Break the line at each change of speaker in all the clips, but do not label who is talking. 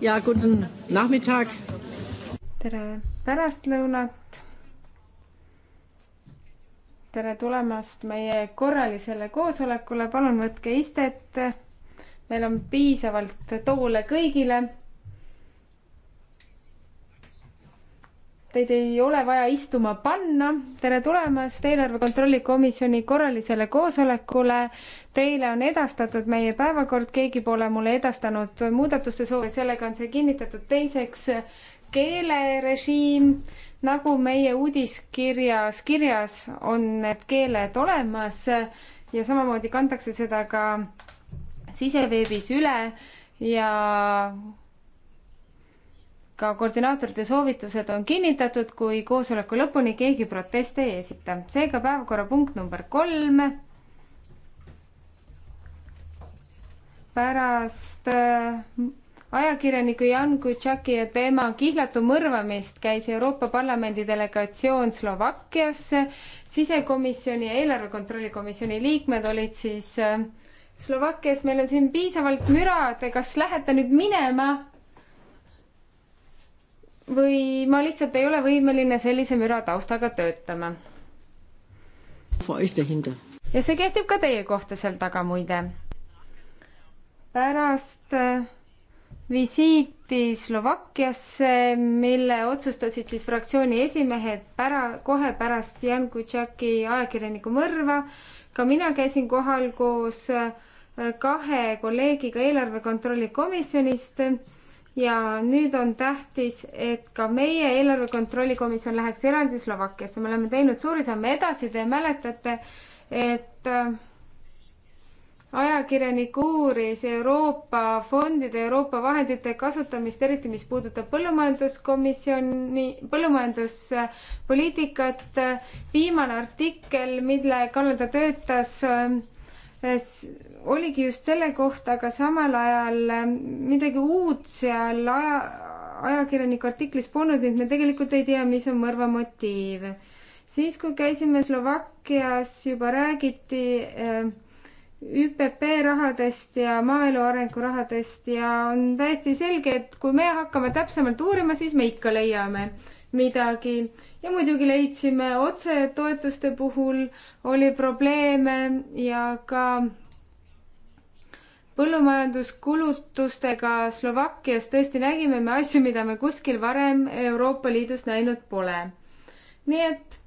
ja guten Nachmittag.
tere pärastlõunat. tere tulemast meie korralisele koosolekule, palun võtke istet. meil on piisavalt toole kõigile Teid ei ole vaja istuma panna. tere tulemast eelarve kontrolli komisjoni korralisele koosolekule. Teile on edastatud meie päevakord, keegi pole mulle edastanud muudatuste soove, sellega on see kinnitatud. teiseks keelerežiim, nagu meie uudiskirjas kirjas on need keeled olemas ja samamoodi kantakse seda ka siseveebis üle ja ka koordinaatorite soovitused on kinnitatud, kui koosoleku lõpuni keegi proteste ei esita. seega päevakorrapunkt number kolm. pärast äh, ajakirjaniku Jan Kutšaki ja tema kihlatu mõrvamist käis Euroopa Parlamendi delegatsioon Slovakkiasse. sisekomisjoni ja eelarve kontrolli komisjoni liikmed olid siis äh, Slovakkias, meil on siin piisavalt müra, et kas lähete nüüd minema või ma lihtsalt ei ole võimeline sellise müra taustaga töötama. ja see kehtib ka teie kohta seal taga muide. pärast äh, visiiti Slovakkiasse, mille otsustasid siis fraktsiooni esimehed pära-, kohe pärast Jan Kutšaki ajakirjaniku mõrva, ka mina käisin kohal koos äh, kahe kolleegiga eelarve kontrolli komisjonist ja nüüd on tähtis, et ka meie eelarve kontrolli komisjon läheks eraldi Slovakkiasse, me oleme teinud suuri samme edasi, te mäletate, et äh, ajakirjanik uuris Euroopa fondide, Euroopa vahendite kasutamist, eriti mis puudutab põllumajanduskomisjoni, põllumajanduspoliitikat. viimane artikkel, mille kallal ta töötas äh, oligi just selle kohta, aga samal ajal äh, midagi uut seal aja, ajakirjaniku artiklis polnud, nii et me tegelikult ei tea, mis on mõrva motiiv. siis, kui käisime Slovakkias, juba räägiti äh, ÜPP rahadest ja maaelu arengu rahadest ja on täiesti selge, et kui me hakkame täpsemalt uurima, siis me ikka leiame midagi ja muidugi leidsime otsetoetuste puhul oli probleeme ja ka põllumajanduskulutustega Slovakkias tõesti nägime me asju, mida me kuskil varem Euroopa Liidus näinud pole. nii et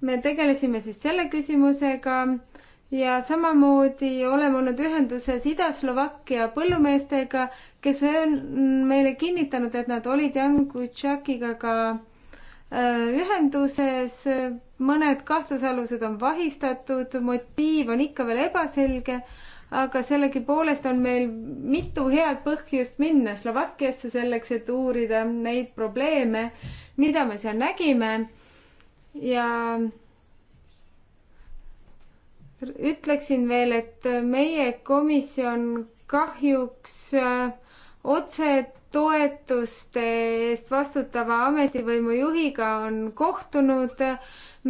me tegelesime siis selle küsimusega ja samamoodi oleme olnud ühenduses Ida-Slovakkia põllumeestega, kes on meile kinnitanud, et nad olid Jan Kutšakiga ka, ka Äh, ühenduses, äh, mõned kahtlusalused on vahistatud, motiiv on ikka veel ebaselge, aga sellegipoolest on meil mitu head põhjust minna Slovakkiasse selleks, et uurida neid probleeme, mida me seal nägime ja ütleksin veel, et meie komisjon kahjuks äh, otse toetuste eest vastutava ametivõimu juhiga on kohtunud.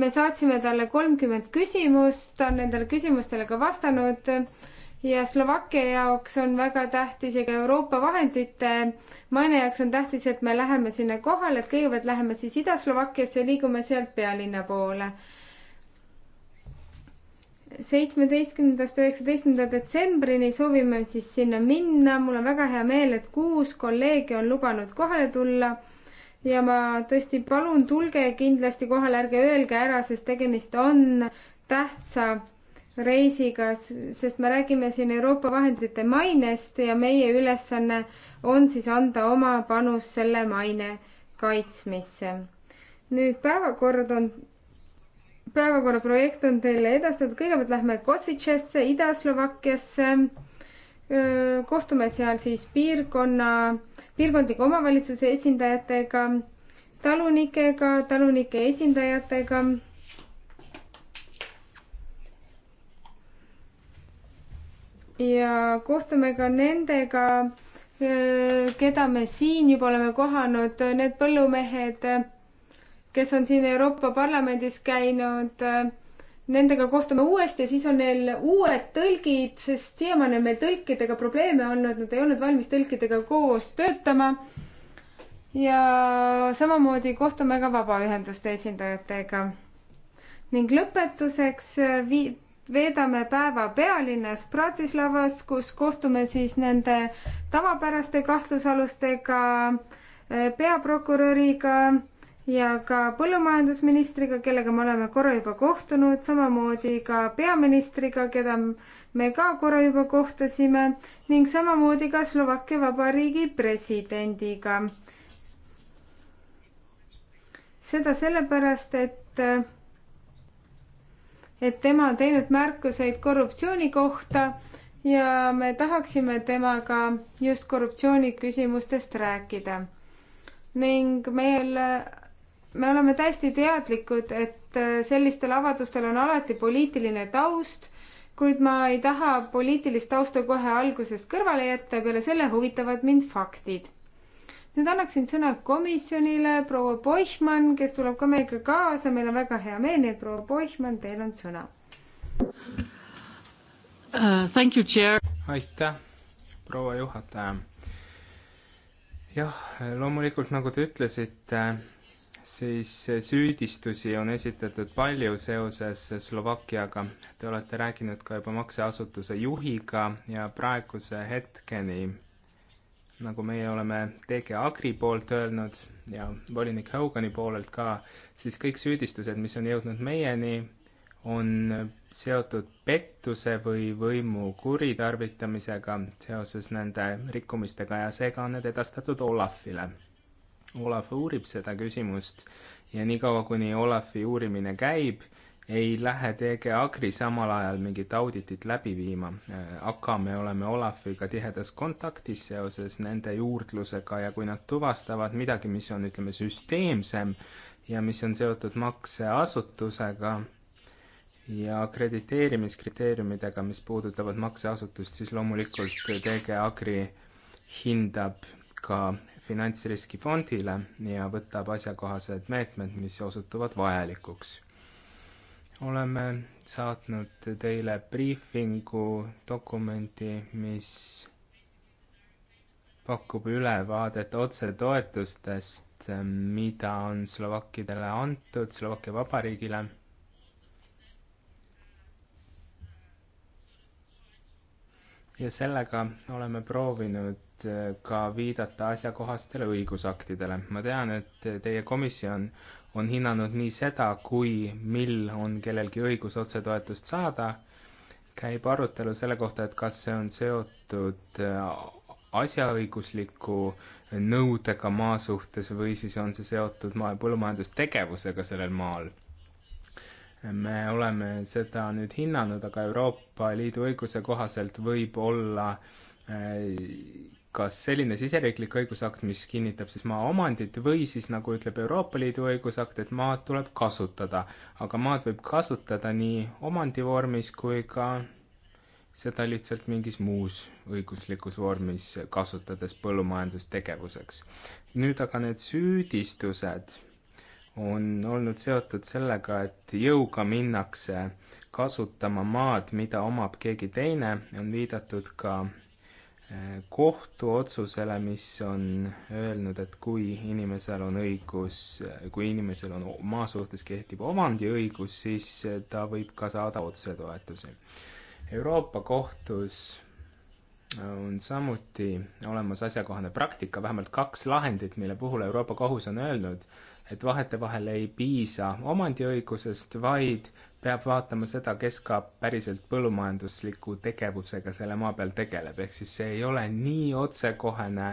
me saatsime talle kolmkümmend küsimust, ta on nendele küsimustele ka vastanud ja Slovakkia jaoks on väga tähtis ja ka Euroopa vahendite maine jaoks on tähtis, et me läheme sinna kohale, et kõigepealt läheme siis Ida-Slovakkiasse ja liigume sealt pealinna poole seitsmeteistkümnendast üheksateistkümnenda detsembrini soovime siis sinna minna. mul on väga hea meel, et kuus kolleegi on lubanud kohale tulla ja ma tõesti palun, tulge kindlasti kohale, ärge öelge ära, sest tegemist on tähtsa reisiga, sest me räägime siin Euroopa vahendite mainest ja meie ülesanne on siis anda oma panus selle maine kaitsmisse. nüüd päevakord on päevakorra projekt on teile edastatud, kõigepealt lähme Kosicesse, Ida-Slovakkiasse. kohtume seal siis piirkonna, piirkondliku omavalitsuse esindajatega, talunikega, talunike esindajatega. ja kohtume ka nendega, keda me siin juba oleme kohanud, need põllumehed kes on siin Euroopa Parlamendis käinud, äh, nendega kohtume uuesti, siis on neil uued tõlgid, sest siiamaani on meil tõlkidega probleeme olnud, nad ei olnud valmis tõlkidega koos töötama. ja samamoodi kohtume ka vabaühenduste esindajatega. ning lõpetuseks äh, vii-, veedame päeva pealinnas Bratislavas, kus kohtume siis nende tavapäraste kahtlusalustega, äh, peaprokuröriga ja ka põllumajandusministriga, kellega me oleme korra juba kohtunud, samamoodi ka peaministriga, keda me ka korra juba kohtasime ning samamoodi ka Slovakkia Vabariigi presidendiga. seda sellepärast, et, et tema on teinud märkuseid korruptsiooni kohta ja me tahaksime temaga just korruptsiooniküsimustest rääkida ning meil me oleme täiesti teadlikud, et äh, sellistel avaldustel on alati poliitiline taust, kuid ma ei taha poliitilist tausta kohe algusest kõrvale jätta, peale selle huvitavad mind faktid. nüüd annaksin sõna komisjonile, proua Poihmann, kes tuleb ka meiega kaasa, meil on väga hea meel, nii et proua Poihmann, teil on sõna uh,.
Thank you, chair. aitäh, proua juhataja. jah, loomulikult, nagu te ütlesite siis süüdistusi on esitatud palju seoses Slovakkiaga. Te olete rääkinud ka juba makseasutuse juhiga ja praeguse hetkeni, nagu meie oleme TG Agri poolt öelnud ja volinik Hogani poolelt ka, siis kõik süüdistused, mis on jõudnud meieni, on seotud pettuse või võimu kuritarvitamisega seoses nende rikkumistega ja seega on need edastatud Olafile Olav uurib seda küsimust ja niikaua, kuni Olavi uurimine käib, ei lähe TG Agri samal ajal mingit auditit läbi viima, aga me oleme Olafiga tihedas kontaktis seoses nende juurdlusega ja kui nad tuvastavad midagi, mis on, ütleme, süsteemsem ja mis on seotud makseasutusega ja akrediteerimiskriteeriumidega, mis puudutavad makseasutust, siis loomulikult TG Agri hindab ka finantsriskifondile ja võtab asjakohased meetmed, mis osutuvad vajalikuks. oleme saatnud teile briifingu dokumendi, mis pakub ülevaadet otsetoetustest, mida on slovakkidele antud, Slovakkia Vabariigile ja sellega oleme proovinud Äh, ka viidata asjakohastele õigusaktidele. ma tean, et teie komisjon on hinnanud nii seda, kui, mil on kellelgi õigus otsetoetust saada, käib arutelu selle kohta, et kas see on seotud äh, asjaõigusliku nõudega maa suhtes või siis on see seotud maa- ja põllumajandustegevusega sellel maal. me oleme seda nüüd hinnanud, aga Euroopa Liidu õiguse kohaselt võib olla äh, kas selline siseriiklik õigusakt, mis kinnitab siis maa omandit või siis nagu ütleb Euroopa Liidu õigusakt, et maad tuleb kasutada. aga maad võib kasutada nii omandivormis kui ka seda lihtsalt mingis muus õiguslikus vormis kasutades põllumajandustegevuseks. nüüd aga need süüdistused on olnud seotud sellega, et jõuga minnakse kasutama maad, mida omab keegi teine, on viidatud ka kohtuotsusele, mis on öelnud, et kui inimesel on õigus, kui inimesel on maa suhtes kehtib omandiõigus, siis ta võib ka saada otsetoetusi. Euroopa Kohtus on samuti olemas asjakohane praktika, vähemalt kaks lahendit, mille puhul Euroopa Kohus on öelnud, et vahetevahel ei piisa omandiõigusest, vaid peab vaatama seda, kes ka päriselt põllumajandusliku tegevusega selle maa peal tegeleb, ehk siis see ei ole nii otsekohene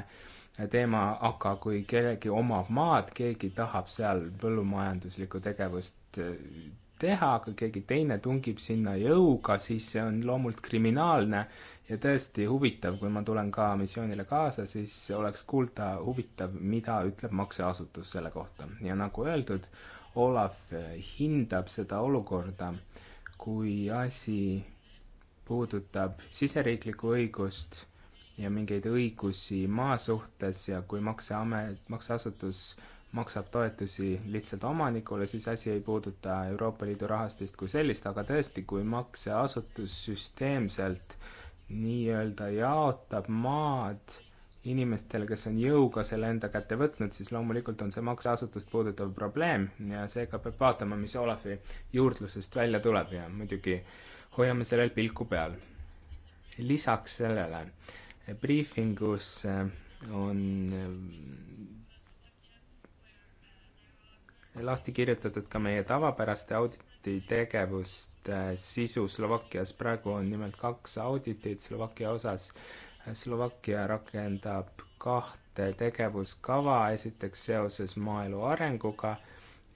teema, aga kui kellelgi omab maad, keegi tahab seal põllumajanduslikku tegevust äh, teha, aga keegi teine tungib sinna jõuga, siis see on loomult kriminaalne ja tõesti huvitav, kui ma tulen ka missioonile kaasa, siis oleks kuulda huvitav, mida ütleb makseasutus selle kohta ja nagu öeldud, Olav hindab seda olukorda, kui asi puudutab siseriiklikku õigust ja mingeid õigusi maa suhtes ja kui makseamet, makseasutus maksab toetusi lihtsalt omanikule, siis asi ei puuduta Euroopa Liidu rahastist kui sellist, aga tõesti, kui makseasutus süsteemselt äh, nii-öelda jaotab maad inimestele, kes on jõuga selle enda kätte võtnud, siis loomulikult on see makseasutust puudutav probleem ja seega peab vaatama, mis Olavi juurdlusest välja tuleb ja muidugi hoiame sellel pilku peal. lisaks sellele, briifingus eh, on eh, lahti kirjutatud ka meie tavapäraste audit-, auditi tegevust äh, sisu Slovakkias, praegu on nimelt kaks auditit Slovakkia osas. Slovakkia rakendab kahte tegevuskava, esiteks seoses maaelu arenguga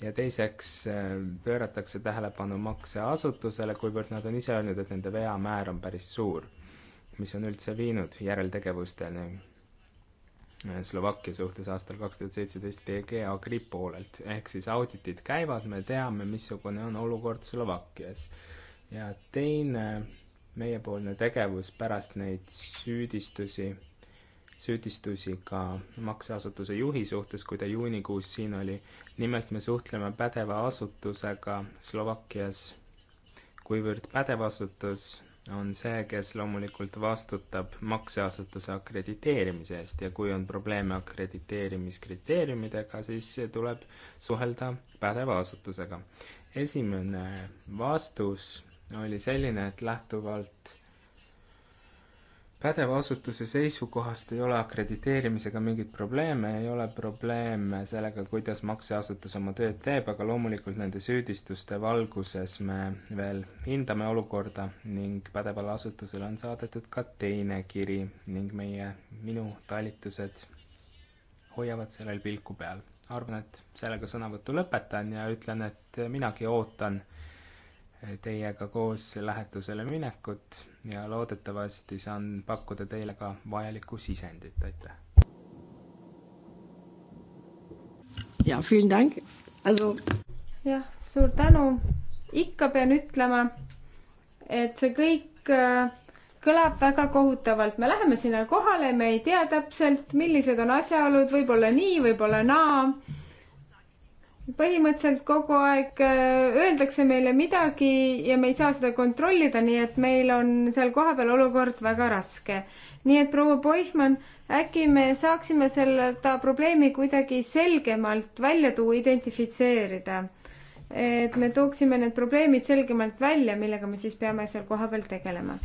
ja teiseks äh, pööratakse tähelepanu makseasutusele, kuivõrd nad on ise öelnud, et nende veamäär on päris suur, mis on üldse viinud järeltegevusteni Äh, Slovakkia suhtes aastal kaks tuhat seitseteist DG Agri poolelt, ehk siis auditid käivad, me teame, missugune on olukord Slovakkias. ja teine meiepoolne tegevus pärast neid süüdistusi, süüdistusi ka makseasutuse juhi suhtes, kui ta juunikuus siin oli, nimelt me suhtleme pädeva asutusega Slovakkias, kuivõrd pädev asutus on see, kes loomulikult vastutab makseasutuse akrediteerimise eest ja kui on probleeme akrediteerimiskriteeriumidega, siis tuleb suhelda pädeva asutusega. esimene vastus oli selline, et lähtuvalt pädeva asutuse seisukohast ei ole akrediteerimisega mingeid probleeme, ei ole probleeme sellega, kuidas makseasutus oma tööd teeb, aga loomulikult nende süüdistuste valguses me veel hindame olukorda ning pädevale asutusele on saadetud ka teine kiri ning meie, minu talitused hoiavad sellel pilku peal. arvan, et sellega sõnavõtu lõpetan ja ütlen, et minagi ootan teiega koos lähetusele minekut ja loodetavasti saan pakkuda teile ka vajalikku sisendit, aitäh!
ja, vielen Dank.
Also. jah, suur tänu. ikka pean ütlema, et see kõik äh, kõlab väga kohutavalt, me läheme sinna kohale, me ei tea täpselt, millised on asjaolud, võib-olla nii, võib-olla naa põhimõtteliselt kogu aeg äh, öeldakse meile midagi ja me ei saa seda kontrollida, nii et meil on seal kohapeal olukord väga raske. nii et proua Poihmann, äkki me saaksime seda probleemi kuidagi selgemalt välja tuua, identifitseerida? et me tooksime need probleemid selgemalt välja, millega me siis peame seal kohapeal tegelema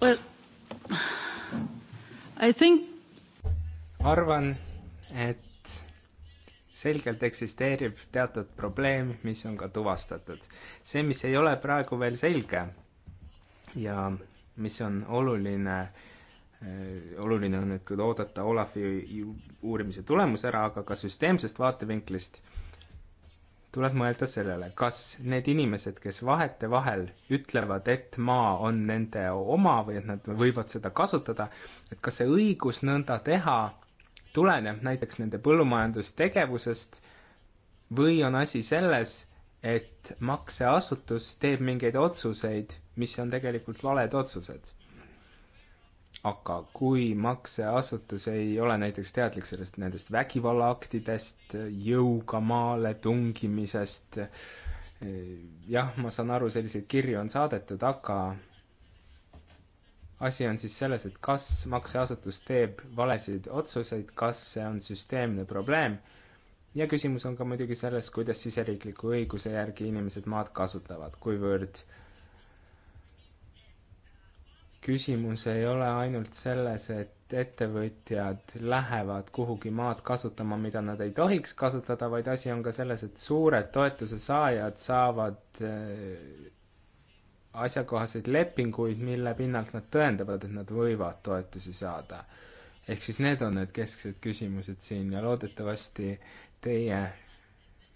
well,. Think... arvan, et selgelt eksisteerib teatud probleem, mis on ka tuvastatud. see, mis ei ole praegu veel selge ja mis on oluline, eh, oluline on nüüd küll oodata Olavi uurimise tulemus ära, aga ka süsteemsest vaatevinklist tuleb mõelda sellele, kas need inimesed, kes vahetevahel ütlevad, et maa on nende oma või et nad võivad seda kasutada, et kas see õigus nõnda teha tuleneb näiteks nende põllumajandustegevusest või on asi selles, et makseasutus teeb mingeid otsuseid, mis on tegelikult valed otsused. aga kui makseasutus ei ole näiteks teadlik sellest, nendest vägivallaaktidest, jõuga maale tungimisest, jah, ma saan aru, selliseid kirju on saadetud, aga asi on siis selles, et kas makseasutus teeb valesid otsuseid, kas see on süsteemne probleem ja küsimus on ka muidugi selles, kuidas siseriikliku õiguse järgi inimesed maad kasutavad, kuivõrd küsimus ei ole ainult selles, et ettevõtjad lähevad kuhugi maad kasutama, mida nad ei tohiks kasutada, vaid asi on ka selles, et suured toetuse saajad saavad asjakohaseid lepinguid, mille pinnalt nad tõendavad, et nad võivad toetusi saada. ehk siis need on need kesksed küsimused siin ja loodetavasti teie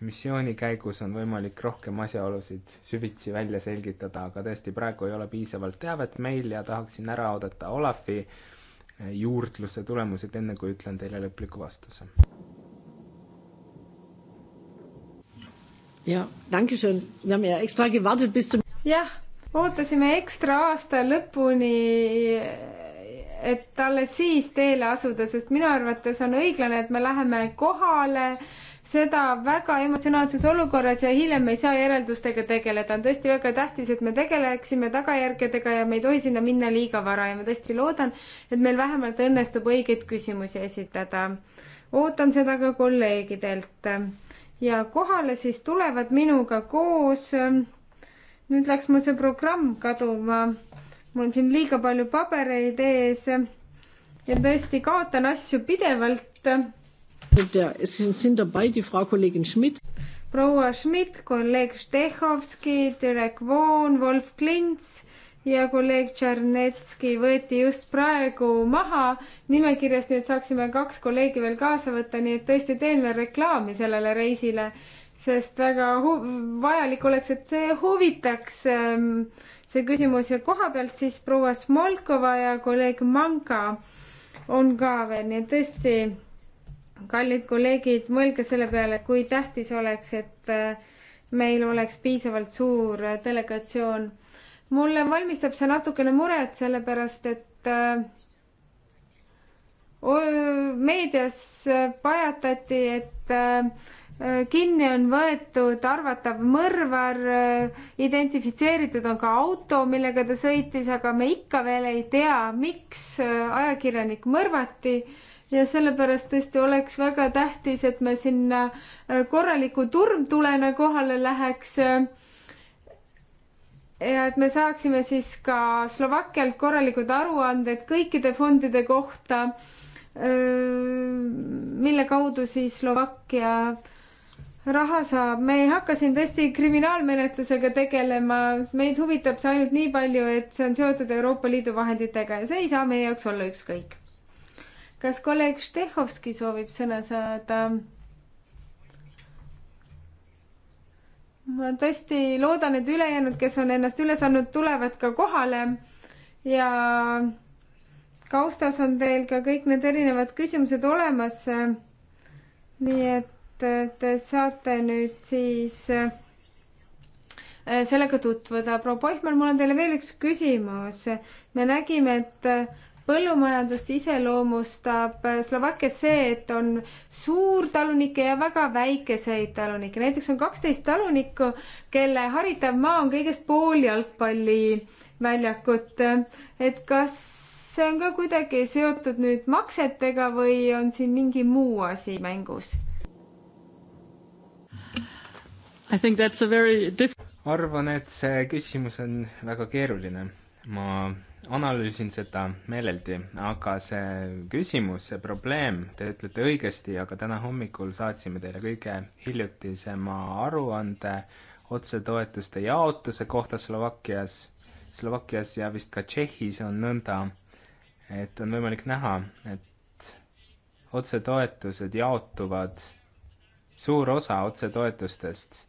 missiooni käigus on võimalik rohkem asjaolusid süvitsi välja selgitada, aga tõesti, praegu ei ole piisavalt teavet meil ja tahaksin ära oodata Olafi eh, juurdluse tulemused, enne kui ütlen teile lõpliku vastuse.
Ja, danke schön. Wir haben ja extra gewartet bis zum...
Ja, ootasime ekstra aasta lõpuni, et alles siis teele asuda, sest minu arvates on õiglane, et me läheme kohale seda väga emotsionaalses olukorras ja hiljem ei saa järeldustega tegeleda. on tõesti väga tähtis, et me tegeleksime tagajärgedega ja me ei tohi sinna minna liiga vara ja ma tõesti loodan, et meil vähemalt õnnestub õigeid küsimusi esitada. ootan seda ka kolleegidelt ja kohale siis tulevad minuga koos nüüd läks mul see programm kaduma. mul on siin liiga palju pabereid ees ja tõesti kaotan asju pidevalt. proua Schmidt, kolleeg Štehhovski, Türek Voon, Wolf Klints ja kolleeg Tšernetski võeti just praegu maha nimekirjast, nii et saaksime kaks kolleegi veel kaasa võtta, nii et tõesti teen veel reklaami sellele reisile sest väga vajalik oleks, et see huvitaks ähm, see küsimus ja koha pealt siis proua Smolkova ja kolleeg Manka on ka veel, nii et tõesti, kallid kolleegid, mõelge selle peale, kui tähtis oleks, et äh, meil oleks piisavalt suur äh, delegatsioon. mulle valmistab see natukene muret, sellepärast et äh, meedias pajatati, et kinni on võetud arvatav mõrvar, identifitseeritud on ka auto, millega ta sõitis, aga me ikka veel ei tea, miks ajakirjanik mõrvati ja sellepärast tõesti oleks väga tähtis, et me sinna korraliku turmtulena kohale läheks. ja et me saaksime siis ka Slovakkialt korralikud aruanded kõikide fondide kohta, mille kaudu siis Slovakkia raha saab, me ei hakka siin tõesti kriminaalmenetlusega tegelema, meid huvitab see ainult nii palju, et see on seotud Euroopa Liidu vahenditega ja see ei saa meie jaoks olla ükskõik. kas kolleeg Štehovski soovib sõna saada? ma tõesti loodan, et ülejäänud, kes on ennast üles andnud, tulevad ka kohale ja kaustas on teil ka kõik need erinevad küsimused olemas. nii et te saate nüüd siis äh, sellega tutvuda. proua Poihmann, mul on teile veel üks küsimus. me nägime, et põllumajandust iseloomustab äh, Slovakkias see, et on suurtalunikke ja väga väikeseid talunikke. näiteks on kaksteist talunikku, kelle haritav maa on kõigest pool jalgpalliväljakut. et kas see on ka kuidagi seotud nüüd maksetega või on siin mingi muu asi mängus?
arvan, et see küsimus on väga keeruline. ma analüüsin seda meeleldi, aga see küsimus, see probleem, te ütlete õigesti, aga täna hommikul saatsime teile kõige hiljutisema aruande otsetoetuste jaotuse kohta Slovakkias, Slovakkias ja vist ka Tšehhis on nõnda, et on võimalik näha, et otsetoetused jaotuvad, suur osa otsetoetustest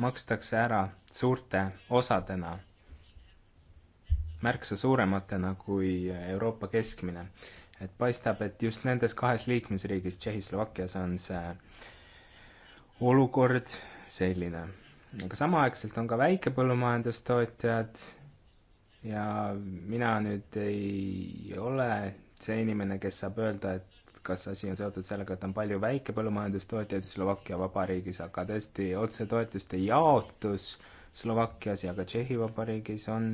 makstakse ära suurte osadena, märksa suurematena kui Euroopa keskmine. et paistab, et just nendes kahes liikmesriigis, Tšehhi-Slovakkias, on see olukord selline. aga samaaegselt on ka väikepõllumajandustootjad ja mina nüüd ei ole see inimene, kes saab öelda, et kas asi on seotud sellega, et on palju väikepõllumajandustootjaid Slovakkia Vabariigis, aga tõesti otsetoetuste jaotus Slovakkias ja ka Tšehhi Vabariigis on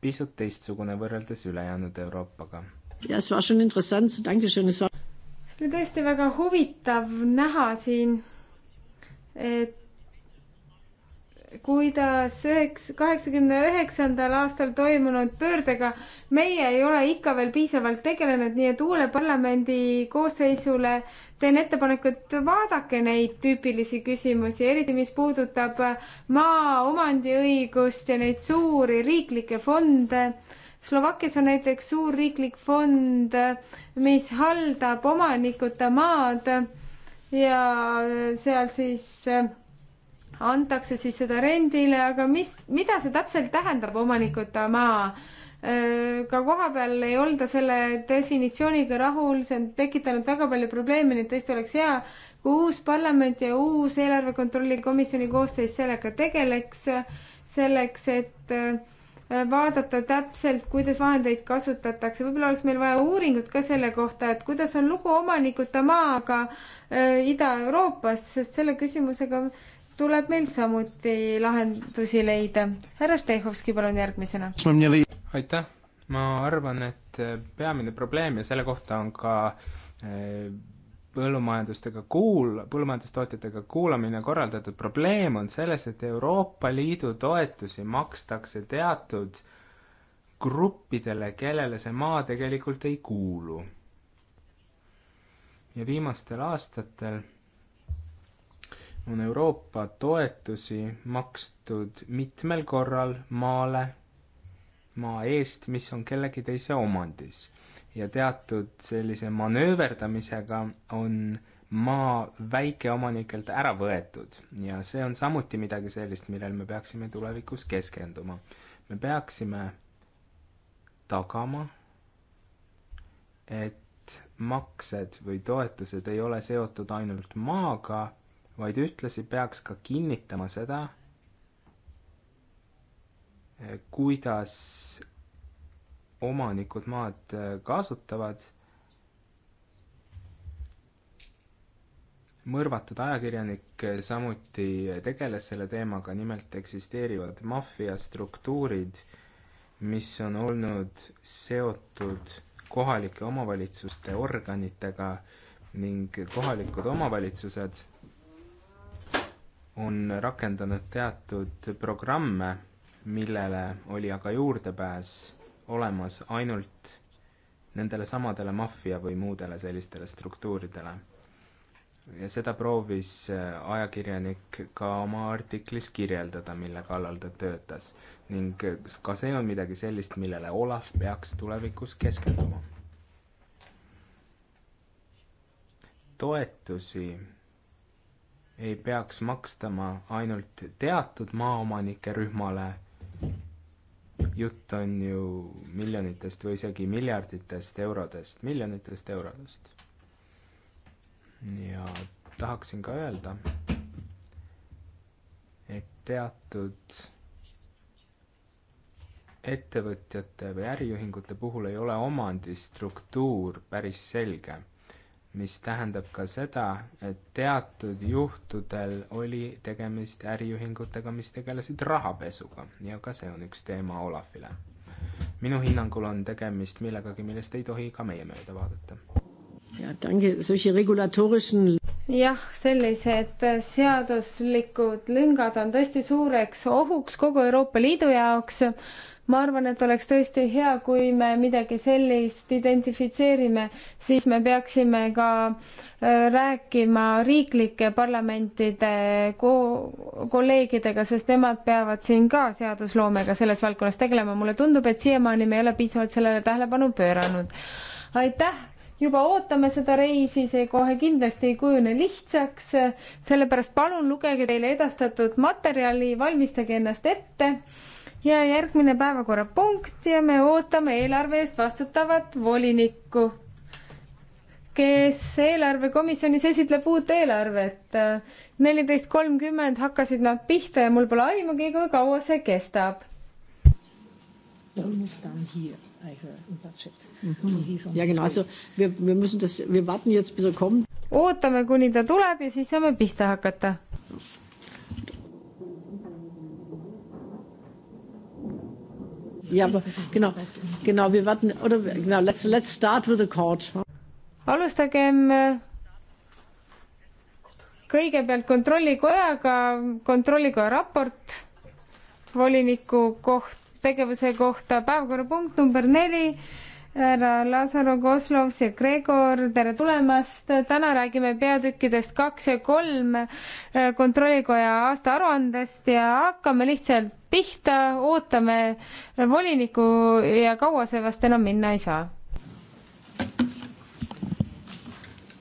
pisut teistsugune võrreldes ülejäänud Euroopaga.
see oli tõesti väga huvitav
näha siin, et kuidas üheks, kaheksakümne üheksandal aastal toimunud pöördega meie ei ole ikka veel piisavalt tegelenud, nii et uuele parlamendi koosseisule teen ettepaneku, et vaadake neid tüüpilisi küsimusi, eriti mis puudutab maa omandiõigust ja neid suuri riiklikke fonde. Slovakkias on näiteks suur riiklik fond, mis haldab omanikuta maad ja seal siis antakse siis seda rendile, aga mis, mida see täpselt tähendab, omanikuta maa? Äh, ka kohapeal ei olda selle definitsiooniga rahul, see on tekitanud väga palju probleeme, nii et tõesti oleks hea, kui uus parlament ja uus eelarve kontrolli komisjoni koosseis sellega tegeleks, selleks et äh, vaadata täpselt, kuidas vahendeid kasutatakse, võib-olla oleks meil vaja uuringut ka selle kohta, et kuidas on lugu omanikuta maaga äh, Ida-Euroopas, sest selle küsimusega äh, tuleb meil samuti lahendusi leida. härra Štehhovski, palun järgmisena.
aitäh, ma arvan, et peamine probleem ja selle kohta on ka eh, põllumajandustega kuul-, põllumajandustootjatega kuulamine korraldatud, probleem on selles, et Euroopa Liidu toetusi makstakse teatud gruppidele, kellele see maa tegelikult ei kuulu. ja viimastel aastatel on Euroopa toetusi makstud mitmel korral maale, maa eest, mis on kellegi teise omandis. ja teatud sellise manööverdamisega on maa väikeomanikelt ära võetud ja see on samuti midagi sellist, millel me peaksime tulevikus keskenduma. me peaksime tagama, et maksed või toetused ei ole seotud ainult maaga vaid ühtlasi peaks ka kinnitama seda, eh, kuidas omanikud maad eh, kasutavad. mõrvatud ajakirjanik eh, samuti tegeles selle teemaga, nimelt eksisteerivad maffiastruktuurid, mis on olnud seotud kohalike omavalitsuste organitega ning kohalikud omavalitsused on rakendanud teatud programme, millele oli aga juurdepääs olemas ainult nendele samadele maffia või muudele sellistele struktuuridele. ja seda proovis äh, ajakirjanik ka oma artiklis kirjeldada, mille kallal ta töötas. ning äh, ka see on midagi sellist, millele Olav peaks tulevikus keskenduma. toetusi ei peaks makstama ainult teatud maaomanike rühmale, jutt on ju miljonitest või isegi miljarditest eurodest, miljonitest eurodest. ja tahaksin ka öelda, et teatud ettevõtjate või äriühingute puhul ei ole omandistruktuur päris selge mis tähendab ka seda, et teatud juhtudel oli tegemist äriühingutega, mis tegelesid rahapesuga ja ka see on üks teema Olafile. minu hinnangul on tegemist millegagi, millest ei tohi ka meie mööda vaadata.
jah, sellised seaduslikud lüngad on tõesti suureks ohuks kogu Euroopa Liidu jaoks ma arvan, et oleks tõesti hea, kui me midagi sellist identifitseerime, siis me peaksime ka äh, rääkima riiklike parlamentide ko-, kolleegidega, sest nemad peavad siin ka seadusloomega selles valdkonnas tegelema. mulle tundub, et siiamaani me ei ole piisavalt sellele tähelepanu pööranud. aitäh, juba ootame seda reisi, see kohe kindlasti ei kujune lihtsaks, sellepärast palun lugege teile edastatud materjali, valmistage ennast ette ja järgmine päevakorrapunkt ja me ootame eelarve eest vastutavat volinikku, kes eelarvekomisjonis esitleb uut eelarvet. neliteist kolmkümmend hakkasid nad pihta ja mul pole aimugi, kui kaua see kestab. Mhm. ja genau, also wir, wir müssen das, wir warten jetzt bis er kommt. ootame, kuni ta tuleb ja siis saame pihta hakata.
ja, aber genau, genau, wir warten, oder genau, let's, let's start with a chord. alustagem äh,
kõigepealt kontrollikojaga, kontrollikoja raport voliniku koht, tegevuse kohta, päevakorrapunkt number neli härra Lazaro Koslovs ja Gregor, tere tulemast. täna räägime peatükkidest kaks ja kolm äh, Kontrollikoja aastaaruandest ja hakkame lihtsalt pihta, ootame volinikku ja kaua see vast enam minna ei saa.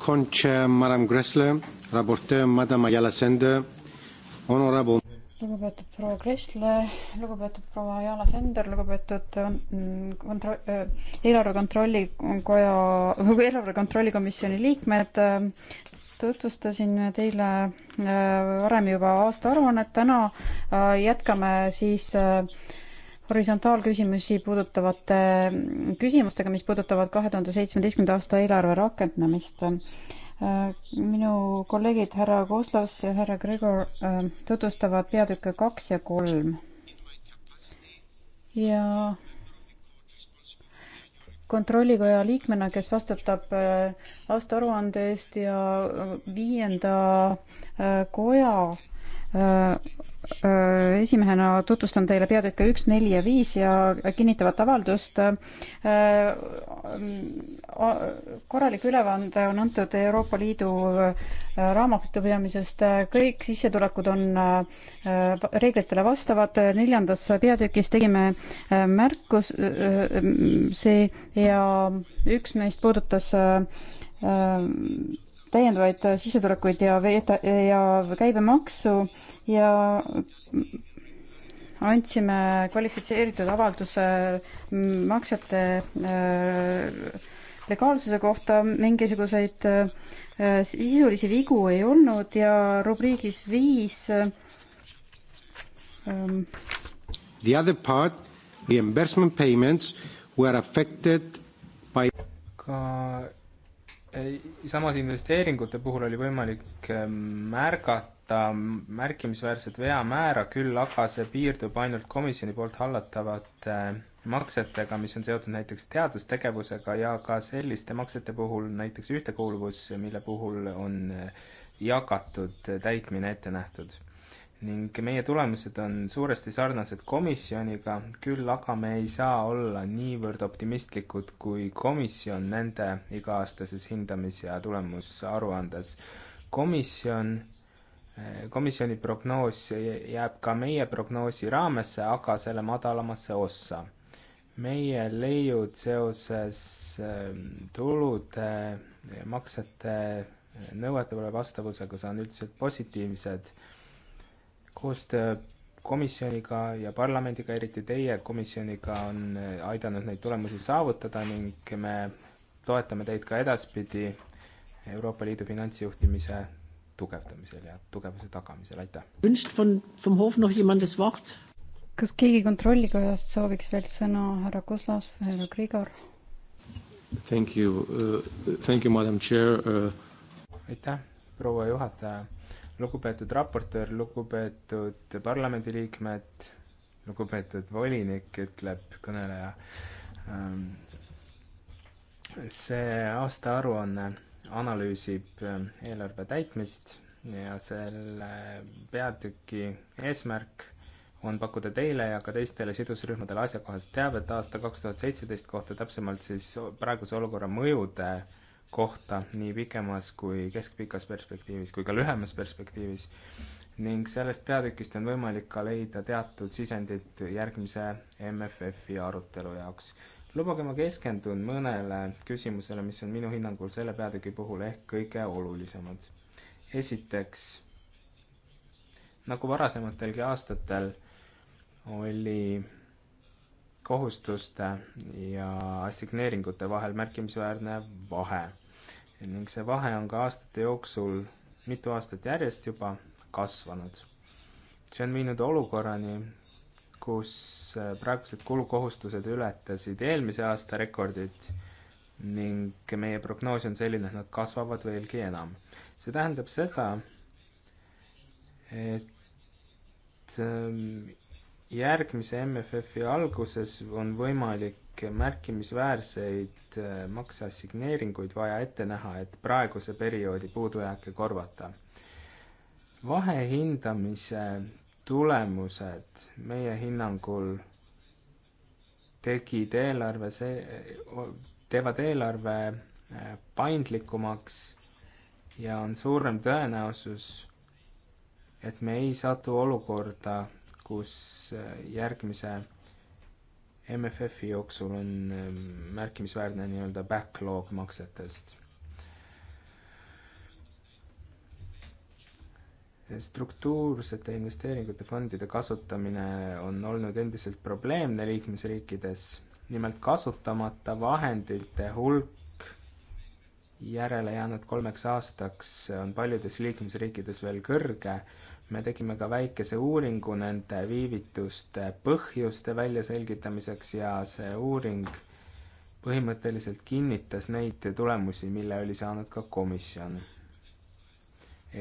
Concha, madam Gressler, raportöör, madam Ayala Sender, honorable
lugupeetud proua Kressle, lugupeetud proua Jana Sender, lugupeetud mm, kontro-, äh, eelarve kontrolli koja, eelarve kontrolli komisjoni liikmed, ähm, tutvustasin teile äh, varem juba aastaaruannet, täna äh, jätkame siis horisontaalküsimusi puudutavate mm, küsimustega, mis puudutavad kahe tuhande seitsmeteistkümnenda aasta eelarve rakendamist minu kolleegid härra Koslas ja härra Gregor ähm, tutvustavad peatükke kaks ja kolm. ja kontrollikoja liikmena, kes vastutab äh, aastaaruande eest ja äh, viienda äh, koja Äh, esimehena tutvustan teile peatükke üks, neli ja viis ja kinnitavat avaldust. Äh, äh, korralik ülevaade on antud Euroopa Liidu raamatupidamisest, kõik sissetulekud on reeglitele vastavad, neljandas peatükis tegime märkus, see ja üks neist puudutas täiendavaid äh, sissetulekuid ja veeta- ja käibemaksu ja andsime kvalifitseeritud avalduse maksete äh, legaalsuse kohta mingisuguseid äh, sisulisi vigu ei olnud ja rubriigis viis ähm,
The other part, reimbursement payments were affected by ka samas investeeringute puhul oli võimalik ehm, märgata märkimisväärset veamäära, küll aga see piirdub ainult komisjoni poolt hallatavate ehm, maksetega, mis on seotud näiteks teadustegevusega ja ka selliste maksete puhul, näiteks ühtekuuluvus, mille puhul on ehm, jagatud täitmine ette nähtud ning meie tulemused on suuresti sarnased komisjoniga, küll aga me ei saa olla niivõrd optimistlikud kui komisjon nende iga-aastases hindamis- ja tulemusaruandes. komisjon, eh, komisjoni prognoos jääb ka meie prognoosi raamesse, aga selle madalamasse ossa. meie leiud seoses eh, tulude, maksete eh, nõuetele vastavusega on üldiselt positiivsed koostöö komisjoniga ja parlamendiga, eriti teie komisjoniga, on aidanud neid tulemusi saavutada ning me toetame teid ka edaspidi Euroopa Liidu finantsjuhtimise tugevdamisel ja tugevuse tagamisel, aitäh!
kas keegi kontrollikojast sooviks veel sõna, härra Kozlas või härra Grigor?
Thank you uh,, thank you, madam chair uh.... aitäh, proua juhataja lugupeetud raportöör, lugupeetud parlamendiliikmed, lugupeetud volinik, ütleb kõneleja. Ähm, see aastaaruanne analüüsib ähm, eelarve täitmist ja selle peatüki eesmärk on pakkuda teile ja ka teistele sidusrühmadele asjakohast teavet aasta kaks tuhat seitseteist kohta, täpsemalt siis praeguse olukorra mõjude äh, kohta nii pikemas kui keskpikas perspektiivis kui ka lühemas perspektiivis ning sellest peatükist on võimalik ka leida teatud sisendit järgmise MFF-i arutelu jaoks. lubage, ma keskendun mõnele küsimusele, mis on minu hinnangul selle peatüki puhul ehk kõige olulisemad. esiteks, nagu varasematelgi aastatel, oli kohustuste ja assigneeringute vahel märkimisväärne vahe ning see vahe on ka aastate jooksul, mitu aastat järjest juba, kasvanud. see on viinud olukorrani, kus äh, praegused kulukohustused ületasid eelmise aasta rekordid ning meie prognoos on selline, et nad kasvavad veelgi enam. see tähendab seda, et ähm, järgmise MFF-i alguses on võimalik märkimisväärseid äh, makseassigneeringuid vaja ette näha, et praeguse perioodi puudujääke korvata. vahehindamise tulemused meie hinnangul tegid eelarve, see, teevad eelarve äh, paindlikumaks ja on suurem tõenäosus, et me ei satu olukorda, kus äh, järgmise MFF-i jooksul on ehm, märkimisväärne nii-öelda backlog maksetest. struktuursete investeeringute fondide kasutamine on olnud endiselt probleemne liikmesriikides, nimelt kasutamata vahendite hulk järele jäänud kolmeks aastaks on paljudes liikmesriikides veel kõrge, me tegime ka väikese uuringu nende viivituste põhjuste väljaselgitamiseks ja see uuring põhimõtteliselt kinnitas neid tulemusi, mille oli saanud ka komisjon.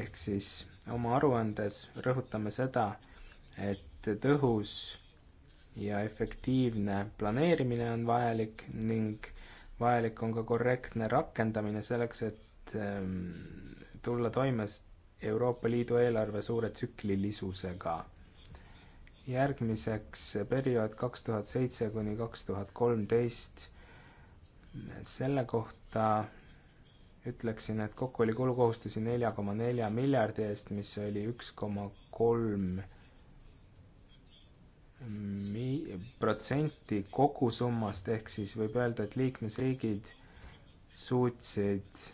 ehk siis oma aruandes rõhutame seda, et tõhus ja efektiivne planeerimine on vajalik ning vajalik on ka korrektne rakendamine selleks, et ähm, tulla toime Euroopa Liidu eelarve suure tsüklilisusega. järgmiseks periood kaks tuhat seitse kuni kaks tuhat kolmteist, selle kohta ütleksin, et kokku oli kulukohustusi nelja koma nelja miljardi eest, mis oli üks koma kolm mi-, protsenti kogusummast, ehk siis võib öelda, et liikmesriigid suutsid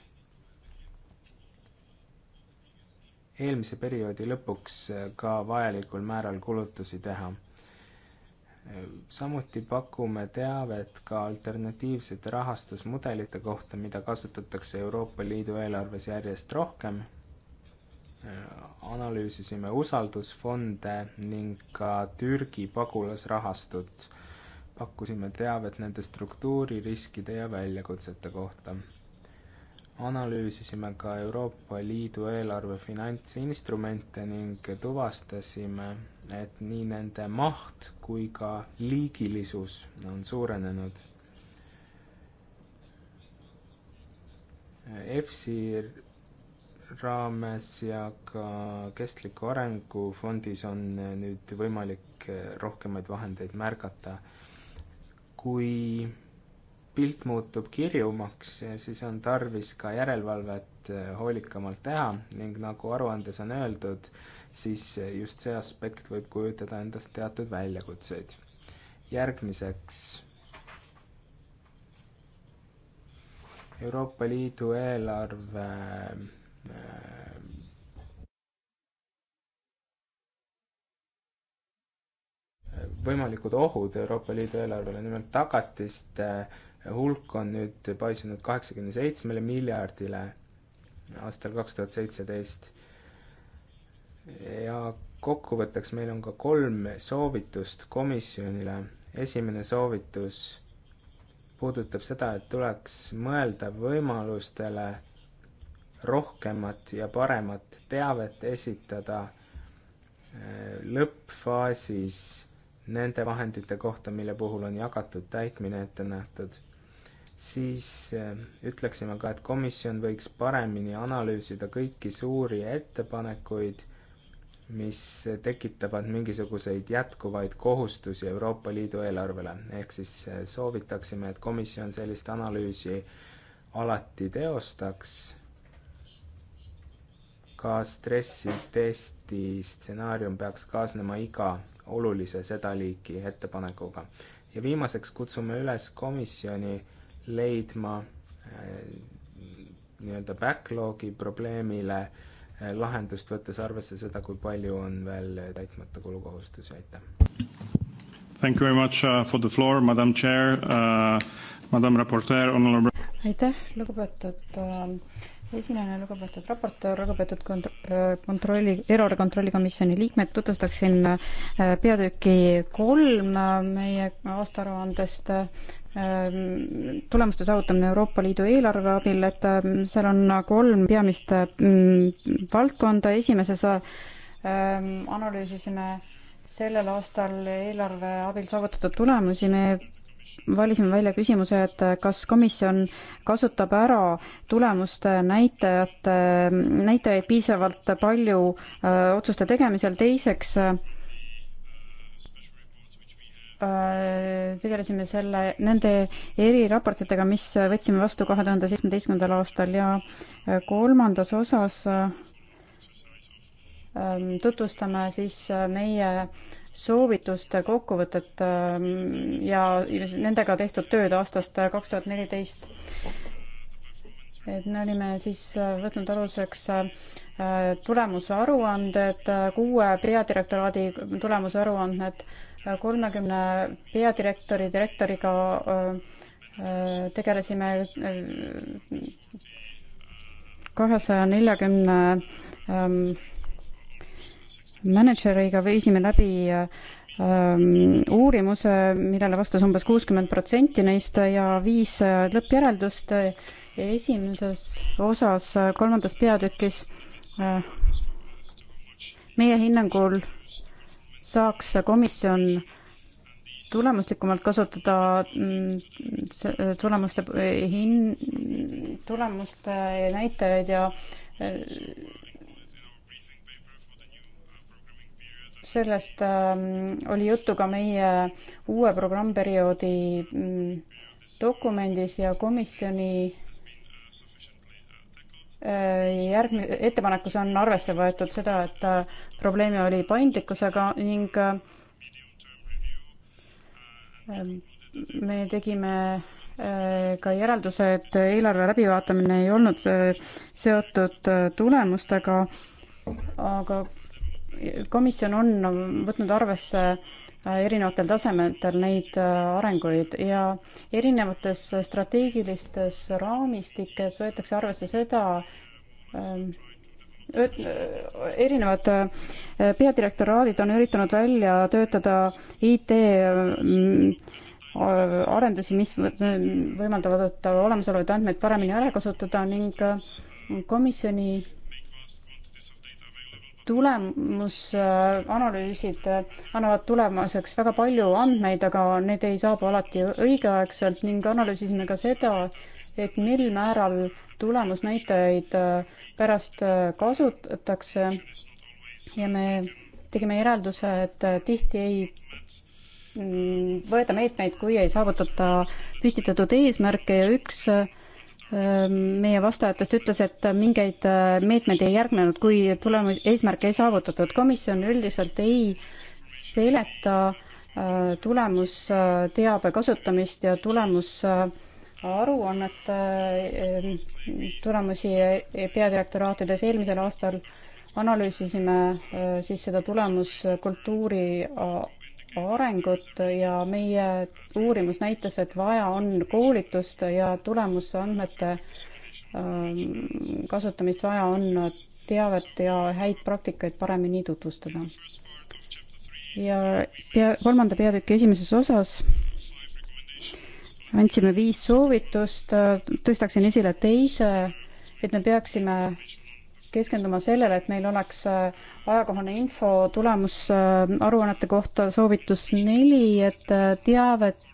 eelmise perioodi lõpuks äh, ka vajalikul määral kulutusi teha. Äh, samuti pakume teavet ka alternatiivsete rahastusmudelite kohta, mida kasutatakse Euroopa Liidu eelarves järjest rohkem äh, analüüsisime usaldusfonde ning ka Türgi pagulasrahastut. pakkusime teavet nende struktuuririskide ja väljakutsete kohta analüüsisime ka Euroopa Liidu eelarve finantsinstrumente ning tuvastasime, et nii nende maht kui ka liigilisus on suurenenud. EFSI raames ja ka Kestliku Arengu Fondis on nüüd võimalik rohkemaid vahendeid märgata. kui pilt muutub kirjumaks, siis on tarvis ka järelevalvet eh, hoolikamalt teha ning nagu aruandes on öeldud, siis eh, just see aspekt võib kujutada endast teatud väljakutseid. järgmiseks. Euroopa Liidu eelarve eh, võimalikud ohud Euroopa Liidu eelarvele, nimelt tagatiste äh, hulk on nüüd paisunud kaheksakümne seitsmele miljardile aastal kaks tuhat seitseteist. ja kokkuvõtteks meil on ka kolm soovitust komisjonile. esimene soovitus puudutab seda, et tuleks mõelda võimalustele rohkemat ja paremat teavet esitada eh, lõppfaasis nende vahendite kohta, mille puhul on jagatud täitmine ette nähtud siis äh, ütleksime ka, et komisjon võiks paremini analüüsida kõiki suuri ettepanekuid, mis tekitavad mingisuguseid jätkuvaid kohustusi Euroopa Liidu eelarvele, ehk siis äh, soovitaksime, et komisjon sellist analüüsi alati teostaks, ka stressitesti stsenaarium peaks kaasnema iga olulise seda liiki ettepanekuga. ja viimaseks kutsume üles komisjoni äh, leidma äh, nii-öelda backlogi probleemile äh, lahendust, võttes arvesse seda, kui palju on veel täitmata kulukohustusi, aitäh. Thank you very much uh, for the floor, madam chair uh,, madam raportöör, honorable.
aitäh, lugupeetud uh, esinejana, lugupeetud raportöör, lugupeetud kont-, uh, kontrolli, errori kontrollikomisjoni liikmed, tutvustaksin uh, peatüki kolm meie aastaaruandest, Ehm, tulemuste saavutamine Euroopa Liidu eelarve abil, et ehm, seal on nagu kolm peamist mm, valdkonda, esimeses ehm, analüüsisime sellel aastal eelarve abil saavutatud tulemusi, me valisime välja küsimuse, et kas komisjon kasutab ära tulemuste näitajate, näitajaid piisavalt palju öö, otsuste tegemisel, teiseks öö, Äh, tegelesime selle, nende eriraportitega, mis võtsime vastu kahe tuhande seitsmeteistkümnendal aastal ja äh, kolmandas osas ähm, tutvustame siis äh, meie soovituste kokkuvõtet ähm, ja nendega tehtud tööd aastast kaks tuhat neliteist. et me olime siis võtnud aluseks tulemusaruanded, kuue peadirektoraadi tulemusaruanded kolmekümne peadirektori, direktoriga äh, äh, tegelesime äh, kahesaja neljakümne ähm, mänedžeriga, viisime läbi ähm, uurimuse, millele vastas umbes kuuskümmend protsenti neist ja viis lõppjäreldust esimeses osas kolmandas peatükis meie hinnangul saaks komisjon tulemuslikumalt kasutada mm, tulemuste hin-, tulemuste näitajaid ja sellest ähm, oli juttu ka meie uue programmperioodi mm, dokumendis ja komisjoni järgmi-, ettepanekus on arvesse võetud seda, et äh, probleeme oli paindlikkusega ning äh, me tegime äh, ka järelduse, et eelarve läbivaatamine ei olnud seotud tulemustega, aga komisjon on võtnud arvesse Äh, erinevatel tasemetel neid äh, arenguid ja erinevates äh, strateegilistes raamistikes võetakse arvesse seda, ähm, erinevad peadirektoraadid on üritanud välja töötada IT mm, arendusi, mis võimaldavad olemasolevaid andmeid paremini ära kasutada ning komisjoni tulemusanalüüsid äh, äh, annavad tulemuseks väga palju andmeid, aga need ei saabu alati õigeaegselt ning analüüsisime ka seda, et mil määral tulemusnäitajaid äh, pärast kasutatakse ja me tegime järelduse, et tihti ei mm, võeta meetmeid, kui ei saavutata püstitatud eesmärke ja üks meie vastajatest ütles, et mingeid meetmeid ei järgnenud, kui tulemus, eesmärke ei saavutatud. komisjon üldiselt ei seleta tulemusteabe kasutamist ja tulemusaruannete tulemusi peadirektoraatides eelmisel aastal analüüsisime siis seda tulemuskultuuri arengut ja meie uurimus näitas, et vaja on koolitust ja tulemusandmete ähm, kasutamist, vaja on teavet ja häid praktikaid paremini tutvustada. ja pea, kolmanda peatüki esimeses osas andsime viis soovitust, tõstaksin esile teise, et me peaksime keskenduma sellele, et meil oleks äh, ajakohane info tulemusaruannete kohta, soovitus neli, et äh, teavet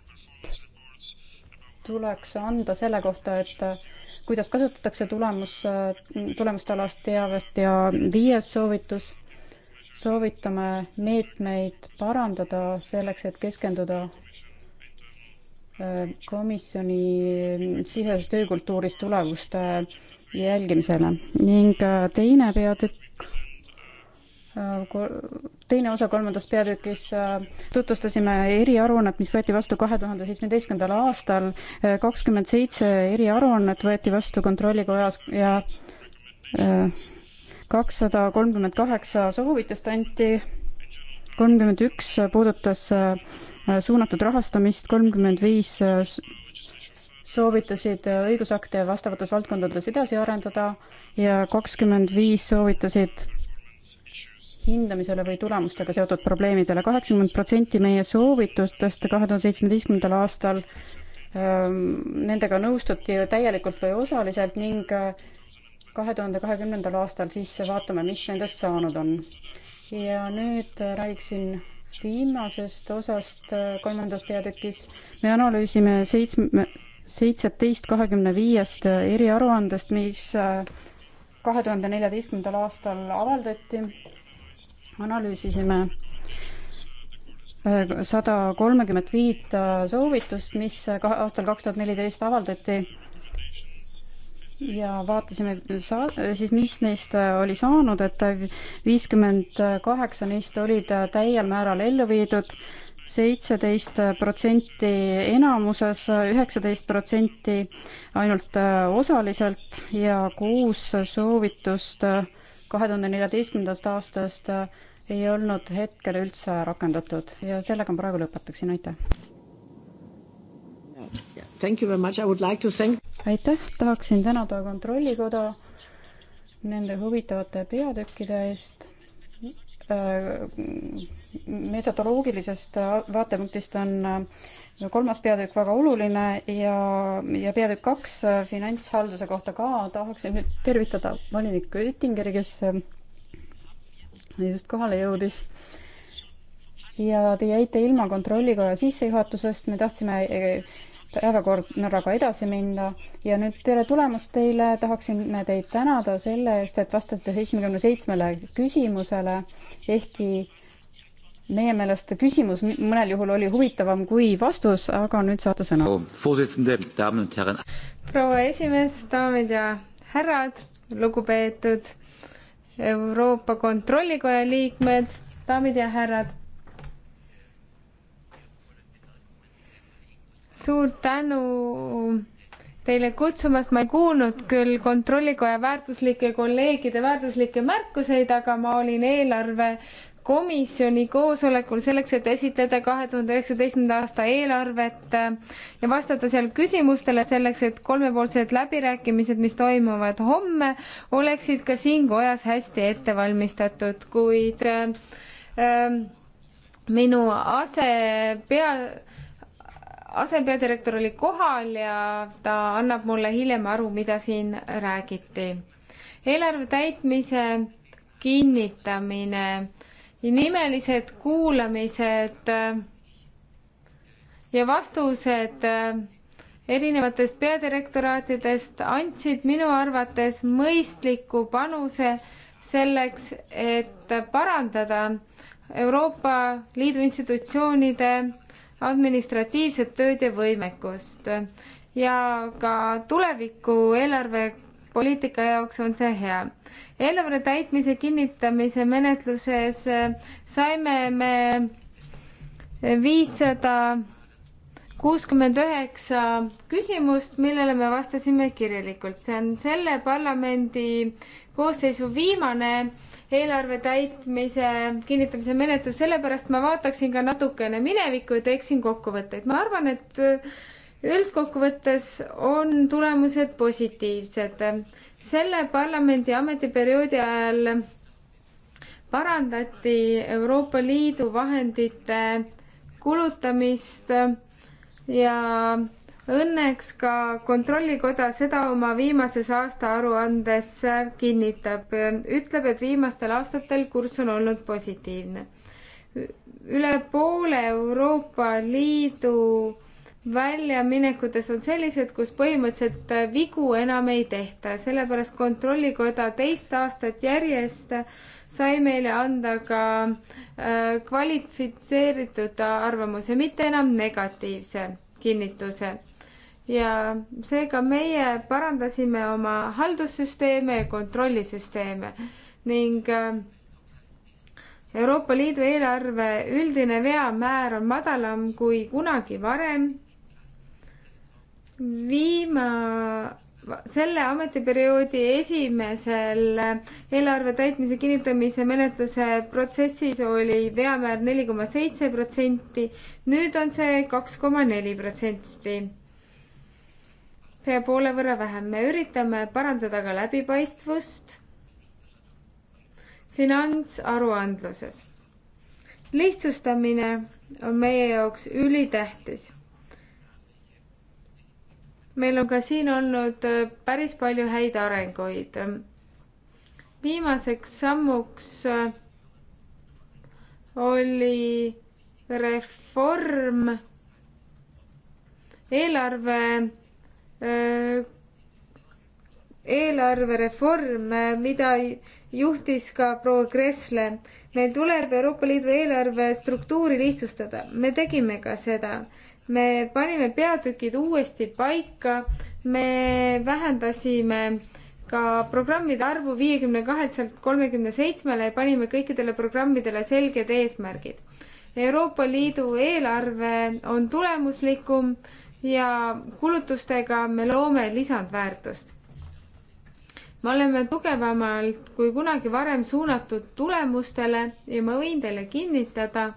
tuleks anda selle kohta, et äh, kuidas kasutatakse tulemus, tulemuste alast teavet ja viies soovitus, soovitame meetmeid parandada selleks, et keskenduda komisjoni siseses töökultuuris tulemuste jälgimisele ning äh, teine peatükk, äh, teine osa kolmandast peatükis äh, tutvustasime eriaruannet, mis võeti vastu kahe tuhande seitsmeteistkümnendal aastal. kakskümmend seitse eriaruannet võeti vastu Kontrollikojas ja kakssada kolmkümmend kaheksa soovitust anti, kolmkümmend üks puudutas suunatud rahastamist, kolmkümmend viis soovitasid õigusakte vastavates valdkondades edasi arendada ja kakskümmend viis soovitasid hindamisele või tulemustega seotud probleemidele. kaheksakümmend protsenti meie soovitustest kahe tuhande seitsmeteistkümnendal aastal ähm, nendega nõustuti täielikult või osaliselt ning äh, kahe tuhande kahekümnendal aastal siis vaatame, mis nendest saanud on. ja nüüd räägiksin viimasest osast äh, kolmandas peatükis. me analüüsime seitsme, seitseteist kahekümne viiest eriaruandest, mis äh, kahe tuhande neljateistkümnendal aastal avaldati, analüüsisime äh, sada kolmekümmet viit äh, soovitust, mis ka aastal kaks tuhat neliteist avaldati ja vaatasime saa-, siis mis neist oli saanud, et viiskümmend kaheksa neist olid täiel määral ellu viidud, seitseteist protsenti enamuses, üheksateist protsenti ainult äh, osaliselt ja kuus soovitust äh, kahe tuhande neljateistkümnendast aastast äh, ei olnud hetkel üldse rakendatud ja sellega ma praegu lõpetaksin, aitäh. Like thank... aitäh, tahaksin tänada Kontrollikoda nende huvitavate peatükkide eest äh, metodoloogilisest vaatepunktist on äh, kolmas peatükk väga oluline ja, ja peatükk kaks äh, finantshalduse kohta ka. tahaksin nüüd tervitada volinik Oettingeri, kes äh, just kohale jõudis. ja te jäite ilma kontrollikoja sissejuhatusest, me tahtsime päevakorraga edasi minna ja nüüd tere tulemast teile, tahaksime teid tänada selle eest, et vastasite seitsmekümne seitsmele küsimusele, ehkki meie meelest küsimus mõnel juhul oli huvitavam kui vastus, aga nüüd saate sõna. proua esimees, daamid ja härrad, lugupeetud
Euroopa Kontrollikoja liikmed, daamid ja härrad. suur tänu teile kutsumast, ma ei kuulnud küll Kontrollikoja väärtuslike kolleegide väärtuslikke märkuseid, aga ma olin eelarve komisjoni koosolekul selleks, et esitleda kahe tuhande üheksateistkümnenda aasta eelarvet äh, ja vastata seal küsimustele selleks, et kolmepoolsed läbirääkimised, mis toimuvad homme, oleksid ka siin kojas hästi ette valmistatud, kuid äh, äh, minu asepea, asepeadirektor oli kohal ja ta annab mulle hiljem aru, mida siin räägiti. eelarve täitmise kinnitamine nimelised kuulamised äh, ja vastused äh, erinevatest peadirektoraatidest andsid minu arvates mõistliku panuse selleks, et parandada Euroopa Liidu institutsioonide administratiivset tööd ja võimekust ja ka tuleviku eelarve poliitika jaoks on see hea. eelarve täitmise kinnitamise menetluses äh, saime me viissada kuuskümmend üheksa küsimust, millele me vastasime kirjalikult. see on selle parlamendi koosseisu viimane eelarve täitmise kinnitamise menetlus, sellepärast ma vaataksin ka natukene minevikku ja teeksin kokkuvõtteid. ma arvan, et äh, üldkokkuvõttes on tulemused positiivsed. selle parlamendi ametiperioodi ajal parandati Euroopa Liidu vahendite kulutamist ja õnneks ka Kontrollikoda seda oma viimases aastaaruandes kinnitab, ütleb, et viimastel aastatel kurss on olnud positiivne. üle poole Euroopa Liidu väljaminekutes on sellised, kus põhimõtteliselt vigu enam ei tehta, sellepärast Kontrollikoda teist aastat järjest sai meile anda ka äh, kvalifitseeritud arvamuse, mitte enam negatiivse kinnituse. ja seega meie parandasime oma haldussüsteeme ja kontrollisüsteeme ning äh, Euroopa Liidu eelarve üldine veamäär on madalam kui kunagi varem viima-, selle ametiperioodi esimesel eelarve täitmise kinnitamise menetluse protsessis oli veamäär neli koma seitse protsenti, nüüd on see kaks koma neli protsenti. pea poole võrra vähem. me üritame parandada ka läbipaistvust finantsaruandluses. lihtsustamine on meie jaoks ülitähtis meil on ka siin olnud äh, päris palju häid arenguid. viimaseks sammuks äh, oli reform eelarve, äh, eelarvereform, mida juhtis ka proua Kressle. meil tuleb Euroopa Liidu eelarve struktuuri lihtsustada, me tegime ka seda me panime peatükid uuesti paika, me vähendasime ka programmide arvu viiekümne kaheksalt kolmekümne seitsmele ja panime kõikidele programmidele selged eesmärgid. Euroopa Liidu eelarve on tulemuslikum ja kulutustega me loome lisandväärtust. me oleme tugevamalt kui kunagi varem suunatud tulemustele ja ma võin teile kinnitada,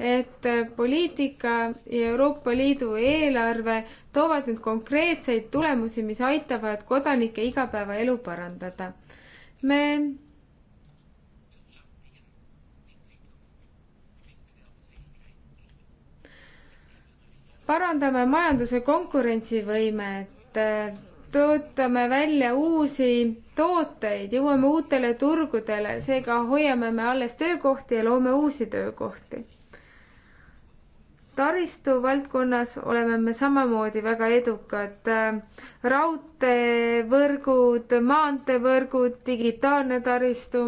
et äh, poliitika ja Euroopa Liidu eelarve toovad nüüd konkreetseid tulemusi, mis aitavad kodanike igapäevaelu parandada. me parandame majanduse konkurentsivõimet, äh, töötame välja uusi tooteid, jõuame uutele turgudele, seega hoiame me alles töökohti ja loome uusi töökohti taristu valdkonnas oleme me samamoodi väga edukad. raudteevõrgud, maanteevõrgud, digitaalne taristu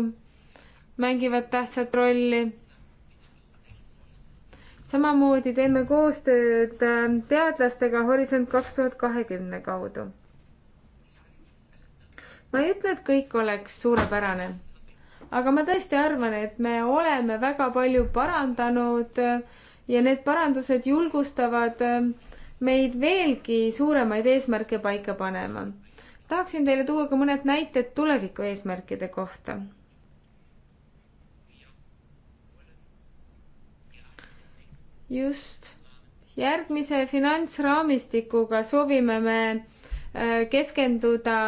mängivad tähtsat rolli. samamoodi teeme koostööd teadlastega Horisont kaks tuhat kahekümne kaudu. ma ei ütle, et kõik oleks suurepärane, aga ma tõesti arvan, et me oleme väga palju parandanud äh, ja need parandused julgustavad äh, meid veelgi suuremaid eesmärke paika panema. tahaksin teile tuua ka mõned näited tuleviku eesmärkide kohta. just, järgmise finantsraamistikuga soovime me äh, keskenduda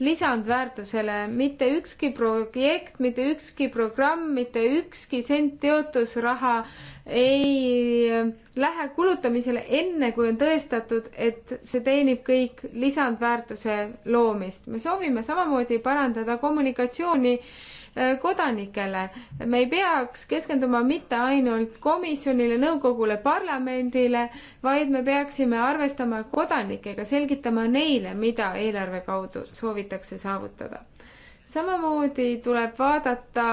lisandväärtusele. mitte ükski projekt, mitte ükski programm, mitte ükski sent teotusraha ei äh, lähe kulutamisele enne, kui on tõestatud, et see teenib kõik lisandväärtuse loomist. me soovime samamoodi parandada kommunikatsiooni Äh, kodanikele. me ei peaks keskenduma mitte ainult komisjonile, nõukogule, parlamendile, vaid me peaksime arvestama kodanikega, selgitama neile, mida eelarve kaudu soovitakse saavutada. samamoodi tuleb vaadata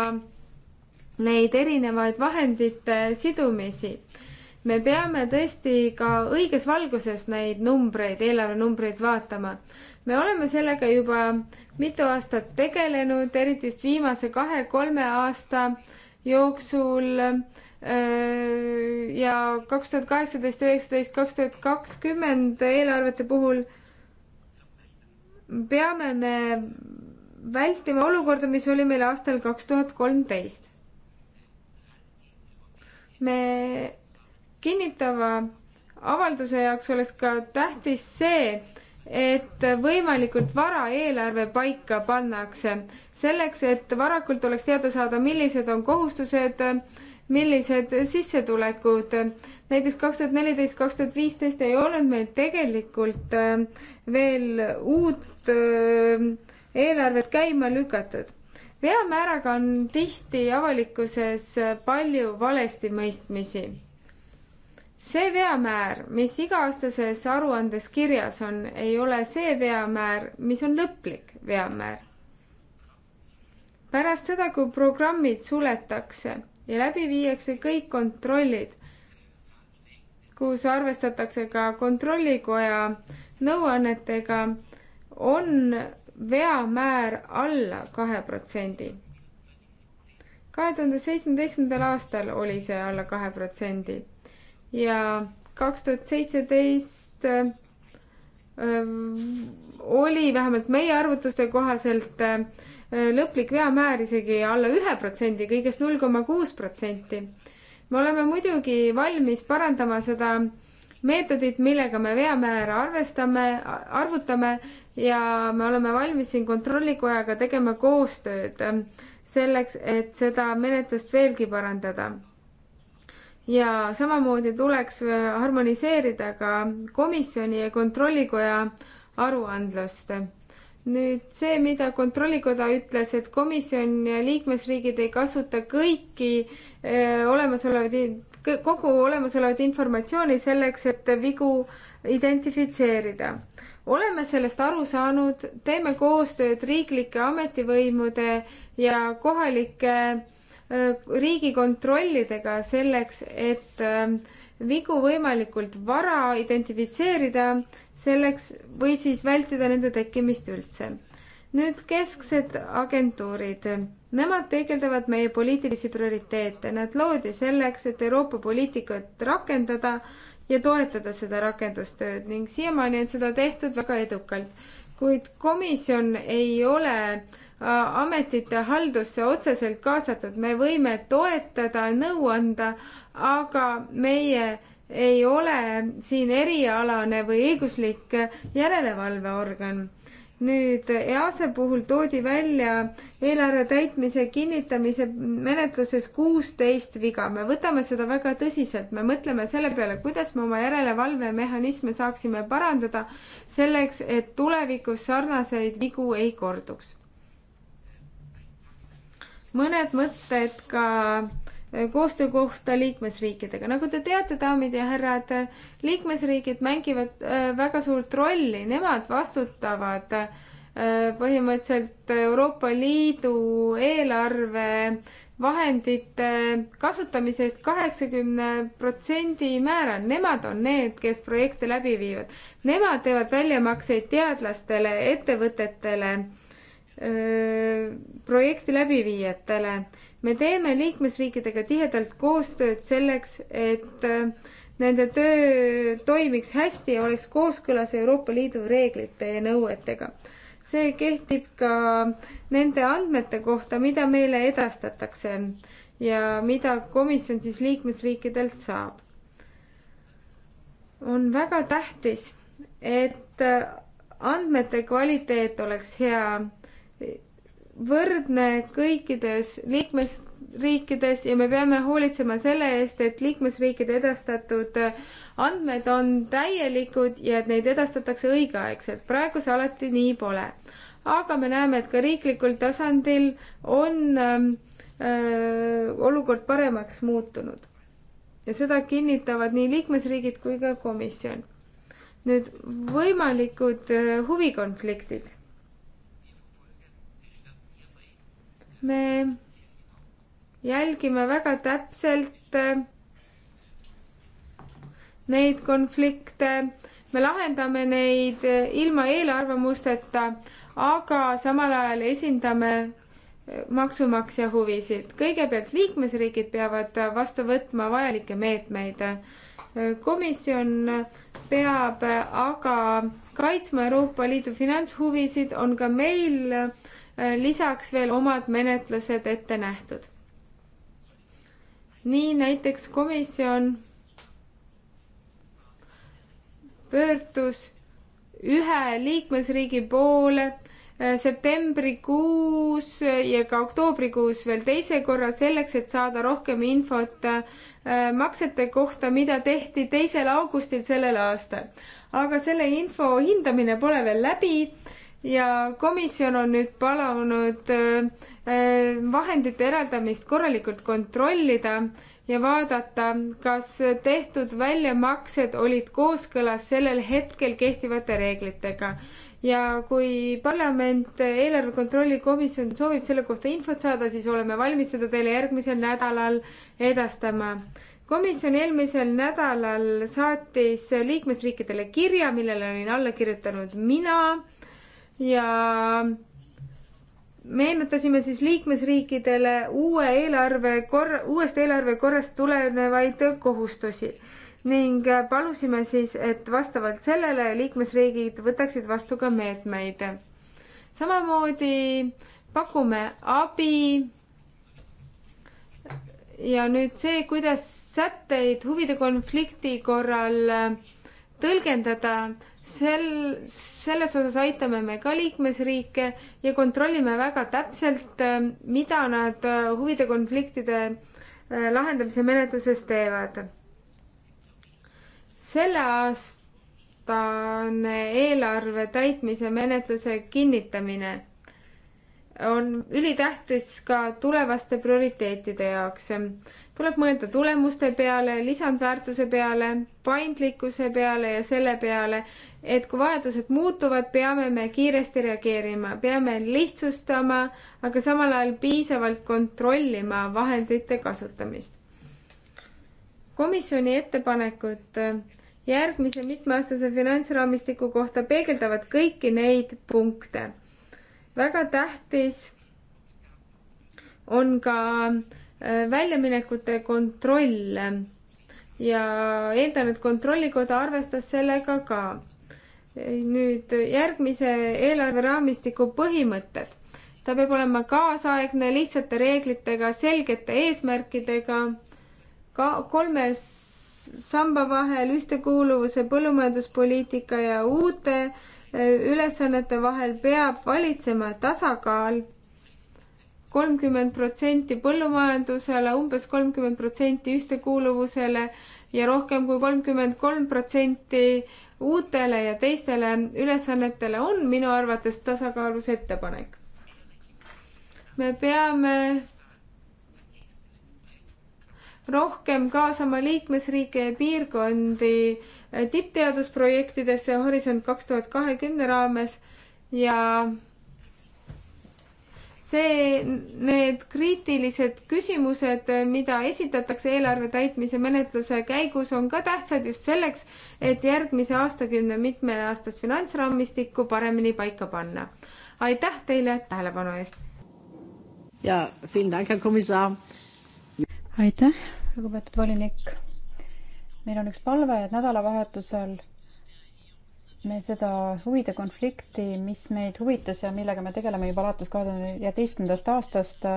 neid erinevaid vahendite sidumisi me peame tõesti ka õiges valguses neid numbreid, eelarvenumbreid vaatama me oleme sellega juba mitu aastat tegelenud, eriti just viimase kahe-kolme aasta jooksul äh, ja kaks tuhat kaheksateist, üheksateist, kaks tuhat kakskümmend eelarvete puhul peame me vältima olukorda, mis oli meil aastal kaks tuhat kolmteist. me kinnitava avalduse jaoks oleks ka tähtis see, et võimalikult vara eelarve paika pannakse, selleks et varakult oleks teada saada, millised on kohustused, millised sissetulekud. näiteks kaks tuhat neliteist, kaks tuhat viisteist ei olnud meil tegelikult äh, veel uut äh, eelarvet käima lükatud. veamääraga on tihti avalikkuses palju valesti mõistmisi see veamäär, mis iga-aastases aruandes kirjas on, ei ole see veamäär, mis on lõplik veamäär. pärast seda, kui programmid suletakse ja läbi viiakse kõik kontrollid, kus arvestatakse ka kontrollikoja nõuannetega, on veamäär alla kahe protsendi. kahe tuhande seitsmeteistkümnendal aastal oli see alla kahe protsendi ja kaks tuhat seitseteist äh, oli vähemalt meie arvutuste kohaselt äh, lõplik veamäär isegi alla ühe protsendi, kõigest null koma kuus protsenti. me oleme muidugi valmis parandama seda meetodit, millega me veamäära arvestame, arvutame ja me oleme valmis siin kontrollikojaga tegema koostööd äh, selleks, et seda menetlust veelgi parandada ja samamoodi tuleks äh, harmoniseerida ka komisjoni ja kontrollikoja aruandlust. nüüd see, mida kontrollikoda ütles, et komisjon ja liikmesriigid ei kasuta kõiki äh, olemasolevaid, kogu olemasolevat informatsiooni selleks, et vigu identifitseerida. oleme sellest aru saanud, teeme koostööd riiklike ametivõimude ja kohalike Äh, riigikontrollidega selleks, et ähm, vigu võimalikult vara identifitseerida, selleks või siis vältida nende tekkimist üldse. nüüd kesksed agentuurid. Nemad peegeldavad meie poliitilisi prioriteete, nad loodi selleks, et Euroopa poliitikat rakendada ja toetada seda rakendustööd ning siiamaani on seda tehtud väga edukalt. kuid komisjon ei ole äh, ametite haldusse otseselt kaasatud, me võime toetada, nõu anda, aga meie ei ole siin erialane või õiguslik järelevalveorgan. nüüd EASA puhul toodi välja eelarve täitmise kinnitamise menetluses kuusteist viga. me võtame seda väga tõsiselt, me mõtleme selle peale, kuidas me oma järelevalvemehhanisme saaksime parandada selleks, et tulevikus sarnaseid vigu ei korduks mõned mõtted ka äh, koostöö kohta liikmesriikidega. nagu te teate, daamid ja härrad, liikmesriigid mängivad äh, väga suurt rolli, nemad vastutavad äh, põhimõtteliselt Euroopa Liidu eelarve vahendite kasutamise eest kaheksakümne protsendi määral. Nemad on need, kes projekte läbi viivad. Nemad teevad väljamakseid teadlastele, ettevõtetele projekti läbiviijatele. me teeme liikmesriikidega tihedalt koostööd selleks, et nende töö toimiks hästi ja oleks kooskõlas Euroopa Liidu reeglite ja nõuetega. see kehtib ka nende andmete kohta, mida meile edastatakse ja mida komisjon siis liikmesriikidelt saab. on väga tähtis, et andmete kvaliteet oleks hea võrdne kõikides liikmesriikides ja me peame hoolitsema selle eest, et liikmesriikide edastatud andmed on täielikud ja et neid edastatakse õigeaegselt. praegu see alati nii pole. aga me näeme, et ka riiklikul tasandil on ähm, äh, olukord paremaks muutunud. ja seda kinnitavad nii liikmesriigid kui ka komisjon. nüüd võimalikud äh, huvikonfliktid me jälgime väga täpselt äh, neid konflikte, me lahendame neid äh, ilma eelarvamusteta, aga samal ajal esindame äh, maksumaksja huvisid. kõigepealt liikmesriigid peavad vastu võtma vajalikke meetmeid. komisjon peab aga kaitsma Euroopa Liidu finantshuvisid, on ka meil Äh, lisaks veel omad menetlused ette nähtud. nii näiteks komisjon pöördus ühe liikmesriigi poole äh, septembrikuus ja ka oktoobrikuus veel teise korra selleks, et saada rohkem infot äh, maksete kohta, mida tehti teisel augustil sellel aastal. aga selle info hindamine pole veel läbi ja komisjon on nüüd palunud äh, vahendite eraldamist korralikult kontrollida ja vaadata, kas tehtud väljamaksed olid kooskõlas sellel hetkel kehtivate reeglitega. ja kui parlament, eelarve kontrolli komisjon soovib selle kohta infot saada, siis oleme valmis seda teile järgmisel nädalal edastama komisjon eelmisel nädalal saatis liikmesriikidele kirja, millele olin alla kirjutanud mina ja meenutasime siis liikmesriikidele uue eelarve kor-, uuest eelarvekorrast tulenevaid kohustusi ning palusime siis, et vastavalt sellele liikmesriigid võtaksid vastu ka meetmeid. samamoodi pakume abi ja nüüd see, kuidas sätteid huvide konflikti korral tõlgendada sel, selles osas aitame me ka liikmesriike ja kontrollime väga täpselt, äh, mida nad äh, huvide konfliktide äh, lahendamise menetluses teevad. selle aastane eelarve täitmise menetluse kinnitamine on ülitähtis ka tulevaste prioriteetide jaoks. tuleb mõelda tulemuste peale, lisandväärtuse peale, paindlikkuse peale ja selle peale, et kui vajadused muutuvad, peame me kiiresti reageerima, peame lihtsustama, aga samal ajal piisavalt kontrollima vahendite kasutamist. komisjoni ettepanekud järgmise mitmeaastase finantsraamistiku kohta peegeldavad kõiki neid punkte. väga tähtis on ka äh, väljaminekute kontroll ja eeldan, et Kontrollikoda arvestas sellega ka nüüd järgmise eelarveraamistiku põhimõtted. ta peab olema kaasaegne, lihtsate reeglitega, selgete eesmärkidega, ka kolme samba vahel ühtekuuluvuse põllumajanduspoliitika ja uute e, ülesannete vahel peab valitsema tasakaal kolmkümmend protsenti põllumajandusele, umbes kolmkümmend protsenti ühtekuuluvusele ja rohkem kui kolmkümmend kolm protsenti uutele ja teistele ülesannetele on minu arvates tasakaalus ettepanek. me peame rohkem kaasama liikmesriike ja piirkondi tippteadusprojektidesse Horisont kaks tuhat kahekümne raames ja see, need kriitilised küsimused, mida esitatakse eelarve täitmise menetluse käigus, on ka tähtsad just selleks, et järgmise aastakümne mitmeaastast finantsraamistikku paremini paika panna. aitäh teile tähelepanu eest!
ja, aitäh, lugupeetud volinik! meil on üks palve, et nädalavahetusel me seda huvide konflikti, mis meid huvitas ja millega me tegeleme juba alates kahe tuhande üheteistkümnendast aastast,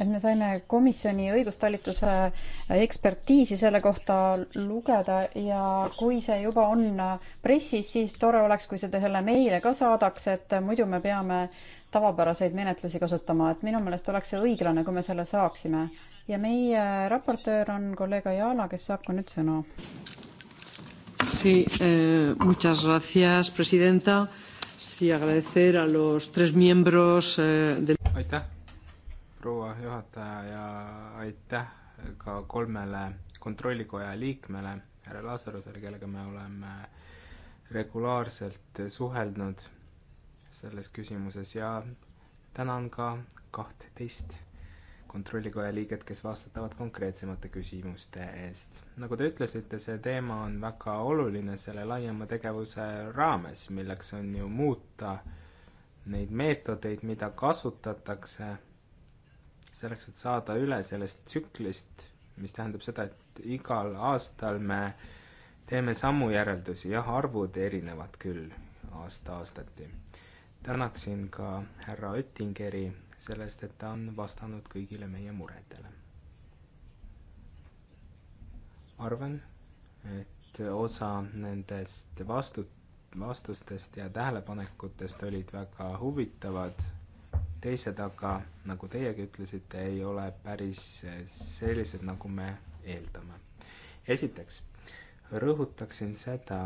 et me saime komisjoni õigustalituse ekspertiisi selle kohta lugeda ja kui see juba on pressis, siis tore oleks, kui seda selle meile ka saadaks, et muidu me peame tavapäraseid menetlusi kasutama, et minu meelest oleks see õiglane, kui me selle saaksime. ja meie raportöör on kolleeg Ayala, kes saab ka nüüd sõna. Sí, eh, muchas gracias, presidenta. Sí, agradecer a los tres miembros eh, del...
aitäh, proua juhataja ja aitäh ka kolmele kontrollikoja liikmele, härra Laasarusele, kellega me oleme regulaarselt suhelnud selles küsimuses ja tänan ka kahtteist kontrollikoja liiget, kes vastutavad konkreetsemate küsimuste eest. nagu te ütlesite, see teema on väga oluline selle laiema tegevuse raames, milleks on ju muuta neid meetodeid, mida kasutatakse selleks, et saada üle sellest tsüklist, mis tähendab seda, et igal aastal me teeme samu järeldusi, jah, arvud erinevad küll aasta-aastati. tänaksin ka härra Oettingeri sellest, et ta on vastanud kõigile meie muredele. arvan, et osa nendest vastu-, vastustest ja tähelepanekutest olid väga huvitavad, teised aga, nagu teiegi ütlesite, ei ole päris sellised, nagu me eeldame. esiteks rõhutaksin seda,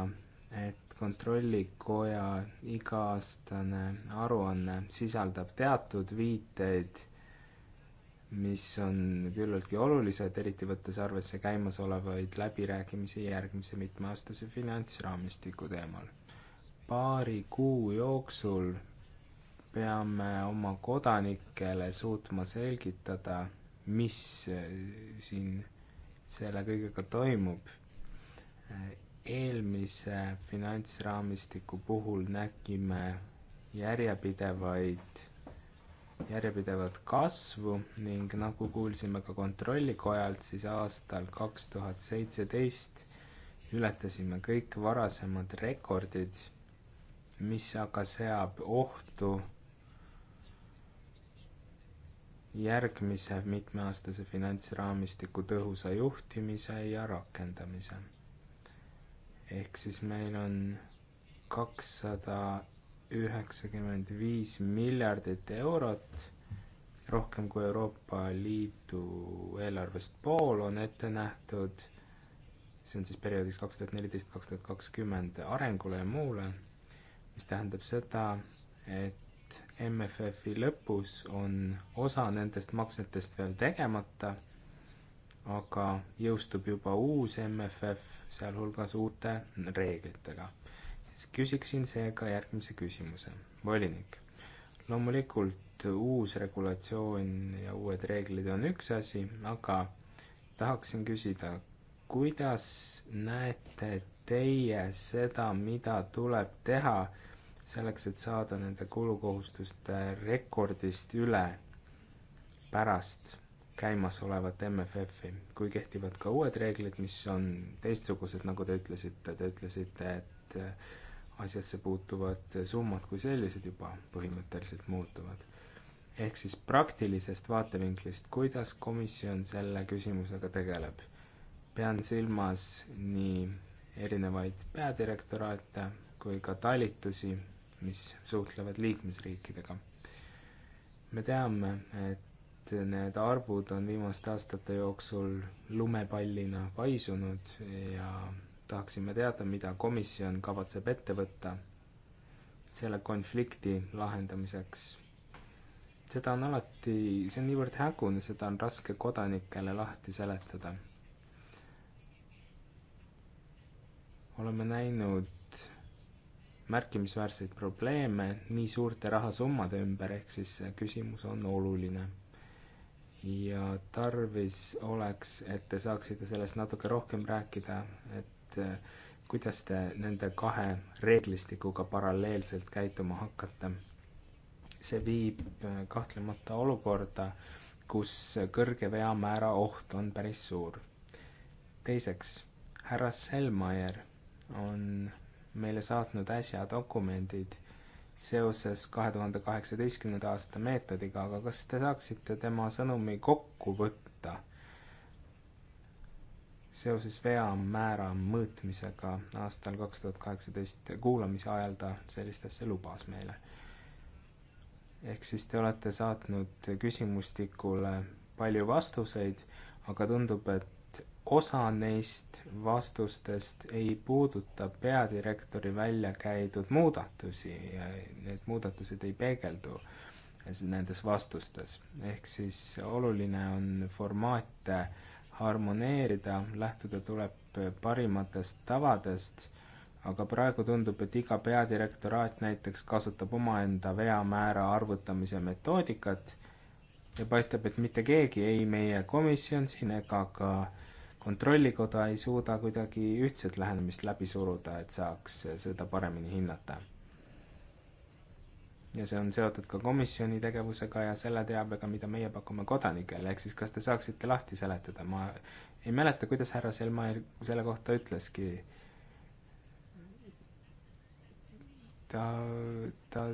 et kontrollikoja iga-aastane aruanne sisaldab teatud viiteid, mis on küllaltki olulised, eriti võttes arvesse käimasolevaid läbirääkimisi järgmise mitmeaastase finantsraamistiku teemal. paari kuu jooksul peame oma kodanikele suutma selgitada, mis siin selle kõigega toimub eelmise finantsraamistiku puhul nägime järjepidevaid, järjepidevat kasvu ning nagu kuulsime ka Kontrollikojalt, siis aastal kaks tuhat seitseteist ületasime kõik varasemad rekordid, mis aga seab ohtu järgmise mitmeaastase finantsraamistiku tõhusa juhtimise ja rakendamise ehk siis meil on kakssada üheksakümmend viis miljardit eurot, rohkem kui Euroopa Liidu eelarvest pool on ette nähtud, see on siis perioodiks kaks tuhat neliteist, kaks tuhat kakskümmend arengule ja muule, mis tähendab seda, et MFF-i lõpus on osa nendest maksetest veel tegemata aga jõustub juba uus MFF, sealhulgas uute reeglitega. siis küsiksin seega järgmise küsimuse. volinik, loomulikult uus regulatsioon ja uued reeglid on üks asi, aga tahaksin küsida, kuidas näete teie seda, mida tuleb teha selleks, et saada nende kulukohustuste rekordist üle pärast käimasolevat MFF-i, kui kehtivad ka uued reeglid, mis on teistsugused, nagu te ütlesite, te ütlesite, et äh, asjasse puutuvad summad kui sellised juba põhimõtteliselt muutuvad. ehk siis praktilisest vaatevinklist, kuidas komisjon selle küsimusega tegeleb? pean silmas nii erinevaid peadirektoraate kui ka talitusi, mis suhtlevad liikmesriikidega. me teame, et need arvud on viimaste aastate jooksul lumepallina paisunud ja tahaksime teada, mida komisjon kavatseb ette võtta selle konflikti lahendamiseks. seda on alati, see on niivõrd hägune, seda on raske kodanikele lahti seletada. oleme näinud märkimisväärseid probleeme nii suurte rahasummade ümber, ehk siis see küsimus on oluline ja tarvis oleks, et te saaksite sellest natuke rohkem rääkida, et äh, kuidas te nende kahe reeglistikuga paralleelselt käituma hakkate. see viib äh, kahtlemata olukorda, kus kõrge veamäära oht on päris suur. teiseks, härra Selmaier on meile saatnud äsja dokumendid seoses kahe tuhande kaheksateistkümnenda aasta meetodiga, aga kas te saaksite tema sõnumi kokku võtta seoses veamäära mõõtmisega aastal kaks tuhat kaheksateist, kuulamise ajal ta sellist asja lubas meile. ehk siis te olete saatnud küsimustikule palju vastuseid, aga tundub, et osa neist vastustest ei puuduta peadirektori välja käidud muudatusi ja need muudatused ei peegeldu nendes vastustes. ehk siis oluline on formaate harmoneerida, lähtuda tuleb parimatest tavadest, aga praegu tundub, et iga peadirektoraat näiteks kasutab omaenda veamäära arvutamise metoodikat ja paistab, et mitte keegi, ei meie komisjon siin ega ka äh, kontrollikoda ei suuda kuidagi ühtset lähenemist läbi suruda, et saaks seda paremini hinnata. ja see on seotud ka komisjoni tegevusega ja selle teabega, mida meie pakume kodanikele, ehk siis kas te saaksite lahti seletada, ma ei mäleta, kuidas härra Selmaer selle kohta ütleski. ta, ta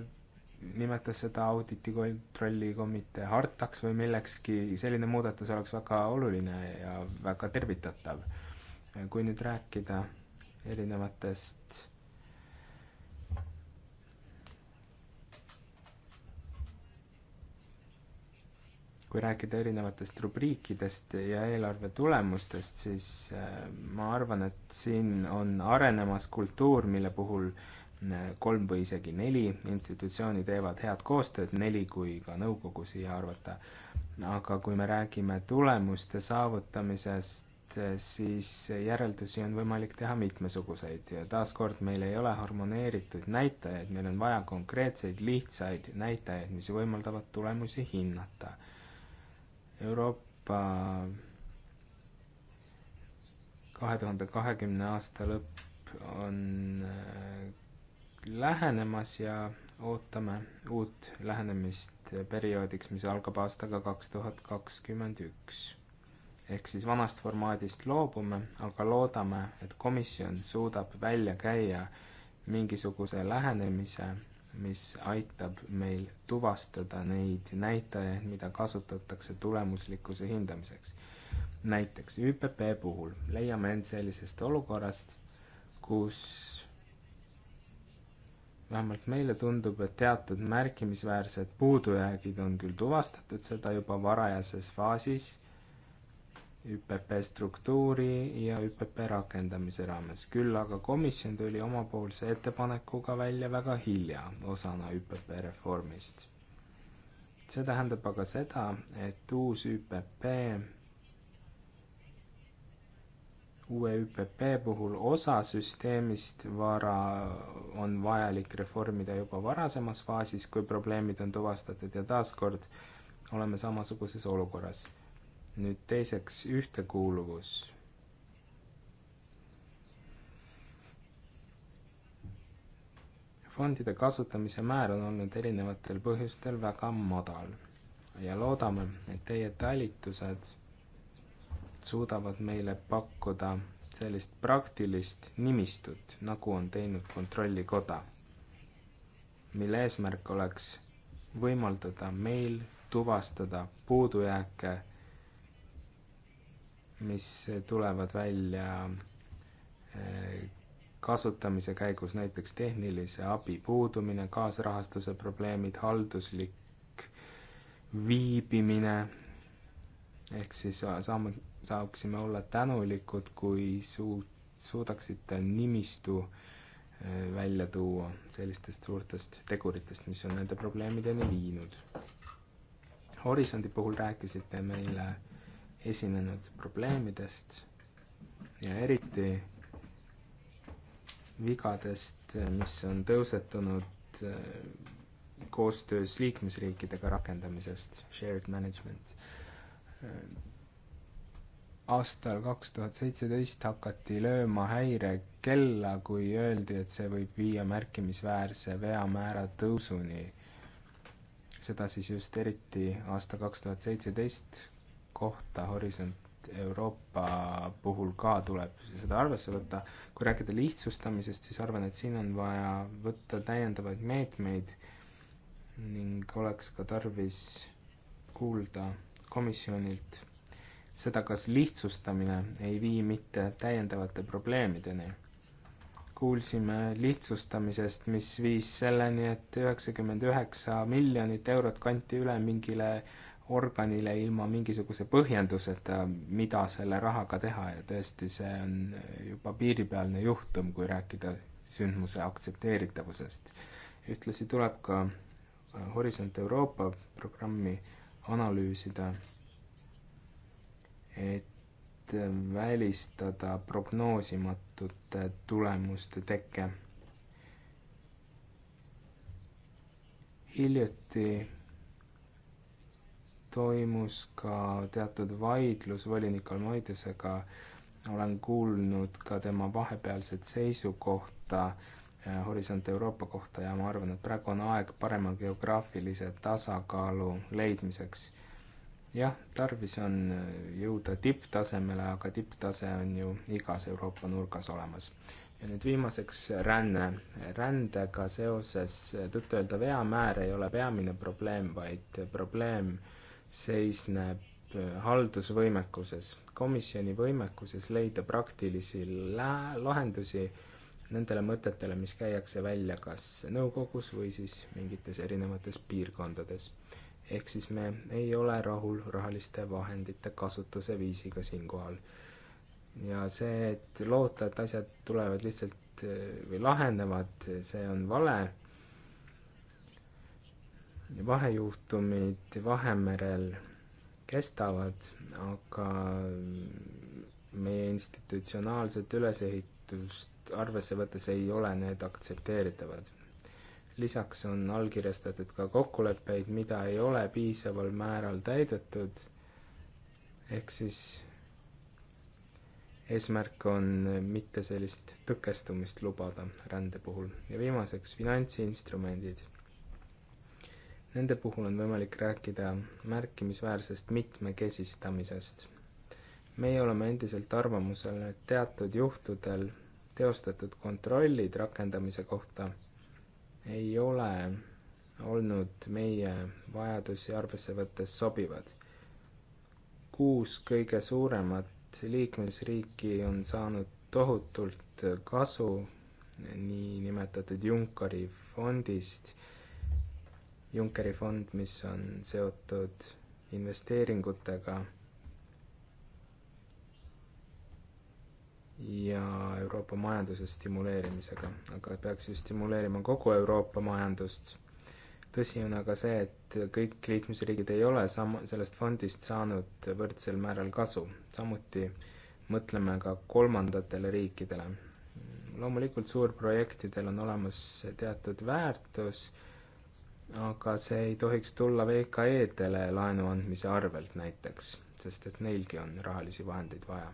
nimetas seda auditi kontrollikomitee hartaks või millekski, selline muudatus oleks väga oluline ja väga tervitatav. kui nüüd rääkida erinevatest kui rääkida erinevatest rubriikidest ja eelarve tulemustest, siis äh, ma arvan, et siin on arenemas kultuur, mille puhul kolm või isegi neli institutsiooni teevad head koostööd, neli kui ka nõukogu siia arvata. aga kui me räägime tulemuste saavutamisest, siis järeldusi on võimalik teha mitmesuguseid ja taaskord meil ei ole harmoneeritud näitajaid, meil on vaja konkreetseid lihtsaid näitajaid, mis võimaldavad tulemusi hinnata. Euroopa kahe tuhande kahekümne aasta lõpp on äh, lähenemas ja ootame uut lähenemist perioodiks, mis algab aastaga kaks tuhat kakskümmend üks. ehk siis vanast formaadist loobume, aga loodame, et komisjon suudab välja käia mingisuguse lähenemise, mis aitab meil tuvastada neid näitajaid, mida kasutatakse tulemuslikkuse hindamiseks. näiteks ÜPP puhul leiame end sellisest olukorrast, kus vähemalt meile tundub, et teatud märkimisväärsed puudujäägid on küll tuvastatud, seda juba varajases faasis ÜPP struktuuri ja ÜPP rakendamise raames, küll aga komisjon tuli omapoolse ettepanekuga välja väga hilja osana ÜPP reformist. see tähendab aga seda, et uus ÜPP uue ÜPP puhul osa süsteemist vara on vajalik reformida juba varasemas faasis, kui probleemid on tuvastatud ja taaskord oleme samasuguses olukorras. nüüd teiseks, ühtekuuluvus. fondide kasutamise määr on olnud erinevatel põhjustel väga madal ja loodame, et teie talitused suudavad meile pakkuda sellist praktilist nimistut, nagu on teinud Kontrollikoda, mille eesmärk oleks võimaldada meil tuvastada puudujääke, mis tulevad välja eh, kasutamise käigus, näiteks tehnilise abi puudumine, kaasrahastuse probleemid, halduslik viibimine ehk siis äh, saame, saaksime olla tänulikud, kui suut-, suudaksite nimistu äh, välja tuua sellistest suurtest teguritest, mis on nende probleemideni viinud. Horisondi puhul rääkisite meile esinenud probleemidest ja eriti vigadest, mis on tõusetunud äh, koostöös liikmesriikidega rakendamisest, shared management aastal kaks tuhat seitseteist hakati lööma häirekella, kui öeldi, et see võib viia märkimisväärse veamäära tõusuni. seda siis just eriti aasta kaks tuhat seitseteist kohta Horisont Euroopa puhul ka tuleb seda arvesse võtta. kui rääkida lihtsustamisest, siis arvan, et siin on vaja võtta täiendavaid meetmeid ning oleks ka tarvis kuulda komisjonilt seda, kas lihtsustamine ei vii mitte täiendavate probleemideni. kuulsime lihtsustamisest, mis viis selleni, et üheksakümmend üheksa miljonit eurot kanti üle mingile organile ilma mingisuguse põhjenduseta, mida selle rahaga teha ja tõesti, see on juba piiripealne juhtum, kui rääkida sündmuse aktsepteeritavusest. ühtlasi tuleb ka Horisont Euroopa programmi äh, analüüsida, et välistada prognoosimatute tulemuste teke. hiljuti toimus ka teatud vaidlus volinik Almaidesega, olen kuulnud ka tema vahepealset seisukohta äh, Äh, Horisont Euroopa kohta ja ma arvan, et praegu on aeg parema geograafilise tasakaalu leidmiseks. jah, tarvis on äh, jõuda tipptasemele, aga tipptase on ju igas Euroopa nurgas olemas. ja nüüd viimaseks äh, ränne. rändega seoses tõtt-öelda veamäär ei ole peamine probleem, vaid probleem seisneb haldusvõimekuses, komisjoni võimekuses leida praktilisi lahendusi nendele mõtetele, mis käiakse välja kas nõukogus või siis mingites erinevates piirkondades. ehk siis me ei ole rahul rahaliste vahendite kasutuse viisiga siinkohal. ja see, et loota, et asjad tulevad lihtsalt eh, või lahenevad, see on vale vahejuhtumid Vahemerel kestavad, aga meie institutsionaalset ülesehitust arvesse võttes ei ole need aktsepteeritavad. lisaks on allkirjastatud ka kokkuleppeid, mida ei ole piisaval määral täidetud, ehk siis eesmärk on mitte sellist tõkestumist lubada rände puhul. ja viimaseks, finantsinstrumendid. Nende puhul on võimalik rääkida märkimisväärsest mitmekesistamisest meie oleme endiselt arvamusel, et teatud juhtudel teostatud kontrollid rakendamise kohta ei ole olnud meie vajadusi arvesse võttes sobivad. kuus kõige suuremat liikmesriiki on saanud tohutult kasu niinimetatud Junckeri fondist, Junckeri fond, mis on seotud investeeringutega ja Euroopa majanduse stimuleerimisega, aga peaks ju stimuleerima kogu Euroopa majandust. tõsi on aga see, et kõik liikmesriigid ei ole sam-, sellest fondist saanud võrdsel määral kasu, samuti mõtleme ka kolmandatele riikidele. loomulikult suurprojektidel on olemas teatud väärtus, aga see ei tohiks tulla VKE-dele laenu andmise arvelt näiteks, sest et neilgi on rahalisi vahendeid vaja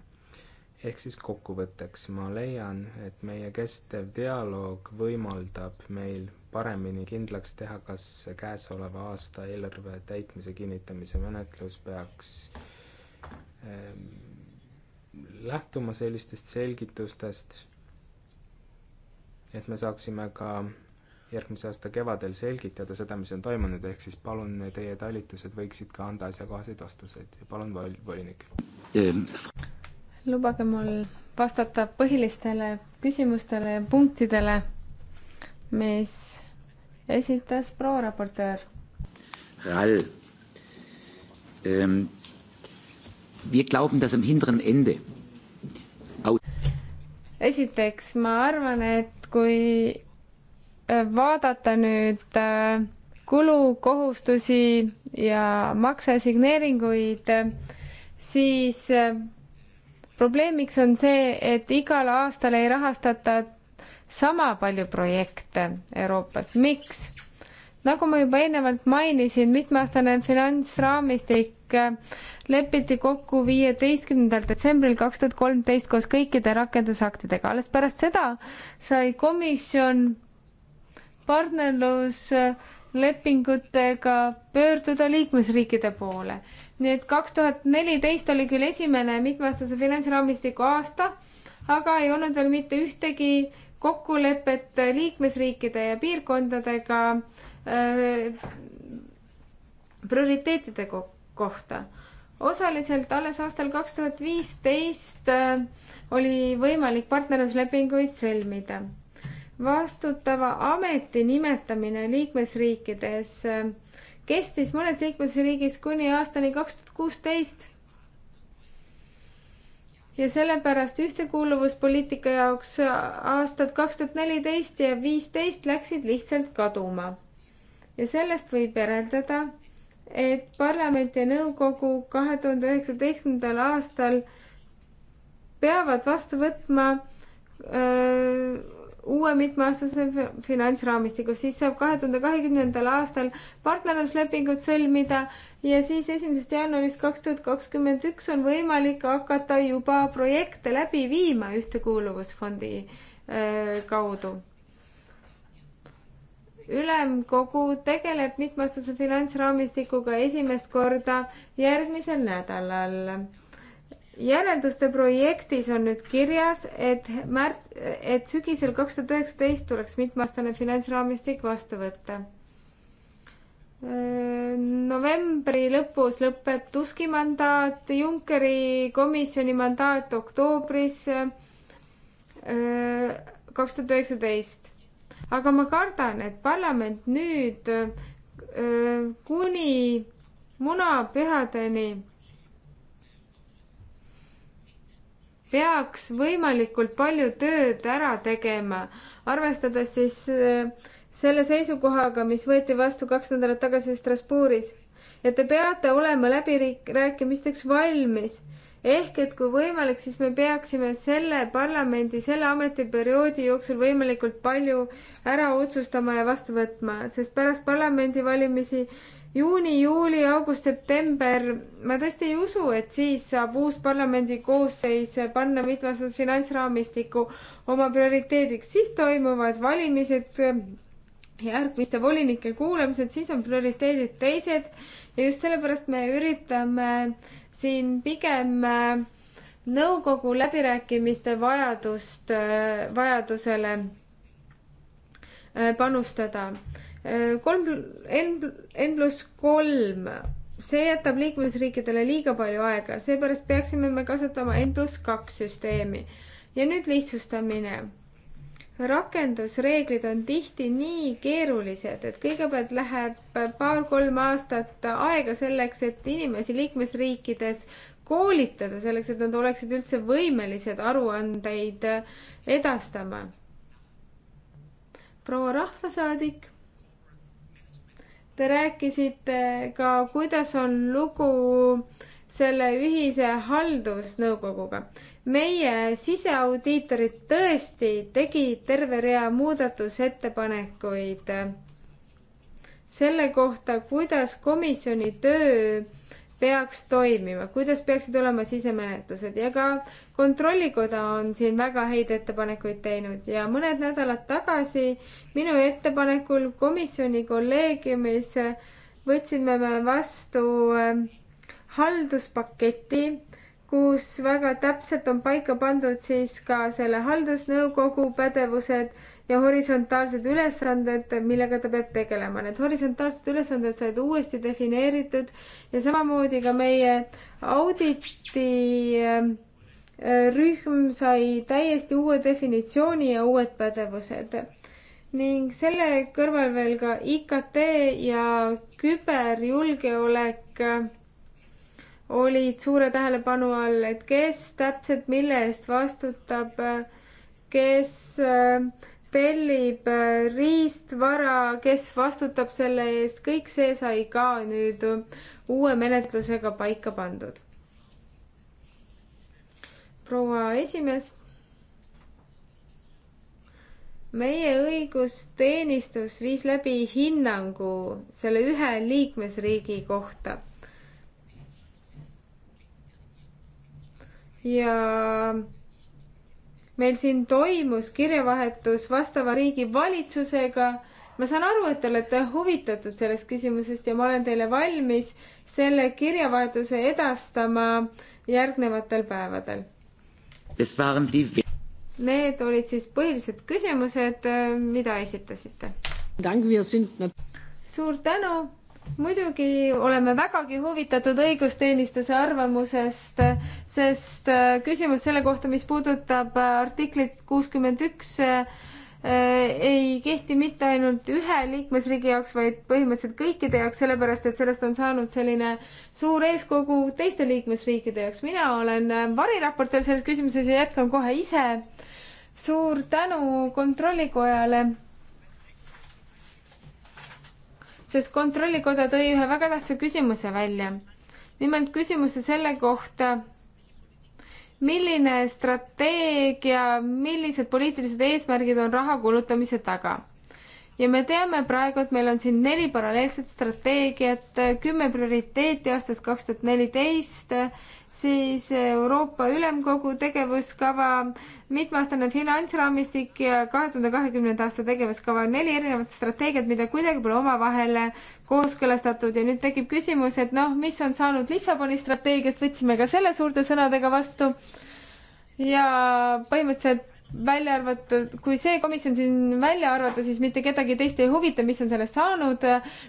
ehk siis kokkuvõtteks, ma leian, et meie kestev dialoog võimaldab meil paremini kindlaks teha, kas käesoleva aasta eelarve täitmise kinnitamise menetlus peaks ehm, lähtuma sellistest selgitustest, et me saaksime ka järgmise aasta kevadel selgitada seda, mis on toimunud, ehk siis palun, teie talitused võiksid ka anda asjakohaseid vastuseid ja palun, volinik. Ehm,
lubage mul vastata põhilistele küsimustele ja punktidele, mis esitas proua raportöör.
Rall ähm,. Wir glauben, dass am hinteren Ende
esiteks ma arvan, et kui äh, vaadata nüüd äh, kulukohustusi ja maksesigneeringuid, äh, siis probleemiks on see, et igal aastal ei rahastata sama palju projekte Euroopas, miks? nagu ma juba eelnevalt mainisin, mitmeaastane finantsraamistik äh, lepiti kokku viieteistkümnendal detsembril kaks tuhat kolmteist koos kõikide rakendusaktidega. alles pärast seda sai komisjon partnerluslepingutega pöörduda liikmesriikide poole nii et kaks tuhat neliteist oli küll esimene mitmeaastase finantsraamistiku aasta, aga ei olnud veel mitte ühtegi kokkulepet liikmesriikide ja piirkondadega äh, prioriteetide ko kohta. osaliselt alles aastal kaks tuhat viisteist äh, oli võimalik partnerluslepinguid sõlmida. vastutava ameti nimetamine liikmesriikides äh, kestis mõnes liikmesriigis kuni aastani kaks tuhat kuusteist. ja sellepärast ühtekuuluvuspoliitika jaoks aastad kaks tuhat neliteist ja viisteist läksid lihtsalt kaduma. ja sellest võib järeldada, et parlament ja nõukogu kahe tuhande üheksateistkümnendal aastal peavad vastu võtma öö, uue mitmeaastase finantsraamistiku, siis saab kahe tuhande kahekümnendal aastal partnerluslepingud sõlmida ja siis esimesest jaanuarist kaks tuhat kakskümmend üks on võimalik hakata juba projekte läbi viima Ühtekuuluvusfondi äh, kaudu. ülemkogu tegeleb mitmeaastase finantsraamistikuga esimest korda järgmisel nädalal järelduste projektis on nüüd kirjas, et märt-, et sügisel kaks tuhat üheksateist tuleks mitmeaastane finantsraamistik vastu võtta. novembri lõpus lõpeb Tuski mandaat, Junckeri komisjoni mandaat oktoobris kaks tuhat üheksateist. aga ma kardan, et parlament nüüd kuni munapühadeni peaks võimalikult palju tööd ära tegema, arvestades siis äh, selle seisukohaga, mis võeti vastu kaks nädalat tagasi Strasbourgis. et te peate olema läbirääkimisteks valmis. ehk et kui võimalik, siis me peaksime selle parlamendi, selle ametiperioodi jooksul võimalikult palju ära otsustama ja vastu võtma, sest pärast parlamendivalimisi juuni, juuli, august, september, ma tõesti ei usu, et siis saab uus parlamendi koosseis panna mitmeaastase finantsraamistiku oma prioriteediks, siis toimuvad valimised, järgmiste volinike kuulamised, siis on prioriteedid teised ja just sellepärast me üritame siin pigem äh, nõukogu läbirääkimiste vajadust, äh, vajadusele äh, panustada kolm, N, N pluss kolm, see jätab liikmesriikidele liiga palju aega, seepärast peaksime me kasutama N pluss kaks süsteemi. ja nüüd lihtsustamine. rakendusreeglid on tihti nii keerulised, et kõigepealt läheb paar-kolm aastat aega selleks, et inimesi liikmesriikides koolitada, selleks et nad oleksid üldse võimelised aruandeid edastama. proua rahvasaadik Te rääkisite ka, kuidas on lugu selle ühise haldusnõukoguga. meie siseaudiitorid tõesti tegid terve rea muudatusettepanekuid selle kohta, kuidas komisjoni töö peaks toimima, kuidas peaksid olema sisemenetlused ja ka Kontrollikoda on siin väga häid ettepanekuid teinud ja mõned nädalad tagasi minu ettepanekul komisjoni kolleegiumis võtsime me vastu ähm, halduspaketi, kus väga täpselt on paika pandud siis ka selle haldusnõukogu pädevused ja horisontaalsed ülesanded, millega ta peab tegelema. Need horisontaalsed ülesanded said uuesti defineeritud ja samamoodi ka meie auditi ähm, äh, rühm sai täiesti uue definitsiooni ja uued pädevused. ning selle kõrval veel ka IKT ja küberjulgeolek äh, olid suure tähelepanu all, et kes täpselt mille eest vastutab, äh, kes äh, tellib äh, riistvara, kes vastutab selle eest, kõik see sai ka nüüd uue menetlusega paika pandud. proua esimees. meie õigusteenistus viis läbi hinnangu selle ühe liikmesriigi kohta. ja meil siin toimus kirjavahetus vastava riigi valitsusega. ma saan aru, et te olete huvitatud sellest küsimusest ja ma olen teile valmis selle kirjavahetuse edastama järgnevatel päevadel. Need olid siis põhilised küsimused, mida esitasite. suur tänu muidugi oleme vägagi huvitatud õigusteenistuse arvamusest, sest äh, küsimus selle kohta, mis puudutab äh, artiklit kuuskümmend üks, äh, ei kehti mitte ainult ühe liikmesriigi jaoks, vaid põhimõtteliselt kõikide jaoks, sellepärast et sellest on saanud selline suur eeskogu teiste liikmesriikide jaoks. mina olen variraportöör selles küsimuses ja jätkan kohe ise. suur tänu Kontrollikojale sest Kontrollikoda tõi ühe väga tähtsa küsimuse välja. nimelt küsimuse selle kohta, milline strateegia, millised poliitilised eesmärgid on raha kulutamise taga ja me teame praegu, et meil on siin neli paralleelset strateegiat, kümme prioriteeti aastast kaks tuhat neliteist siis Euroopa Ülemkogu tegevuskava, mitmeaastane finantsraamistik ja kahe tuhande kahekümnenda aasta tegevuskava, neli erinevat strateegiat, mida kuidagi pole omavahel kooskõlastatud ja nüüd tekib küsimus, et noh, mis on saanud Lissaboni strateegiast, võtsime ka selle suurte sõnadega vastu. ja põhimõtteliselt välja arvatud, kui see komisjon siin välja arvata, siis mitte kedagi teist ei huvita, mis on sellest saanud.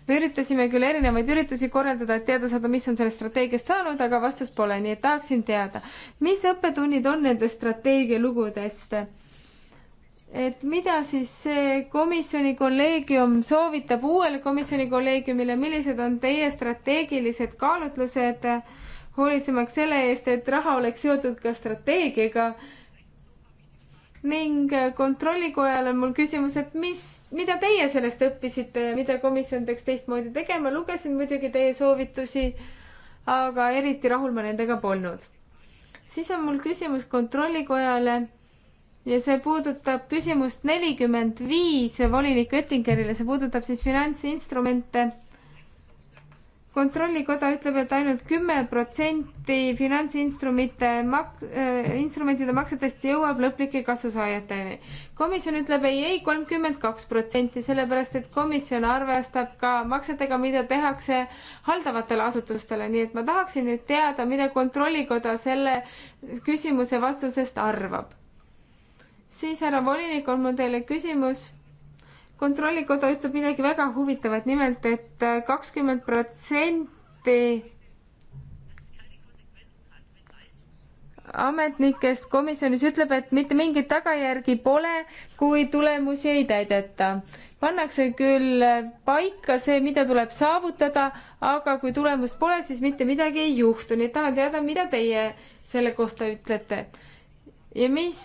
me üritasime küll erinevaid üritusi korraldada, et teada saada, mis on sellest strateegiast saanud, aga vastust pole, nii et tahaksin teada, mis õppetunnid on nendest strateegialugudest? et mida siis see komisjoni kolleegium soovitab uuele komisjoni kolleegiumile, millised on teie strateegilised kaalutlused hoolitsemaks selle eest, et raha oleks seotud ka strateegiaga ning kontrollikojal on mul küsimus, et mis, mida teie sellest õppisite ja mida komisjon peaks teistmoodi tegema, lugesin muidugi teie soovitusi, aga eriti rahul ma nendega polnud. siis on mul küsimus kontrollikojale ja see puudutab küsimust nelikümmend viis volinik Oettingerile, see puudutab siis finantsinstrumente kontrollikoda ütleb et, et ainult kümme protsenti finantsinstrumente mak-, äh, instrumentide maksetest jõuab lõplike kasusaajateni. komisjon ütleb ei, ei, kolmkümmend kaks protsenti, sellepärast et komisjon arvestab ka maksetega, mida tehakse haldavatele asutustele, nii et ma tahaksin nüüd teada, mida kontrollikoda selle küsimuse vastusest arvab. siis härra volinik, on mul teile küsimus kontrollikoda ütleb midagi väga huvitavat, nimelt et kakskümmend protsenti ametnikest komisjonis ütleb, et mitte mingit tagajärgi pole, kui tulemusi ei täideta. pannakse küll paika see, mida tuleb saavutada, aga kui tulemust pole, siis mitte midagi ei juhtu, nii et tahan teada, mida teie selle kohta ütlete. ja mis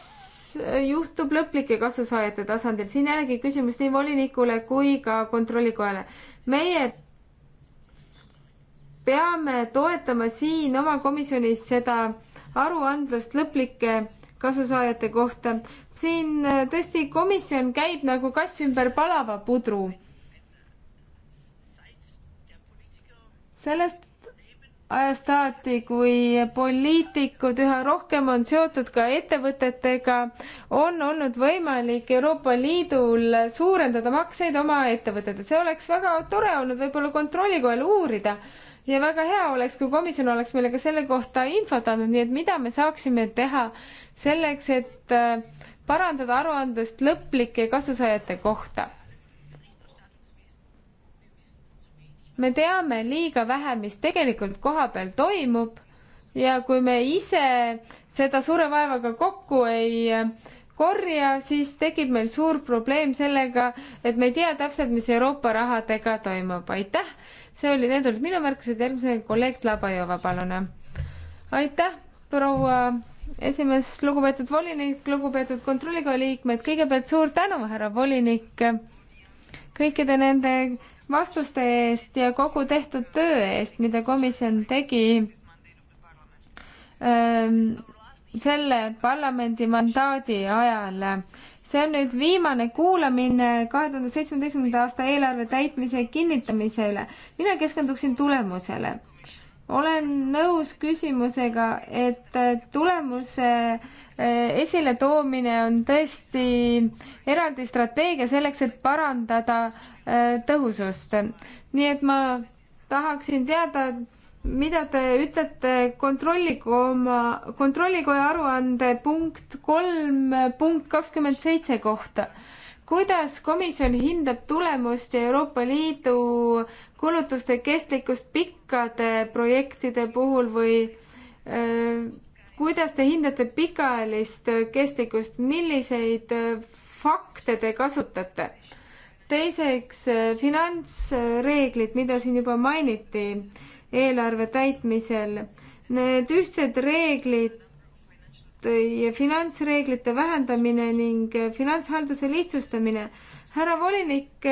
juhtub lõplike kasusaajate tasandil, siin jällegi küsimus nii volinikule kui ka kontrollikojale. meie peame toetama siin oma komisjonis seda aruandlust lõplike kasusaajate kohta. siin tõesti komisjon käib nagu kass ümber palava pudru. sellest ajast saati, kui poliitikud üha rohkem on seotud ka ettevõtetega, on olnud võimalik Euroopa Liidul suurendada makseid oma ettevõtetel. see oleks väga tore olnud võib-olla kontrollikojal uurida ja väga hea oleks, kui komisjon oleks meile ka selle kohta infot andnud, nii et mida me saaksime teha selleks, et äh, parandada aruandlust lõplike kasusaajate kohta me teame liiga vähe, mis tegelikult kohapeal toimub ja kui me ise seda suure vaevaga kokku ei äh, korja, siis tekib meil suur probleem sellega, et me ei tea täpselt, mis Euroopa rahadega toimub. aitäh, see oli, need olid minu märkused, järgmisena kolleeg Labajova, palun. aitäh, proua esimees, lugupeetud volinik, lugupeetud kontrollikoja liikmed, kõigepealt suur tänu, härra volinik, kõikide nende vastuste eest ja kogu tehtud töö eest, mida komisjon tegi ähm, selle parlamendi mandaadi ajal. see on nüüd viimane kuulamine kahe tuhande seitsmeteistkümnenda aasta eelarve täitmise kinnitamise üle. mina keskenduksin tulemusele olen nõus küsimusega, et tulemuse eh, esiletoomine on tõesti eraldi strateegia selleks, et parandada eh, tõhusust. nii et ma tahaksin teada, mida te ütlete kontrollikoma, kontrollikoja aruande punkt kolm punkt kakskümmend seitse kohta kuidas komisjon hindab tulemust ja Euroopa Liidu kulutuste kestlikkust pikkade projektide puhul või öö, äh, kuidas te hindate pikaajalist kestlikkust, milliseid äh, fakte te kasutate? teiseks, äh, finantsreeglid, mida siin juba mainiti eelarve täitmisel. Need ühtsed reeglid ja finantsreeglite vähendamine ning finantshalduse lihtsustamine. härra volinik,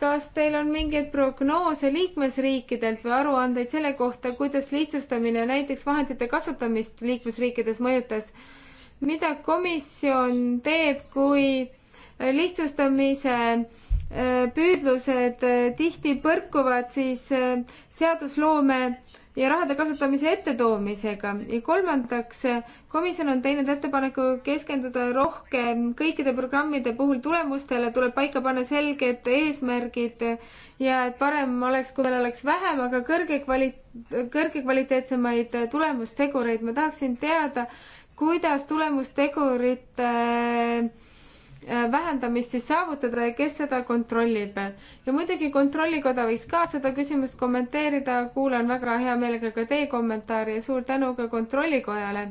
kas teil on mingeid prognoose liikmesriikidelt või aruandeid selle kohta, kuidas lihtsustamine näiteks vahendite kasutamist liikmesriikides mõjutas? mida komisjon teeb, kui lihtsustamise äh, püüdlused äh, tihti põrkuvad siis äh, seadusloome ja rahade kasutamise ettetoomisega. ja kolmandaks, komisjon on teinud ettepaneku keskenduda rohkem kõikide programmide puhul tulemustele, tuleb paika panna selged eesmärgid ja et parem oleks, kui meil oleks vähem, aga kõrge kvali-, kõrgekvaliteetsemaid tulemustegureid. ma tahaksin teada, kuidas tulemustegurite äh, Äh, vähendamist siis saavutada ja kes seda kontrollib. ja muidugi Kontrollikoda võiks ka seda küsimust kommenteerida, kuulan väga hea meelega ka teie kommentaari ja suur tänu ka Kontrollikojale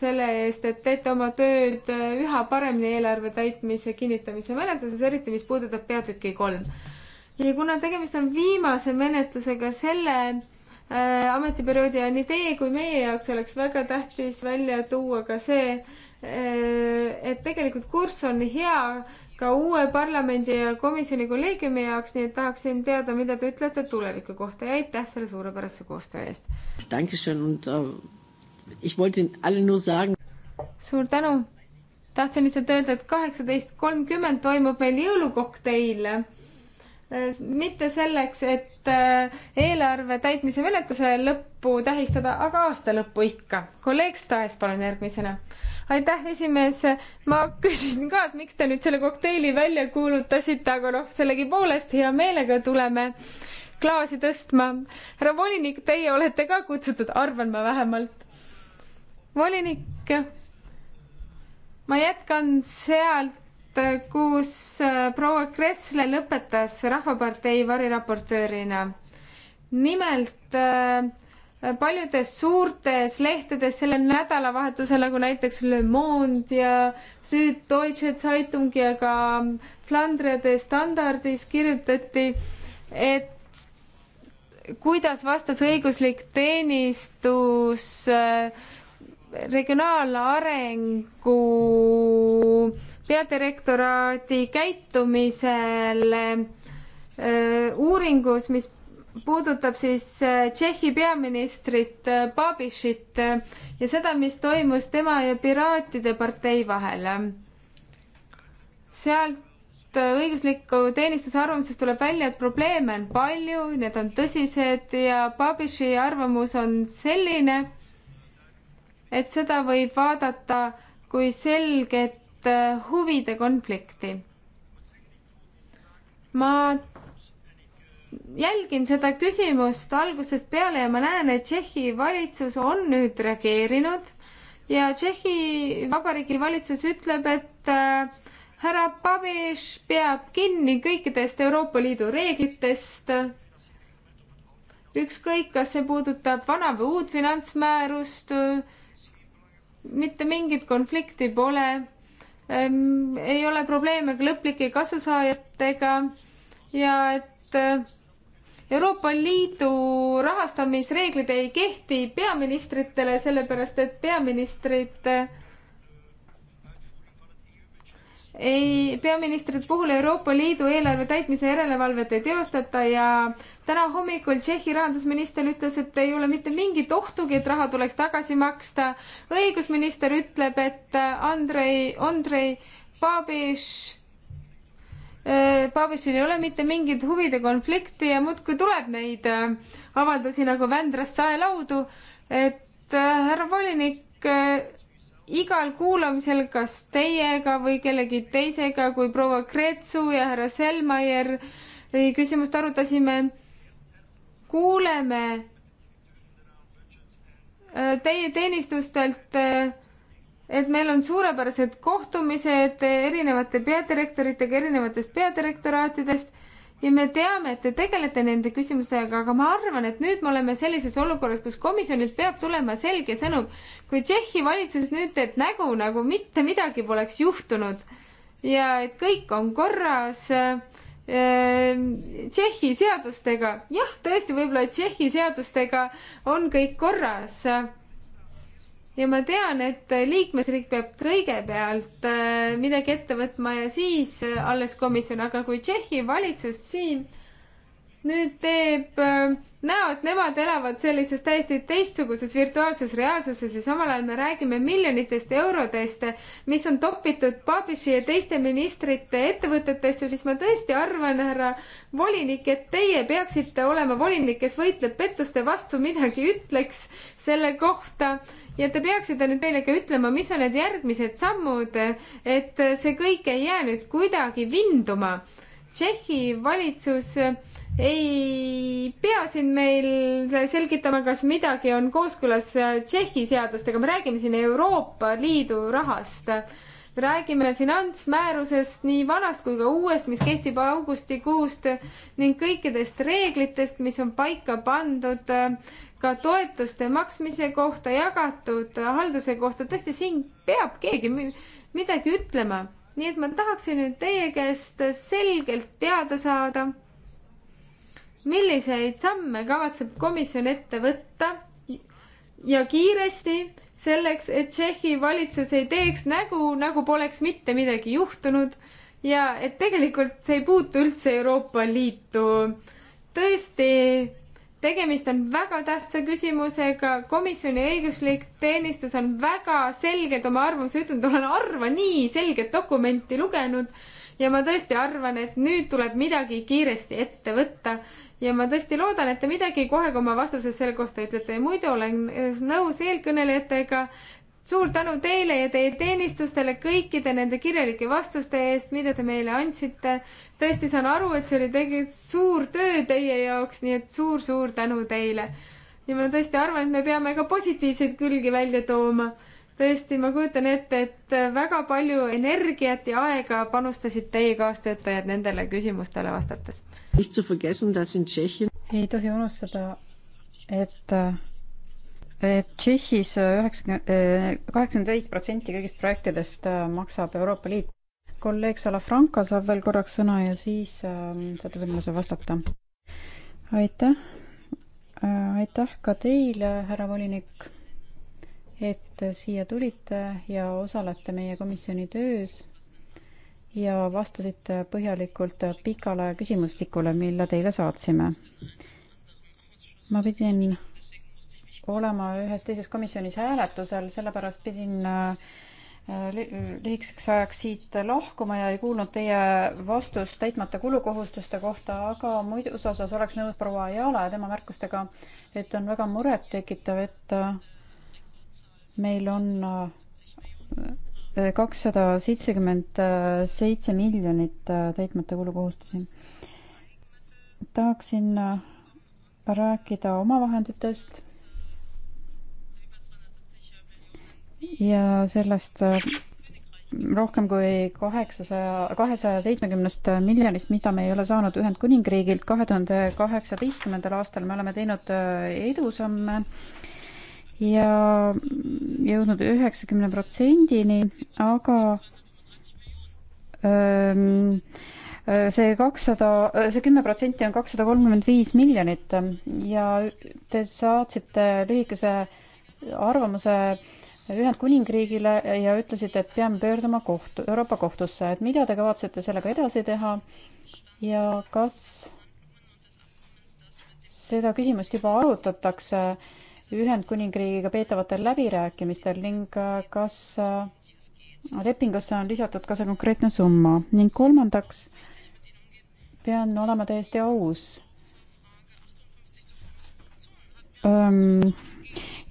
selle eest, et teete oma tööd äh, üha paremini eelarve täitmise kinnitamise menetluses, eriti mis puudutab peatüki kolm. ja kuna tegemist on viimase menetlusega selle äh, ametiperioodi ja nii teie kui meie jaoks oleks väga tähtis välja tuua ka see, Äh, et tegelikult kurss on hea ka uue parlamendi ja komisjoni kolleegiumi jaoks, nii et tahaksin teada, mida te ütlete tuleviku kohta ja aitäh selle suurepärase koostöö eest.
Äh,
suur tänu. tahtsin lihtsalt öelda, et kaheksateist kolmkümmend toimub meil jõulukokteil äh, mitte selleks, et eelarve täitmise menetluse lõppu tähistada, aga aasta lõppu ikka. kolleeg Staes, palun järgmisena aitäh, esimees. ma küsin ka, et miks te nüüd selle kokteili välja kuulutasite, aga noh, sellegipoolest hea meelega tuleme klaasi tõstma. härra volinik, teie olete ka kutsutud, arvan ma vähemalt. volinik, ma jätkan sealt, kus äh, proua Kressle lõpetas Rahvapartei variraportöörina. nimelt äh, paljudes suurtes lehtedes sellel nädalavahetusel, nagu näiteks Le Monde ja Süddeutsche Zeitung ja ka Flandre de Standardis kirjutati, et kuidas vastas õiguslik teenistus äh, regionaalarengu peadirektoraadi käitumisele äh, uuringus, mis puudutab siis äh, Tšehhi peaministrit äh, Babišit äh, ja seda, mis toimus tema ja Piraatide partei vahel. sealt õigusliku teenistuse arvamusest tuleb välja, et probleeme on palju, need on tõsised ja Babiši arvamus on selline, et seda võib vaadata kui selget huvide konflikti. ma jälgin seda küsimust algusest peale ja ma näen, et Tšehhi valitsus on nüüd reageerinud ja Tšehhi Vabariigi valitsus ütleb, et äh, härra Pavež peab kinni kõikidest Euroopa Liidu reeglitest. ükskõik, kas see puudutab vana või uut finantsmäärust, mitte mingit konflikti pole ähm,, ei ole probleeme ka lõplike kasusaajatega ja et äh, Euroopa Liidu rahastamisreeglid ei kehti peaministritele, sellepärast et peaministrid ei, peaministrite puhul Euroopa Liidu eelarve täitmise järelevalvet ei teostata ja täna hommikul Tšehhi rahandusminister ütles, et ei ole mitte mingit ohtugi, et raha tuleks tagasi maksta. õigusminister ütleb, et Andrei, Andrei Babiš Äh, Paavitšil ei ole mitte mingit huvide konflikti ja muudkui tuleb neid äh, avaldusi nagu Vändrast saelaudu, et äh, härra volinik, igal kuulamisel kas teiega või kellegi teisega, kui proua Kreetsu ja härra Selmaier küsimust arutasime, kuuleme teie teenistustelt et meil on suurepärased kohtumised erinevate peadirektoritega erinevatest peadirektoraatidest ja me teame, et te tegelete nende küsimusega, aga ma arvan, et nüüd me oleme sellises olukorras, kus komisjonilt peab tulema selge sõnum. kui Tšehhi valitsus nüüd teeb nägu, nagu mitte midagi poleks juhtunud ja et kõik on korras ehm, Tšehhi seadustega, jah, tõesti, võib-olla Tšehhi seadustega on kõik korras ja ma tean, et liikmesriik peab kõigepealt äh, midagi ette võtma ja siis äh, alles komisjon, aga kui Tšehhi valitsus siin nüüd teeb äh, näo, et nemad elavad sellises täiesti teistsuguses virtuaalses reaalsuses ja samal ajal me räägime miljonitest eurodest, mis on topitud Babiši ja teiste ministrite ettevõtetesse, siis ma tõesti arvan, härra volinik, et teie peaksite olema volinik, kes võitleb pettuste vastu, midagi ütleks selle kohta ja te peaksite nüüd meile ka ütlema, mis on need järgmised sammud, et see kõik ei jää nüüd kuidagi vinduma. Tšehhi valitsus ei pea siin meil selgitama, kas midagi on kooskõlas Tšehhi seadustega, me räägime siin Euroopa Liidu rahast räägime finantsmäärusest, nii vanast kui ka uuest, mis kehtib augustikuust ning kõikidest reeglitest, mis on paika pandud ka toetuste maksmise kohta, jagatud halduse kohta. tõesti, siin peab keegi midagi ütlema. nii et ma tahaksin nüüd teie käest selgelt teada saada, milliseid samme kavatseb komisjon ette võtta ja kiiresti selleks, et Tšehhi valitsus ei teeks nägu, nagu poleks mitte midagi juhtunud ja et tegelikult see ei puutu üldse Euroopa Liitu. tõesti, tegemist on väga tähtsa küsimusega, komisjoni õiguslik teenistus on väga selgelt oma arvamuse ütelnud, olen harva nii selget dokumenti lugenud ja ma tõesti arvan, et nüüd tuleb midagi kiiresti ette võtta ja ma tõesti loodan, et te midagi kohe, kui oma vastuses selle kohta ütlete ja muidu olen nõus eelkõnelejatega. suur tänu teile ja teie teenistustele kõikide nende kirjalike vastuste eest, mida te meile andsite. tõesti saan aru, et see oli tegelikult suur töö teie jaoks, nii et suur-suur tänu teile. ja ma tõesti arvan, et me peame ka positiivseid külgi välja tooma tõesti, ma kujutan ette, et väga palju energiat ja aega panustasid teie kaastöötajad nendele küsimustele vastates.
ei tohi unustada, et et Tšehhis üheksakümmend, eh, kaheksakümmend viis protsenti kõigist projektidest eh, maksab Euroopa Liit. kolleeg Salafranca saab veel korraks sõna ja siis eh, saate võimaluse vastata. aitäh, aitäh ka teile, härra volinik et siia tulite ja osalete meie komisjoni töös ja vastasite põhjalikult pikale küsimustikule, mille teile saatsime. ma pidin olema ühes teises komisjonis hääletusel, sellepärast pidin äh, lühikeseks ajaks siit lahkuma ja ei kuulnud teie vastust täitmata kulukohustuste kohta, aga muidus osas oleks nõus proua Ajala ja tema märkustega, et on väga murettekitav, et äh, meil on äh, kakssada seitsekümmend seitse miljonit äh, täitmata kulukohustusi. tahaksin äh, rääkida omavahenditest ja sellest rohkem kui kaheksasaja, kahesaja seitsmekümnest miljonist, mida me ei ole saanud Ühendkuningriigilt kahe tuhande kaheksateistkümnendal aastal, me oleme teinud edusamme äh, ja jõudnud üheksakümne protsendini, aga ähm, see kakssada, see kümme protsenti on kakssada kolmkümmend viis miljonit ja te saatsite lühikese arvamuse Ühendkuningriigile ja ütlesite, et peame pöörduma kohtu, Euroopa kohtusse, et mida te kavatsete sellega edasi teha ja kas seda küsimust juba arutatakse äh, Ühendkuningriigiga peetavatel läbirääkimistel ning äh, kas äh, lepingusse on lisatud ka see konkreetne summa ning kolmandaks pean olema täiesti aus.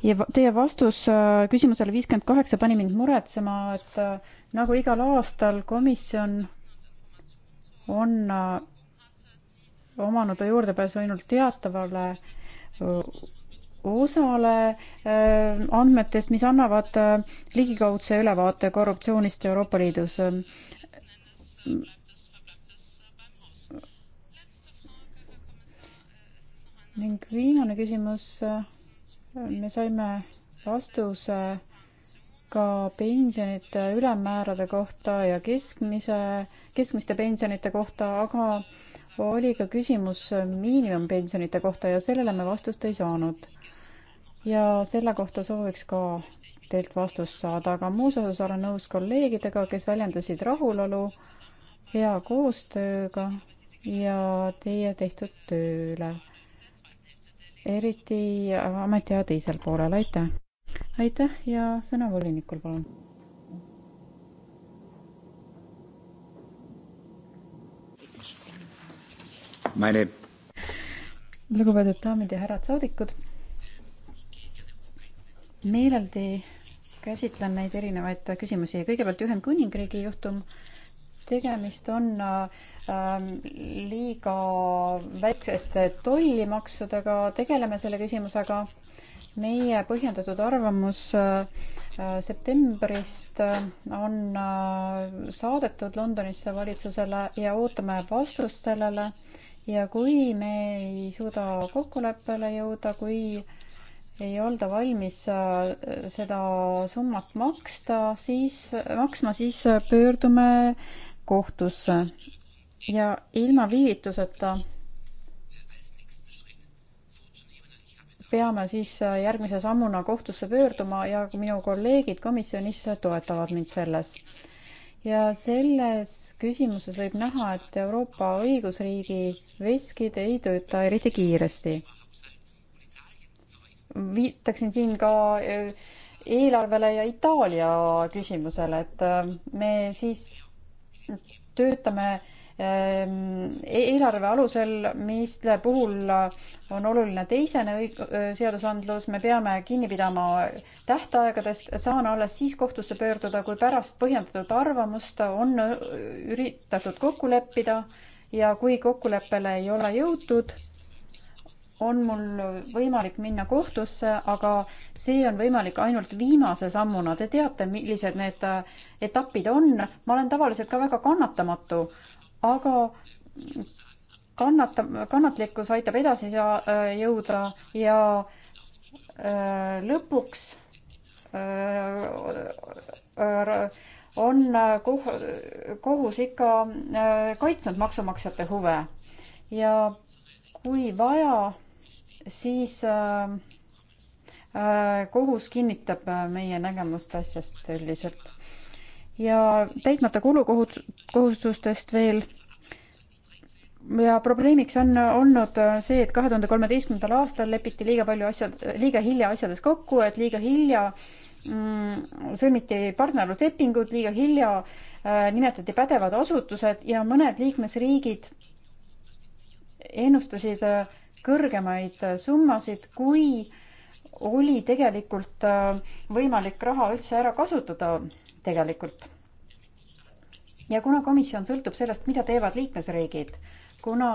ja teie vastus äh, küsimusele viiskümmend kaheksa pani mind muretsema, et nagu igal aastal komisjon on omanud juurdepääsu ainult teatavale osale äh, andmetest, mis annavad äh, ligikaudse ülevaate korruptsioonist Euroopa Liidus. ning viimane küsimus, äh, me saime vastuse ka pensionite ülemmäärade kohta ja keskmise, keskmiste pensionite kohta, aga oli ka küsimus miinimumpensionite kohta ja sellele me vastust ei saanud ja selle kohta sooviks ka teilt vastust saada, aga muus osas olen nõus kolleegidega, kes väljendasid rahulolu hea koostööga ja teie tehtud tööle. eriti ametiaja teisel poolel, aitäh! aitäh ja sõna volinikul, palun! lugupeetud daamid ja härrad saadikud meeleldi käsitlen neid erinevaid küsimusi. kõigepealt Ühendkuningriigi juhtum. tegemist on ähm, liiga väikseste tollimaksudega, tegeleme selle küsimusega. meie põhjendatud arvamus äh, septembrist äh, on äh, saadetud Londonisse valitsusele ja ootame vastust sellele. ja kui me ei suuda kokkuleppele jõuda, kui ei olda valmis äh, seda summat maksta, siis, maksma, siis äh, pöördume kohtusse ja ilma viivituseta peame siis äh, järgmise sammuna kohtusse pöörduma ja minu kolleegid komisjonis toetavad mind selles. ja selles küsimuses võib näha, et Euroopa õigusriigi veskid ei tööta eriti kiiresti viitaksin siin ka äh, eelarvele ja Itaalia küsimusele, et äh, me siis töötame ähm, e-, eelarve alusel, mille puhul on oluline teisene õig-, äh, seadusandlus, me peame kinni pidama tähtaegadest, saan alles siis kohtusse pöörduda, kui pärast põhjendatud arvamust on üritatud kokku leppida ja kui kokkuleppele ei ole jõutud, on mul võimalik minna kohtusse, aga see on võimalik ainult viimase sammuna. Te teate, millised need äh, etapid on. ma olen tavaliselt ka väga kannatamatu, aga kannata, kannatlikkus aitab edasi ja, äh, jõuda ja äh, lõpuks on kohus ikka kaitsnud maksumaksjate huve ja kui vaja, siis äh, äh, kohus kinnitab äh, meie nägemust asjast üldiselt. ja täitmata kulukohut-, kohustustest veel ja probleemiks on olnud see, et kahe tuhande kolmeteistkümnendal aastal lepiti liiga palju asjad, liiga hilja asjades kokku, et liiga hilja mm, sõlmiti partnerluslepingud, liiga hilja äh, nimetati pädevad asutused ja mõned liikmesriigid ennustasid äh, kõrgemaid summasid, kui oli tegelikult äh, võimalik raha üldse ära kasutada tegelikult. ja kuna komisjon sõltub sellest, mida teevad liikmesriigid, kuna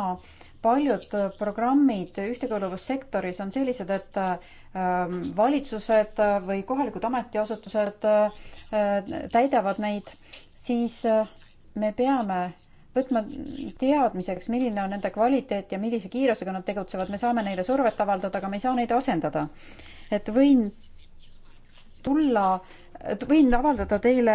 paljud programmid ühtekuuluvussektoris on sellised, et ähm, valitsused või kohalikud ametiasutused äh, äh, täidavad neid, siis me peame võtma teadmiseks, milline on nende kvaliteet ja millise kiirusega nad tegutsevad, me saame neile survet avaldada, aga me ei saa neid asendada. et võin tulla, võin avaldada teile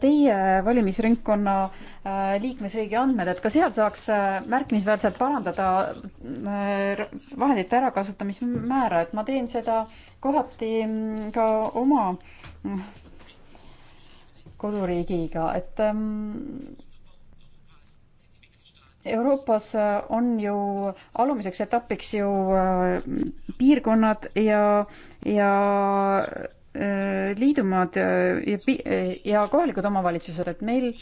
teie valimisringkonna äh, liikmesriigi andmed, et ka seal saaks äh, märkimisväärselt parandada äh, vahendite ärakasutamise määra, et ma teen seda kohati mm, ka oma mm, koduriigiga, et mm, Euroopas äh, on ju alumiseks etapiks ju äh, piirkonnad ja, ja äh, liidumaad ja, ja kohalikud omavalitsused, et meil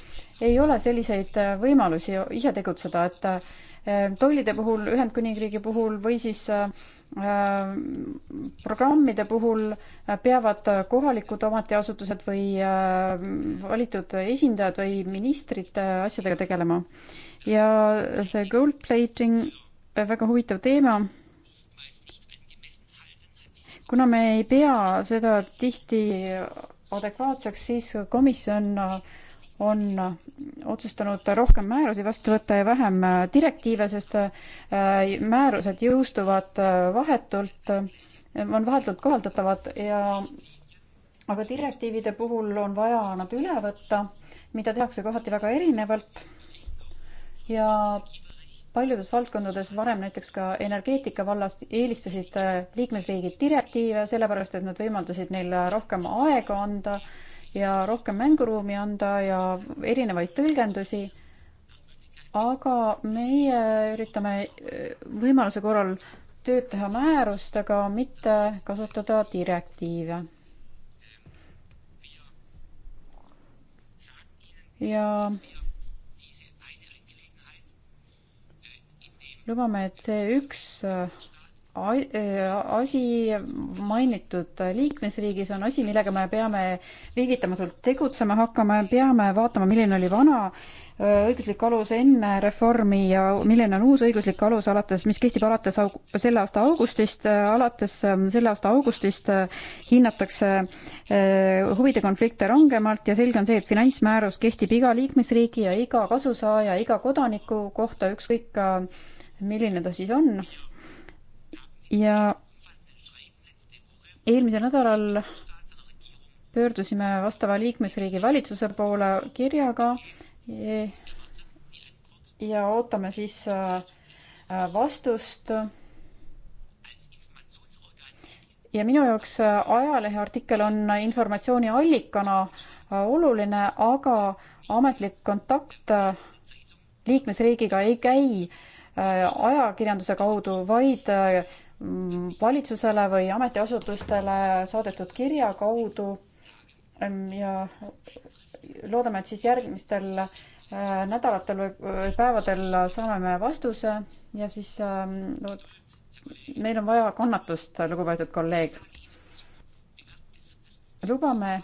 ei ole selliseid võimalusi ise tegutseda, et tollide puhul, Ühendkuningriigi puhul või siis programmide puhul peavad kohalikud ametiasutused või valitud esindajad või ministrid asjadega tegelema ja see gold plating, äh, väga huvitav teema. kuna me ei pea seda tihti adekvaatseks, siis komisjon äh, on äh, otsustanud rohkem määrusi vastu võtta ja vähem direktiive, sest määrused jõustuvad vahetult, on vahetult kohaldatavad ja aga direktiivide puhul on vaja nad üle võtta, mida tehakse kohati väga erinevalt ja paljudes valdkondades, varem näiteks ka energeetika vallas, eelistasid äh, liikmesriigid direktiive, sellepärast et nad võimaldasid neil rohkem aega anda ja rohkem mänguruumi anda ja erinevaid tõlgendusi. aga meie üritame äh, võimaluse korral tööd teha määrustega, mitte kasutada direktiive. ja lubame, et see üks äh, äh, asi mainitud liikmesriigis on asi, millega me peame viivitamatult tegutsema hakkama ja peame vaatama, milline oli vana äh, õiguslik alus enne reformi ja milline on uus õiguslik alus alates, mis kehtib alates aug-, selle aasta augustist, alates ähm, selle aasta augustist hinnatakse huvide konflikte rangemalt ja selge on see, et finantsmäärus kehtib iga liikmesriigi ja iga kasusaaja, iga kodaniku kohta, ükskõik milline ta siis on. ja eelmisel nädalal pöördusime vastava liikmesriigi valitsuse poole kirjaga ja ootame siis äh, vastust. ja minu jaoks äh, ajaleheartikkel on informatsiooni allikana äh, oluline, aga ametlik kontakt liikmesriigiga ei käi Äh, ajakirjanduse kaudu, vaid äh, valitsusele või ametiasutustele saadetud kirja kaudu ähm, ja loodame, et siis järgmistel äh, nädalatel või päevadel saame me vastuse ja siis no, ähm, meil on vaja kannatust, lugupeetud kolleeg. lubame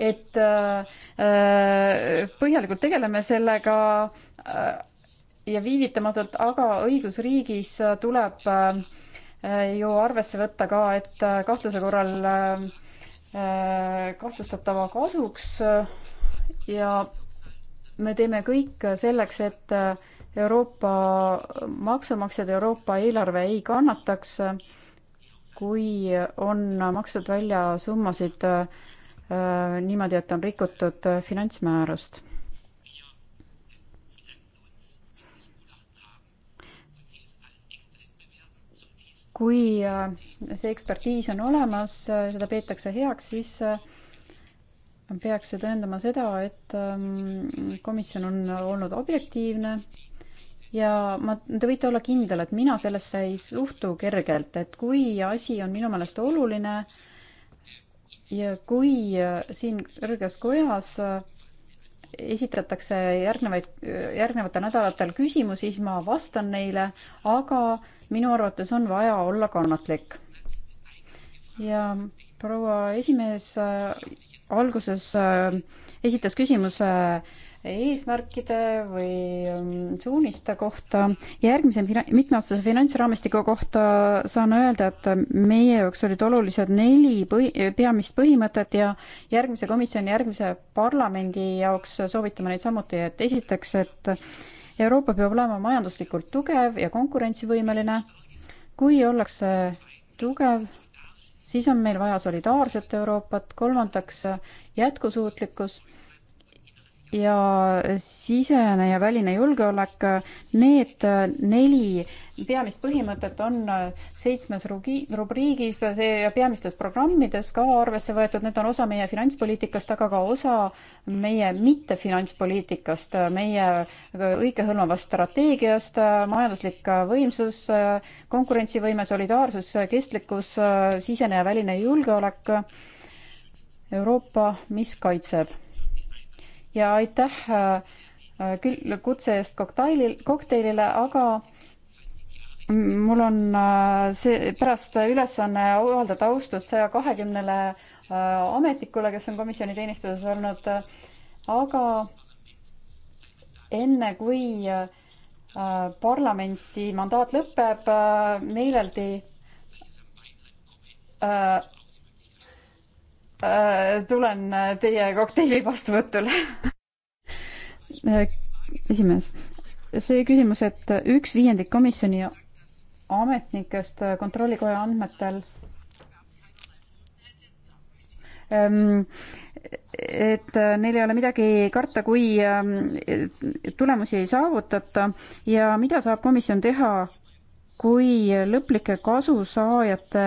et äh, põhjalikult tegeleme sellega äh, ja viivitamatult, aga õigusriigis tuleb äh, ju arvesse võtta ka, et kahtluse korral kahtlustatava kasuks ja me teeme kõik selleks, et Euroopa maksumaksjad, Euroopa eelarve ei kannataks, kui on makstud välja summasid äh, Äh, niimoodi, et on rikutud äh, finantsmäärust. kui äh, see ekspertiis on olemas, seda peetakse heaks, siis peaks see tõendama seda, et ähm, komisjon on olnud objektiivne ja ma, te võite olla kindel, et mina sellesse ei suhtu kergelt, et kui asi on minu meelest oluline, ja kui äh, siin kõrges kojas äh, esitatakse järgnevaid, äh, järgnevatel nädalatel küsimusi, siis ma vastan neile, aga minu arvates on vaja olla kannatlik. ja proua esimees alguses esitas küsimuse äh, eesmärkide või ähm, suuniste kohta. järgmise fina-, mitmeaastase finantsraamistiku kohta saan öelda, et meie jaoks olid olulised neli põhi, peamist põhimõtet ja järgmise komisjoni, järgmise parlamendi jaoks soovitame neid samuti, et esiteks, et Euroopa peab olema majanduslikult tugev ja konkurentsivõimeline. kui ollakse tugev, siis on meil vaja solidaarset Euroopat, kolmandaks jätkusuutlikkus ja sisene ja väline julgeolek, need neli peamist põhimõtet on seitsmes rugi-, rubriigis ja peamistes programmides ka arvesse võetud, need on osa meie finantspoliitikast, aga ka osa meie mittefinantspoliitikast, meie õigehõlmavast strateegiast, majanduslik võimsus, konkurentsivõime, solidaarsus, kestlikkus, sisene ja väline julgeolek, Euroopa, mis kaitseb ja aitäh äh, küll kutse eest koktaili, kokteilile, aga mul on äh, see pärast ülesanne avaldada austust saja kahekümnele äh, ametnikule, kes on komisjoni teenistuses olnud, aga enne kui parlamenti mandaat lõpeb, meeleldi Äh, tulen teie kokteili vastuvõtule esimees, see küsimus, et üks viiendik komisjoni ametnikest kontrollikoja andmetel ähm, et neil ei ole midagi karta, kui ähm, tulemusi ei saavutata ja mida saab komisjon teha, kui lõplike kasusaajate,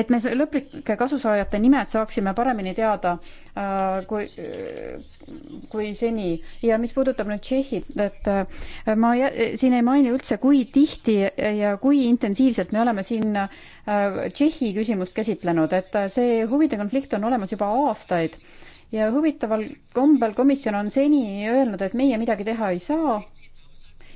et me lõplike kasusaajate nimed saaksime paremini teada äh, kui, kui seni. ja mis puudutab nüüd Tšehhit, et äh, ma siin ei maini üldse, kui tihti ja kui intensiivselt me oleme siin äh, Tšehhi küsimust käsitlenud, et see huvide konflikt on olemas juba aastaid ja huvitaval kombel komisjon on seni öelnud, et meie midagi teha ei saa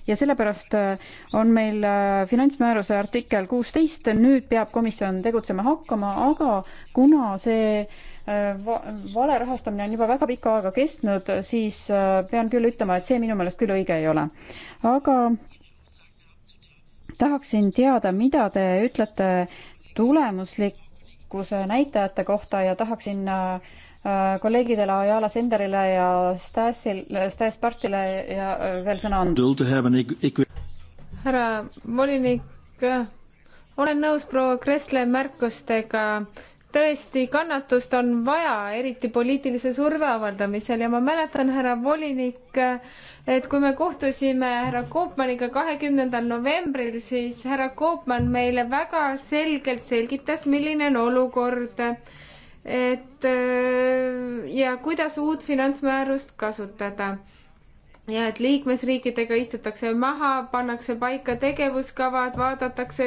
ja sellepärast äh, on meil äh, finantsmääruse artikkel kuusteist, nüüd peab komisjon tegutsema hakkama, aga kuna see äh, va vale rahastamine on juba väga pikka aega kestnud, siis pean küll ütlema, et see minu meelest küll õige ei ole. aga tahaksin teada, mida te ütlete tulemuslikkuse näitajate kohta ja tahaksin äh, Äh, kolleegidele Ajala Senderile ja Stasil, Stas Partile ja äh, veel sõna
anda.
härra volinik, äh, olen nõus
proua Kressle märkustega. tõesti, kannatust on vaja, eriti poliitilise surve avaldamisel ja ma mäletan, härra volinik, et kui me kohtusime härra Koopmaniga kahekümnendal novembril, siis härra Koopman meile väga selgelt selgitas, milline on olukord et äh, ja kuidas uut finantsmäärust kasutada. ja et liikmesriikidega istutakse maha, pannakse paika tegevuskavad, vaadatakse,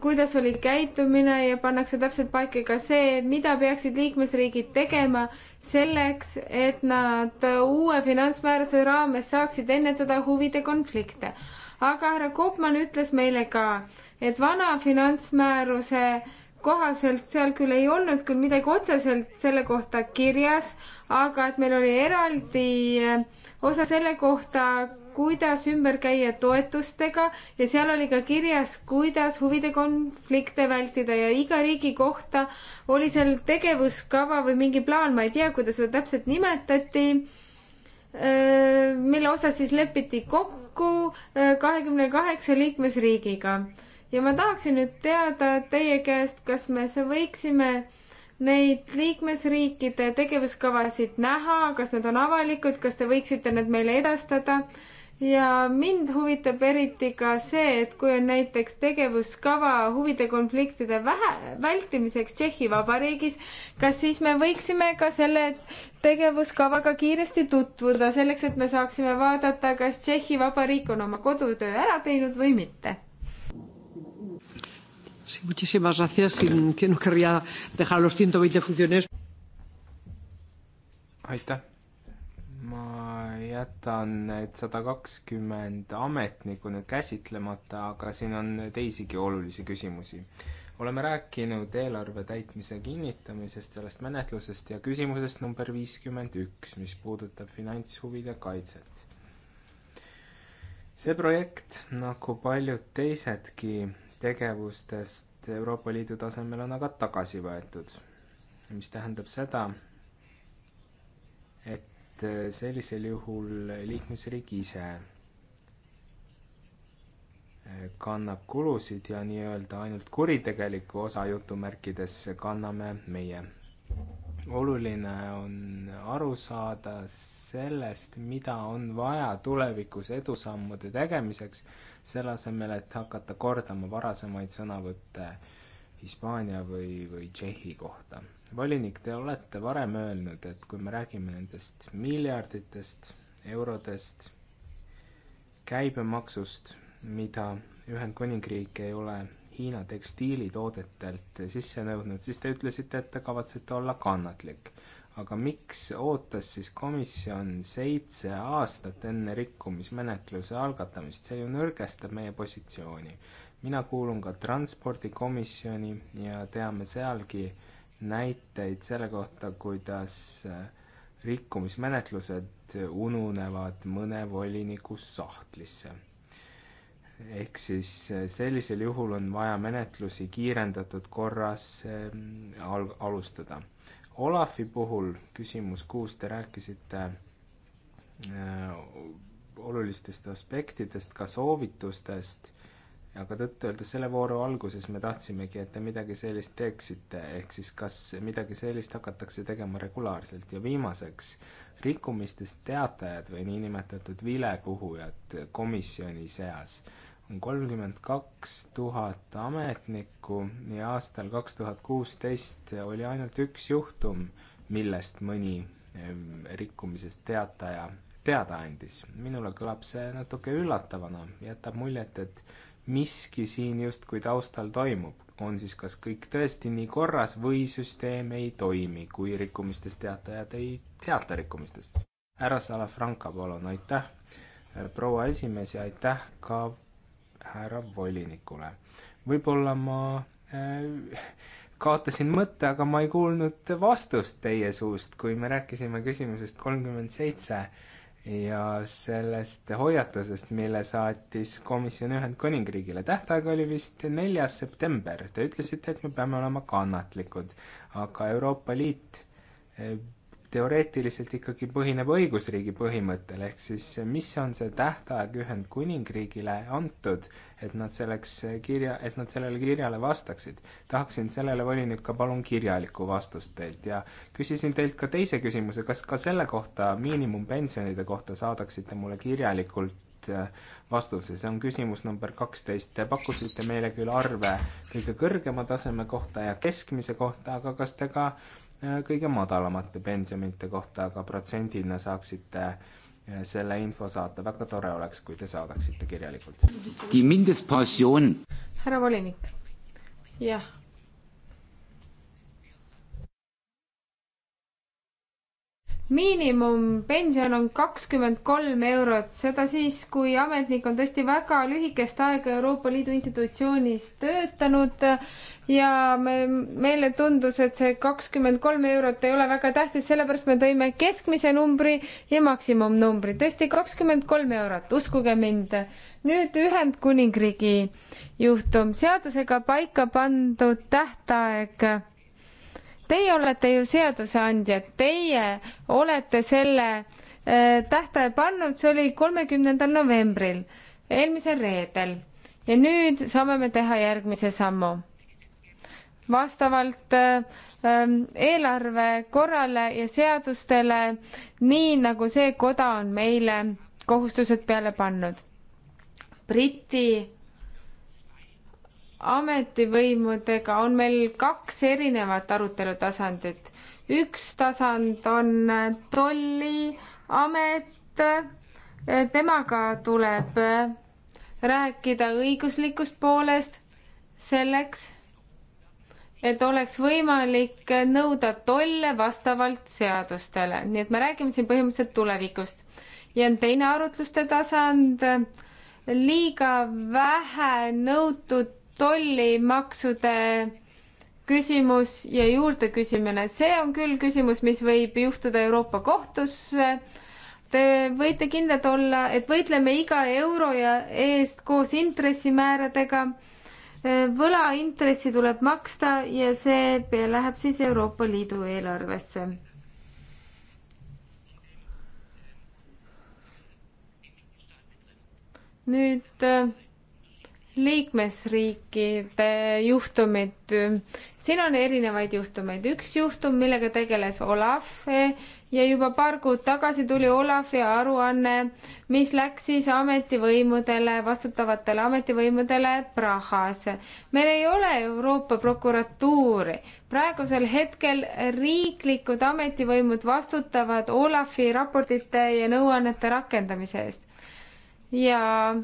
kuidas oli käitumine ja pannakse täpselt paika ka see, mida peaksid liikmesriigid tegema selleks, et nad uue finantsmääruse raames saaksid ennetada huvide konflikte. aga härra Koopman ütles meile ka, et vana finantsmääruse äh, kohaselt seal küll ei olnud küll midagi otseselt selle kohta kirjas, aga et meil oli eraldi eh, osa selle kohta, kuidas ümber käia toetustega ja seal oli ka kirjas, kuidas huvide konflikte vältida ja iga riigi kohta oli seal tegevuskava või mingi plaan, ma ei tea, kuidas seda täpselt nimetati, eh, mille osas siis lepiti kokku eh, kahekümne kaheksa liikmesriigiga ja ma tahaksin nüüd teada teie käest, kas me võiksime neid liikmesriikide tegevuskavasid näha, kas need on avalikud, kas te võiksite need meile edastada? ja mind huvitab eriti ka see, et kui on näiteks tegevuskava huvide konfliktide vähe, vältimiseks Tšehhi Vabariigis, kas siis me võiksime ka selle tegevuskavaga kiiresti tutvuda, selleks et me saaksime vaadata, kas Tšehhi Vabariik on oma kodutöö ära teinud või mitte
Sí, muchísimas gracias. Sin, que no querría dejar los 120 funciones.
aitäh. ma jätan need sada kakskümmend ametnikku nüüd käsitlemata, aga siin on teisigi olulisi küsimusi. oleme rääkinud eelarve täitmise kinnitamisest, sellest menetlusest ja küsimusest number viiskümmend üks, mis puudutab finantshuvide kaitset see projekt, nagu paljud teisedki tegevustest Euroopa Liidu tasemel on aga tagasi võetud, mis tähendab seda, et sellisel juhul liikmesriik ise kannab kulusid ja nii-öelda ainult kuritegeliku osa jutumärkides kanname meie oluline on aru saada sellest, mida on vaja tulevikus edusammude tegemiseks, selle asemel, et hakata kordama varasemaid sõnavõtte Hispaania või, või Tšehhi kohta. volinik, te olete varem öelnud, et kui me räägime nendest miljarditest eurodest käibemaksust, mida Ühendkuningriik ei ole Hiina tekstiilitoodetelt sisse nõudnud, siis te ütlesite, et te kavatsete olla kannatlik. aga miks ootas siis komisjon seitse aastat enne rikkumismenetluse algatamist, see ju nõrgestab meie positsiooni. mina kuulun ka transpordikomisjoni ja teame sealgi näiteid selle kohta, kuidas rikkumismenetlused ununevad mõne voliniku sahtlisse ehk siis äh, sellisel juhul on vaja menetlusi kiirendatud korras ähm, al-, alustada. Olafi puhul, küsimus kuus, te rääkisite äh, olulistest aspektidest, ka soovitustest, aga tõtt-öelda selle vooru alguses me tahtsimegi, et te midagi sellist teeksite, ehk siis kas midagi sellist hakatakse tegema regulaarselt ja viimaseks, rikkumistest teatajad või niinimetatud vilepuhujad komisjoni seas kolmkümmend kaks tuhat ametnikku ja aastal kaks tuhat kuusteist oli ainult üks juhtum, millest mõni rikkumisest teataja teada andis. minule kõlab see natuke üllatavana, jätab muljet, et miski siin justkui taustal toimub, on siis kas kõik tõesti nii korras või süsteem ei toimi, kui rikkumistest teatajad ei teata rikkumistest. härra Salafranca, palun, aitäh, proua esimees ja aitäh ka härra volinikule. võib-olla ma äh, kaotasin mõtte, aga ma ei kuulnud vastust teie suust, kui me rääkisime küsimusest kolmkümmend seitse ja sellest hoiatusest, mille saatis komisjon Ühendkuningriigile. tähtaeg oli vist neljas september. Te ütlesite, et me peame olema kannatlikud, aga Euroopa Liit äh, teoreetiliselt ikkagi põhineb õigusriigi põhimõttel, ehk siis mis on see tähtaeg Ühendkuningriigile antud, et nad selleks kirja, et nad sellele kirjale vastaksid. tahaksin sellele volinik ka palun kirjalikku vastust teilt ja küsisin teilt ka teise küsimuse, kas ka selle kohta, miinimumpensionide kohta saadaksite mulle kirjalikult äh, vastuse, see on küsimus number kaksteist, te pakkusite meile küll arve kõige kõrgema taseme kohta ja keskmise kohta, aga kas te ka äh, Äh, kõige madalamate pensionite kohta, aga protsendina saaksite äh, selle info saata, väga tore oleks, kui te saadaksite kirjalikult.
härra volinik, jah miinimumpension on kakskümmend kolm eurot, seda siis, kui ametnik on tõesti väga lühikest aega Euroopa Liidu institutsioonis töötanud ja me, meile tundus, et see kakskümmend kolm eurot ei ole väga tähtis, sellepärast me tõime keskmise numbri ja maksimumnumbri, tõesti kakskümmend kolm eurot, uskuge mind. nüüd Ühendkuningriigi juhtum, seadusega paika pandud tähtaeg Teie olete ju seadusandjad, teie olete selle äh, tähtaja pannud, see oli kolmekümnendal novembril, eelmisel reedel. ja nüüd saame me teha järgmise sammu. vastavalt äh, ähm, eelarve korrale ja seadustele, nii nagu see koda on meile kohustused peale pannud. Briti ametivõimudega on meil kaks erinevat arutelutasandit. üks tasand on tolliamet, temaga tuleb rääkida õiguslikust poolest selleks, et oleks võimalik nõuda tolle vastavalt seadustele, nii et me räägime siin põhimõtteliselt tulevikust. ja on teine arutluste tasand, liiga vähe nõutud tollimaksude küsimus ja juurdeküsimine, see on küll küsimus, mis võib juhtuda Euroopa kohtusse. Te võite kindlad olla, et võitleme iga euro ja eest koos intressimääradega. võlaintressi tuleb maksta ja see läheb siis Euroopa Liidu eelarvesse. nüüd äh, liikmesriikide juhtumid. siin on erinevaid juhtumeid, üks juhtum, millega tegeles Olav ja juba paar kuud tagasi tuli Olavi aruanne, mis läks siis ametivõimudele, vastutavatele ametivõimudele Prahas. meil ei ole Euroopa prokuratuuri, praegusel hetkel riiklikud ametivõimud vastutavad Olavi raportite ja nõuannete rakendamise eest ja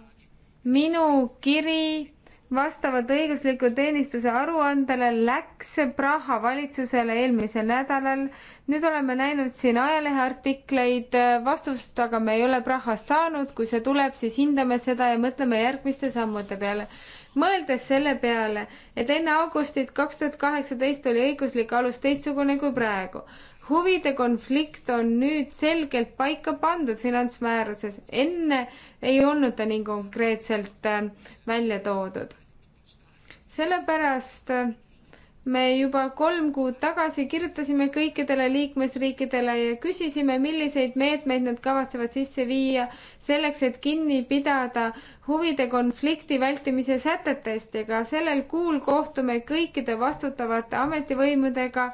minu kiri vastavalt õigusliku teenistuse aruandele läks Praha valitsusele eelmisel nädalal. nüüd oleme näinud siin ajaleheartikleid, vastust aga me ei ole Prahast saanud, kui see tuleb, siis hindame seda ja mõtleme järgmiste sammude peale. mõeldes selle peale, et enne augustit kaks tuhat kaheksateist oli õiguslik alus teistsugune kui praegu huvide konflikt on nüüd selgelt paika pandud finantsmääruses, enne ei olnud ta nii konkreetselt äh, välja toodud. sellepärast äh, me juba kolm kuud tagasi kirjutasime kõikidele liikmesriikidele ja küsisime, milliseid meetmeid nad kavatsevad sisse viia selleks, et kinni pidada huvide konflikti vältimise sätetest ja ka sellel kuul kohtume kõikide vastutavate ametivõimudega,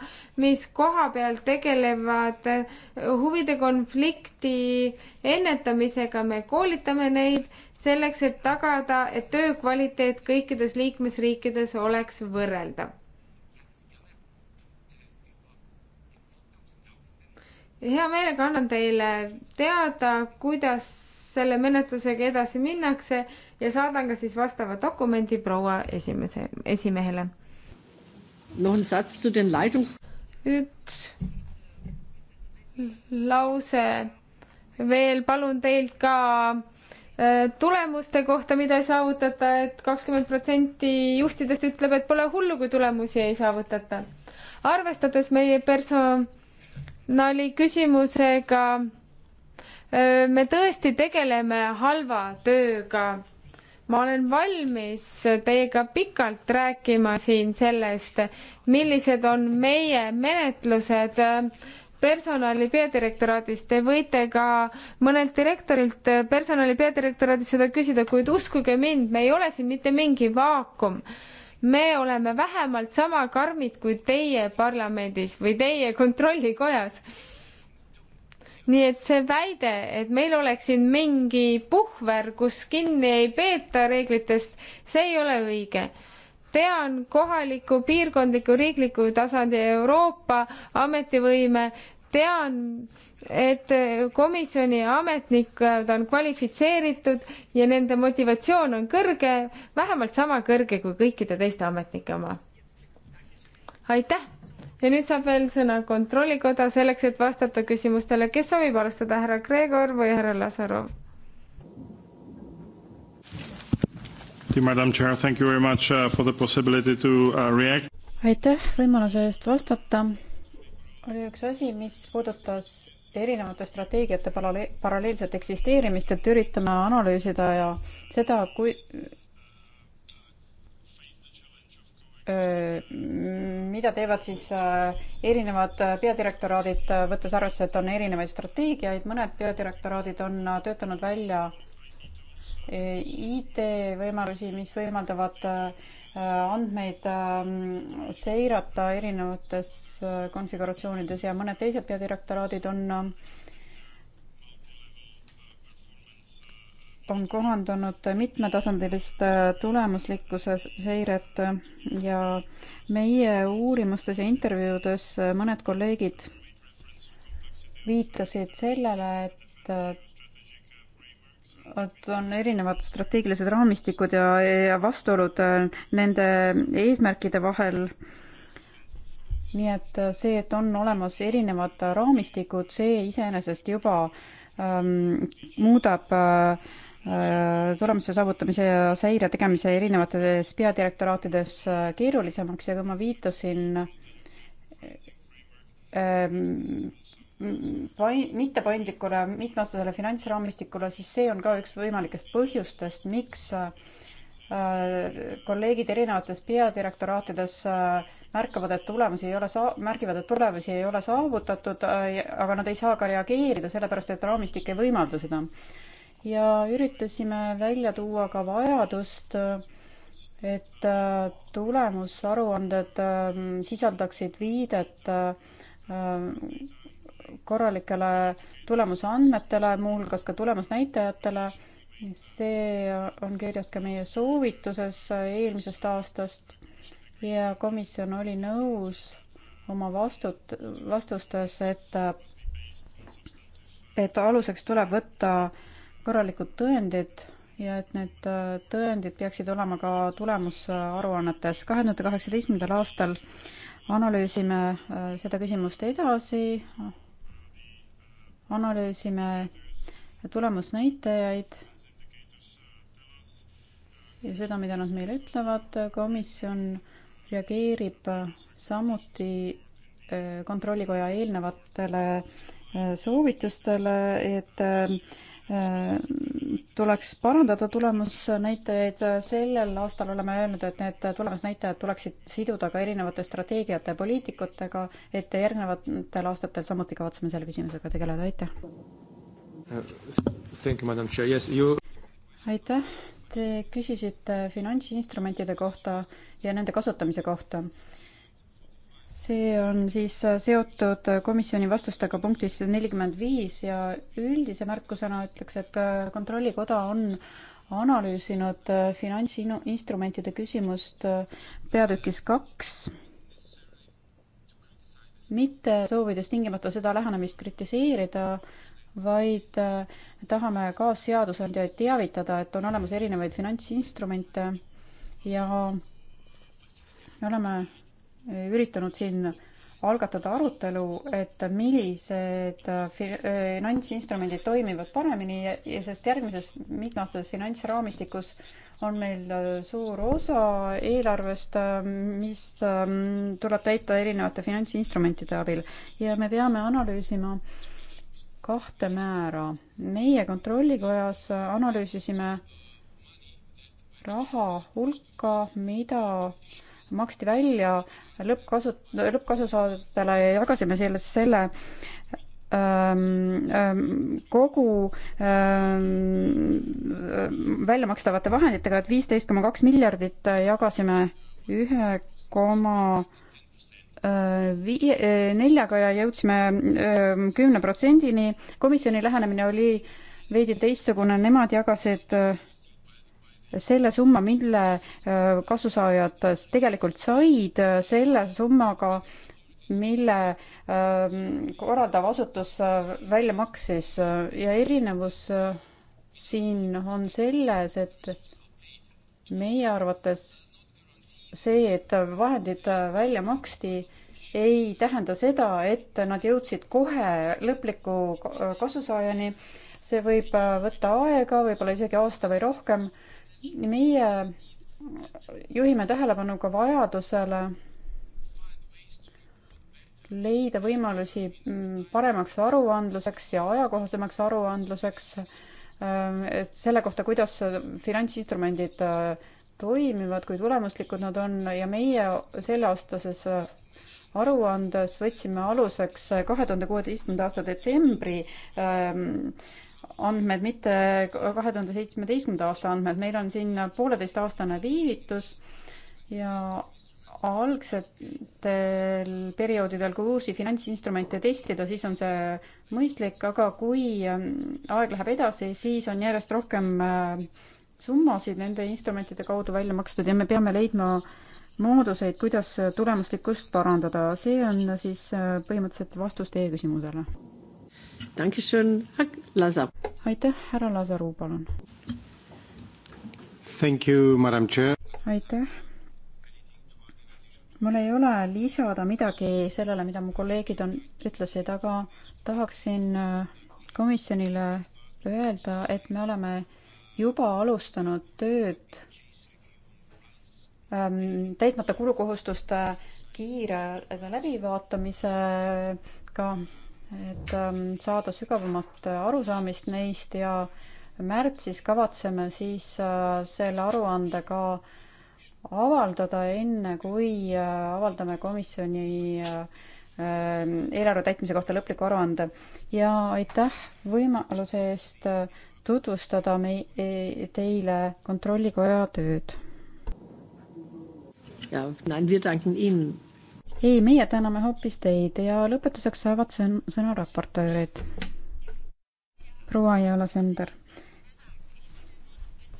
mis koha peal tegelevad huvide konflikti ennetamisega. me koolitame neid selleks, et tagada, et töö kvaliteet kõikides liikmesriikides oleks võrreldav hea meelega annan teile teada, kuidas selle menetlusega edasi minnakse ja saadan ka siis vastava dokumendi proua esimese, esimehele. üks lause veel palun teilt ka äh, tulemuste kohta, mida ei saavutata et, et kakskümmend protsenti juhtidest ütleb, et pole hullu, kui tulemusi ei saavutata. arvestades meie perso-, nali küsimusega. me tõesti tegeleme halva tööga. ma olen valmis teiega pikalt rääkima siin sellest, millised on meie menetlused personali peadirektoraadis, te võite ka mõnelt direktorilt personali peadirektoraadis seda küsida, kuid uskuge mind, me ei ole siin mitte mingi vaakum me oleme vähemalt sama karmid kui teie parlamendis või teie kontrollikojas. nii et see väide, et meil oleks siin mingi puhver, kus kinni ei peeta reeglitest, see ei ole õige tean kohaliku, piirkondliku, riikliku tasandi Euroopa ametivõime tean, et komisjoni ametnikud on kvalifitseeritud ja nende motivatsioon on kõrge, vähemalt sama kõrge kui kõikide teiste ametnike oma. aitäh! ja nüüd saab veel sõna Kontrollikoda selleks, et vastata küsimustele, kes soovib alustada, härra Gregor või härra Lazarov?
Madam Chair, thank you very much uh, for the possibility to uh, react.
aitäh võimaluse eest vastata oli üks asi, mis puudutas erinevate strateegiate paralleel, paralleelset eksisteerimist, et üritame analüüsida ja seda, kui mida teevad siis äh, erinevad peadirektoraadid, võttes arvesse, et on erinevaid strateegiaid, mõned peadirektoraadid on töötanud välja äh, IT-võimalusi, mis võimaldavad äh, andmeid ähm, seirata erinevates äh, konfiguratsioonides ja mõned teised peadirektoraadid on äh, on kohandanud mitmetasandilist äh, tulemuslikkuse seiret ja meie uurimustes ja intervjuudes mõned kolleegid viitasid sellele, et et on erinevad strateegilised raamistikud ja, ja vastuolud äh, nende eesmärkide vahel. nii et äh, see, et on olemas erinevad raamistikud, see iseenesest juba ähm, muudab äh, äh tulemuste saavutamise ja seire tegemise erinevates peadirektoraatides keerulisemaks ja kui ma viitasin ähm, mittepaindlikule mitmeaastasele finantsraamistikule, siis see on ka üks võimalikest põhjustest, miks äh, kolleegid erinevates peadirektoraatides äh, märkavad, et tulemusi ei ole saa-, märgivad, et tulemusi ei ole saavutatud, äh, aga nad ei saa ka reageerida, sellepärast et raamistik ei võimalda seda. ja üritasime välja tuua ka vajadust, et tulemusaruanded sisaldaksid viidet korralikele tulemusandmetele, muuhulgas ka tulemusnäitajatele. see on kirjas ka meie soovituses eelmisest aastast ja komisjon oli nõus oma vastut-, vastustes, et et aluseks tuleb võtta korralikud tõendid ja et need tõendid peaksid olema ka tulemusaruannetes. kahe tuhande kaheksateistkümnendal aastal analüüsime äh, seda küsimust edasi, analüüsime tulemusnäitajaid ja seda, mida nad meile ütlevad. komisjon reageerib samuti äh, kontrollikoja eelnevatele äh, soovitustele, et äh, tuleks parandada tulemusnäitajaid, sellel aastal oleme öelnud, et need tulemusnäitajad tuleksid siduda ka erinevate strateegiate ja poliitikutega, et järgnevatel aastatel samuti kavatseme selle küsimusega tegeleda, aitäh! aitäh, te küsisite finantsinstrumentide kohta ja nende kasutamise kohta see on siis äh, seotud äh, komisjoni vastustega punktis nelikümmend viis ja üldise märkusena ütleks, et äh, Kontrollikoda on analüüsinud finantsinstrumentide küsimust peatükis kaks, mitte soovides tingimata seda lähenemist kritiseerida, vaid tahame ka seadusandjaid teavitada, et on olemas erinevaid finantsinstrumente ja me oleme üritanud siin algatada arutelu, et millised finantsinstrumendid toimivad paremini, sest järgmises mitmeaastases finantsraamistikus on meil suur osa eelarvest, mis ähm, tuleb täita erinevate finantsinstrumentide abil ja me peame analüüsima kahte määra. meie Kontrollikojas analüüsisime raha hulka, mida maksti välja lõppkasu, lõppkasusaajatele ja jagasime selles selle ähm, ähm, kogu ähm, väljamakstavate vahenditega, et viisteist koma kaks miljardit jagasime ühe koma äh, viie, äh, neljaga ja jõudsime kümne protsendini. komisjoni lähenemine oli veidi teistsugune, nemad jagasid äh, selle summa, mille äh, kasusaajad tegelikult said, äh, selle summaga, mille ähm, korraldav asutus äh, välja maksis ja erinevus siin on selles, et meie arvates see, et vahendid välja maksti, ei tähenda seda, et nad jõudsid kohe lõpliku kasusaajani. see võib võtta aega, võib-olla isegi aasta või rohkem meie juhime tähelepanu ka vajadusele leida võimalusi mm, paremaks aruandluseks ja ajakohasemaks aruandluseks, ähm, et selle kohta, kuidas finantsinstrumendid äh, toimivad, kui tulemuslikud nad on ja meie selleaastases äh, aruandes võtsime aluseks äh, kahe tuhande kuueteistkümnenda aasta detsembri ähm, andmed, mitte kahe tuhande seitsmeteistkümnenda aasta andmed, meil on siin pooleteistaastane viivitus ja algsetel perioodidel, kui uusi finantsinstrumente testida, siis on see mõistlik, aga kui ähm, aeg läheb edasi, siis on järjest rohkem äh, summasid nende instrumentide kaudu välja makstud ja me peame leidma mooduseid, kuidas tulemuslikkust parandada. see on siis äh, põhimõtteliselt vastus teie küsimusele aitäh, härra Lazaru, palun. aitäh. mul ei ole lisada midagi sellele, mida mu kolleegid on, ütlesid, aga tahaksin äh, komisjonile öelda, et me oleme juba alustanud tööd ähm, täitmata kulukohustuste kiire läbivaatamisega äh, et ähm, saada sügavamat äh, arusaamist neist ja märtsis kavatseme siis äh, selle aruande ka avaldada, enne kui äh, avaldame komisjoni ähm, eelarve täitmise kohta lõpliku aruande. ja aitäh võimaluse eest tutvustada mei-, e-, teile Kontrollikoja tööd. ja, nein, wir danken Ihnen ei, meie täname hoopis teid ja lõpetuseks saavad sõn-, sõna raportöörid. proua Jaala Sender.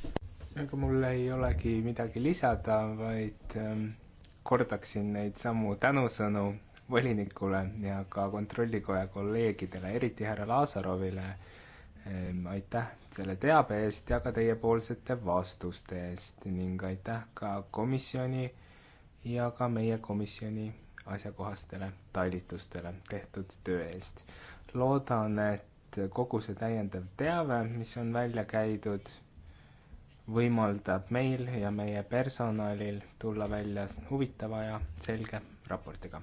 ega nagu mul ei olegi midagi lisada, vaid ähm, kordaksin neid samu tänusõnu volinikule ja ka kontrollikoja kolleegidele, eriti härra Laazarovile ähm,. aitäh selle teabe eest ja ka teiepoolsete vastuste eest ning aitäh ka komisjoni ja ka meie komisjoni asjakohastele talitustele tehtud töö eest. loodan, et kogu see täiendav teave, mis on välja käidud, võimaldab meil ja meie personalil tulla välja huvitava ja selge raportiga.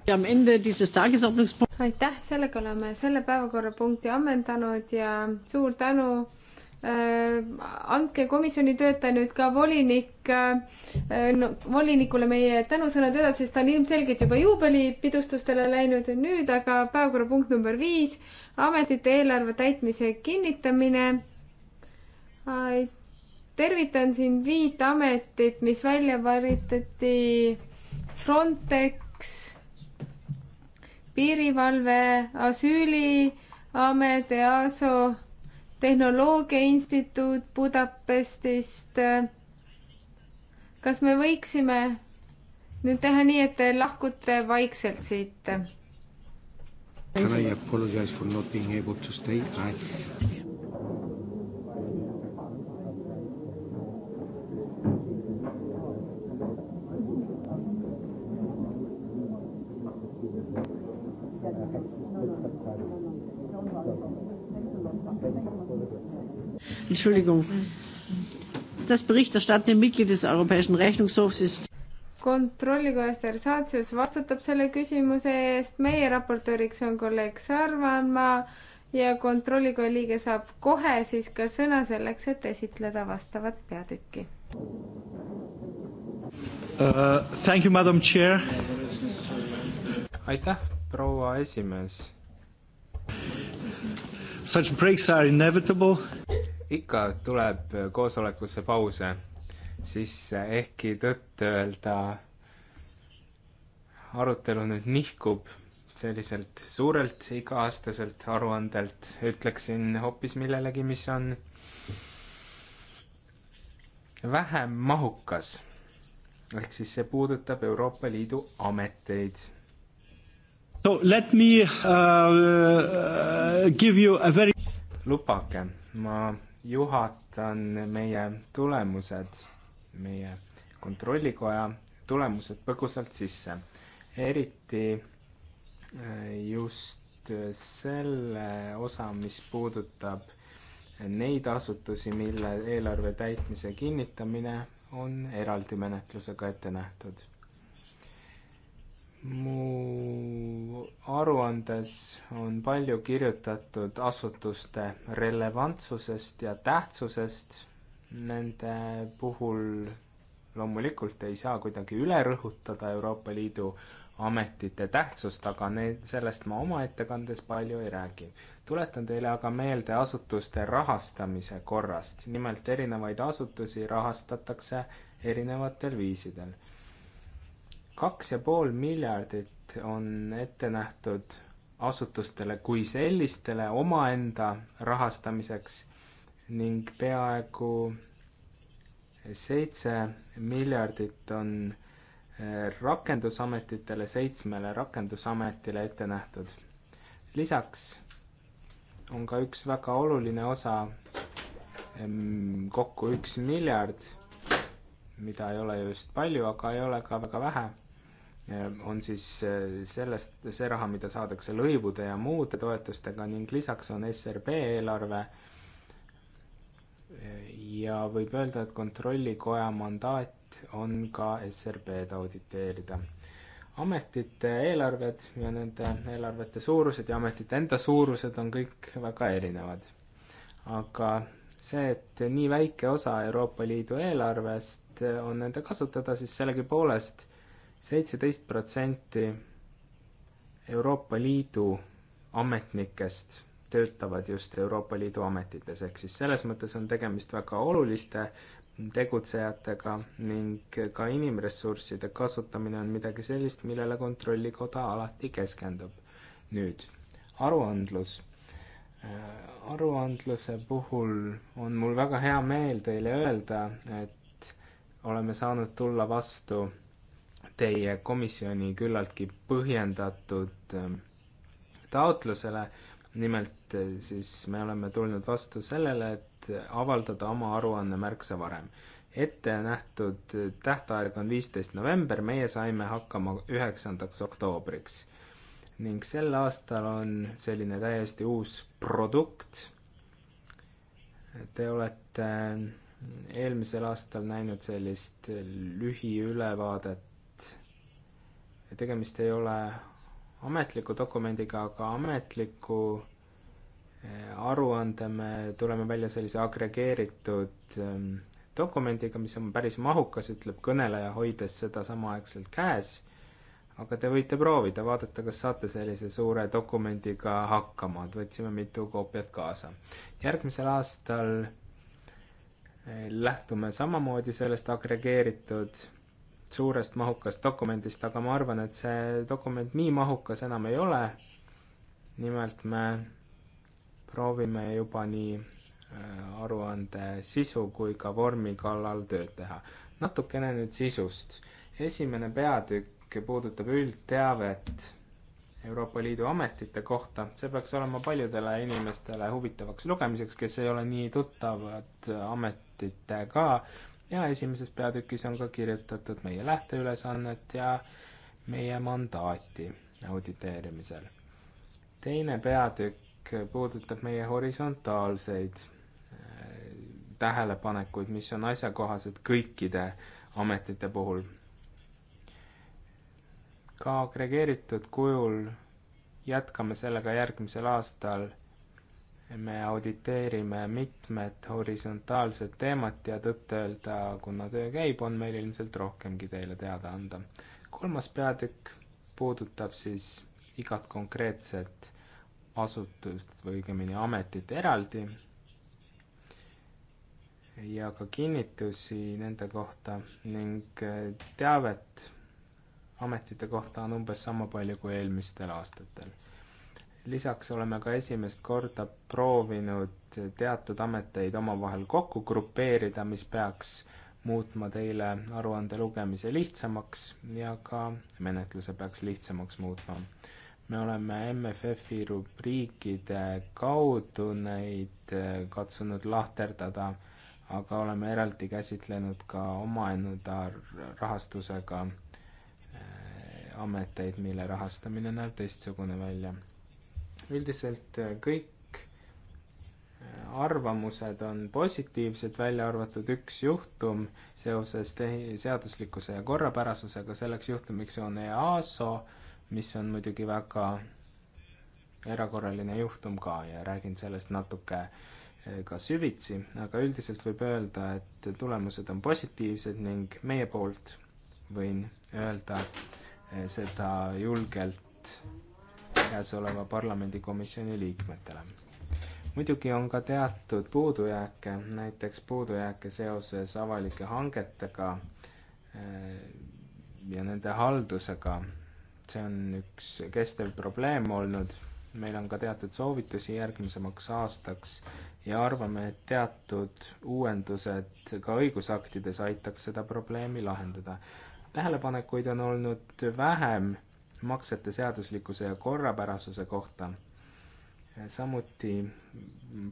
aitäh,
sellega oleme selle päevakorrapunkti ammendanud ja suur tänu Äh, andke komisjoni töötaja nüüd ka volinik äh, no,, volinikule meie tänusõnad edasi, sest ta on ilmselgelt juba juubelipidustustele läinud nüüd, aga päevakorrapunkt number viis, ametite eelarve täitmise kinnitamine. tervitan siin viit ametit, mis välja valitati. Frontex, piirivalve, asüüliamet, EASO Tehnoloogia Instituut Budapestist. kas me võiksime nüüd teha nii, et te lahkute vaikselt siit?
Can I apologize for not being able to stay? I
Entschuldigung. Das berichterstattende Mitglied des Europäischen Rechnungshofs ist
kontrollikojas Versatsius vastutab selle küsimuse eest, meie raportööriks on kolleeg Sarvanmaa ja kontrollikoja liige saab kohe siis ka sõna selleks, et esitleda vastavat
peatükki uh,. Thank you, madam chair. aitäh, proua esimees Such breaks are inevitable. ikka tuleb koosolekusse pause sisse, eh, ehkki tõtt-öelda arutelu nüüd nihkub selliselt suurelt iga-aastaselt aruandelt, ütleksin hoopis millelegi, mis on vähem mahukas. ehk siis see puudutab Euroopa Liidu ameteid So let me uh, uh, give you a very lubage, ma juhatan meie tulemused, meie kontrollikoja tulemused põgusalt sisse. eriti äh, just selle osa, mis puudutab neid asutusi, mille eelarve täitmise kinnitamine on eraldi menetlusega ette nähtud mu aruandes on palju kirjutatud asutuste relevantsusest ja tähtsusest. Nende puhul loomulikult ei saa kuidagi üle rõhutada Euroopa Liidu ametite tähtsust, aga need, sellest ma oma ettekandes palju ei räägi. tuletan teile aga meelde asutuste rahastamise korrast. nimelt erinevaid asutusi rahastatakse erinevatel viisidel kaks ja pool miljardit on ette nähtud asutustele kui sellistele omaenda rahastamiseks ning peaaegu seitse miljardit on eh, rakendusametitele, seitsmele rakendusametile ette nähtud. lisaks on ka üks väga oluline osa, kokku üks miljard, mida ei ole just palju, aga ei ole ka väga vähe Äh, on siis äh, sellest, see raha, mida saadakse lõivude ja muude toetustega ning lisaks on SRB eelarve äh, ja võib öelda, et Kontrollikoja mandaat on ka SRB-d auditeerida. ametite eelarved ja nende eelarvete suurused ja ametite enda suurused on kõik väga erinevad. aga see, et nii väike osa Euroopa Liidu eelarvest on nende kasutada, siis sellegipoolest seitseteist protsenti Euroopa Liidu ametnikest töötavad just Euroopa Liidu ametites, ehk siis selles mõttes on tegemist väga oluliste tegutsejatega ning ka inimressursside kasutamine on midagi sellist, millele Kontrollikoda alati keskendub. nüüd, aruandlus. Äh, aruandluse puhul on mul väga hea meel teile öelda, et oleme saanud tulla vastu teie komisjoni küllaltki põhjendatud ähm, taotlusele. nimelt äh, siis me oleme tulnud vastu sellele, et avaldada oma aruanne märksa varem. ette nähtud äh, tähtaeg on viisteist november, meie saime hakkama üheksandaks oktoobriks. ning sel aastal on selline täiesti uus produkt. Te olete äh, eelmisel aastal näinud sellist lühiülevaadet tegemist ei ole ametliku dokumendiga, aga ametliku eh, aruande me tuleme välja sellise agregeeritud ehm, dokumendiga, mis on päris mahukas, ütleb kõneleja, hoides seda samaaegselt käes. aga te võite proovida, vaadata, kas saate sellise suure dokumendiga hakkama, et võtsime mitu koopiat kaasa. järgmisel aastal eh, lähtume samamoodi sellest agregeeritud suurest mahukast dokumendist, aga ma arvan, et see dokument nii mahukas enam ei ole. nimelt me proovime juba nii äh, aruande sisu kui ka vormi kallal tööd teha. natukene nüüd sisust. esimene peatükk puudutab üldteavet Euroopa Liidu ametite kohta, see peaks olema paljudele inimestele huvitavaks lugemiseks, kes ei ole nii tuttavad ametitega ja esimeses peatükis on ka kirjutatud meie lähteülesannet ja meie mandaati auditeerimisel. teine peatükk puudutab meie horisontaalseid äh, tähelepanekuid, mis on asjakohased kõikide ametite puhul. ka agregeeritud kujul jätkame sellega järgmisel aastal me auditeerime mitmed horisontaalsed teemat ja tõtt-öelda, kuna töö käib, on meil ilmselt rohkemgi teile teada anda. kolmas peatükk puudutab siis igat konkreetset asutust või õigemini ametit eraldi ja ka kinnitusi nende kohta ning teavet ametite kohta on umbes sama palju kui eelmistel aastatel lisaks oleme ka esimest korda proovinud teatud ameteid omavahel kokku grupeerida, mis peaks muutma teile aruande lugemise lihtsamaks ja ka menetluse peaks lihtsamaks muutma. me oleme MFF-i rubriikide kaudu neid eh, katsunud lahterdada, aga oleme eraldi käsitlenud ka omaenda rahastusega eh, ameteid, mille rahastamine näeb teistsugune välja üldiselt äh, kõik äh, arvamused on positiivsed, välja arvatud üks juhtum seoses tehi-, seaduslikkuse ja korrapärasusega, selleks juhtumiks on EASO, mis on muidugi väga erakorraline juhtum ka ja räägin sellest natuke äh, ka süvitsi, aga üldiselt võib öelda, et tulemused on positiivsed ning meie poolt võin öelda seda julgelt käesoleva parlamendikomisjoni liikmetele. muidugi on ka teatud puudujääke, näiteks puudujääke seoses avalike hangetega eh, ja nende haldusega. see on üks kestev probleem olnud, meil on ka teatud soovitusi järgmisemaks aastaks ja arvame, et teatud uuendused ka õigusaktides aitaks seda probleemi lahendada. tähelepanekuid on olnud vähem maksete seaduslikkuse ja korrapärasuse kohta, samuti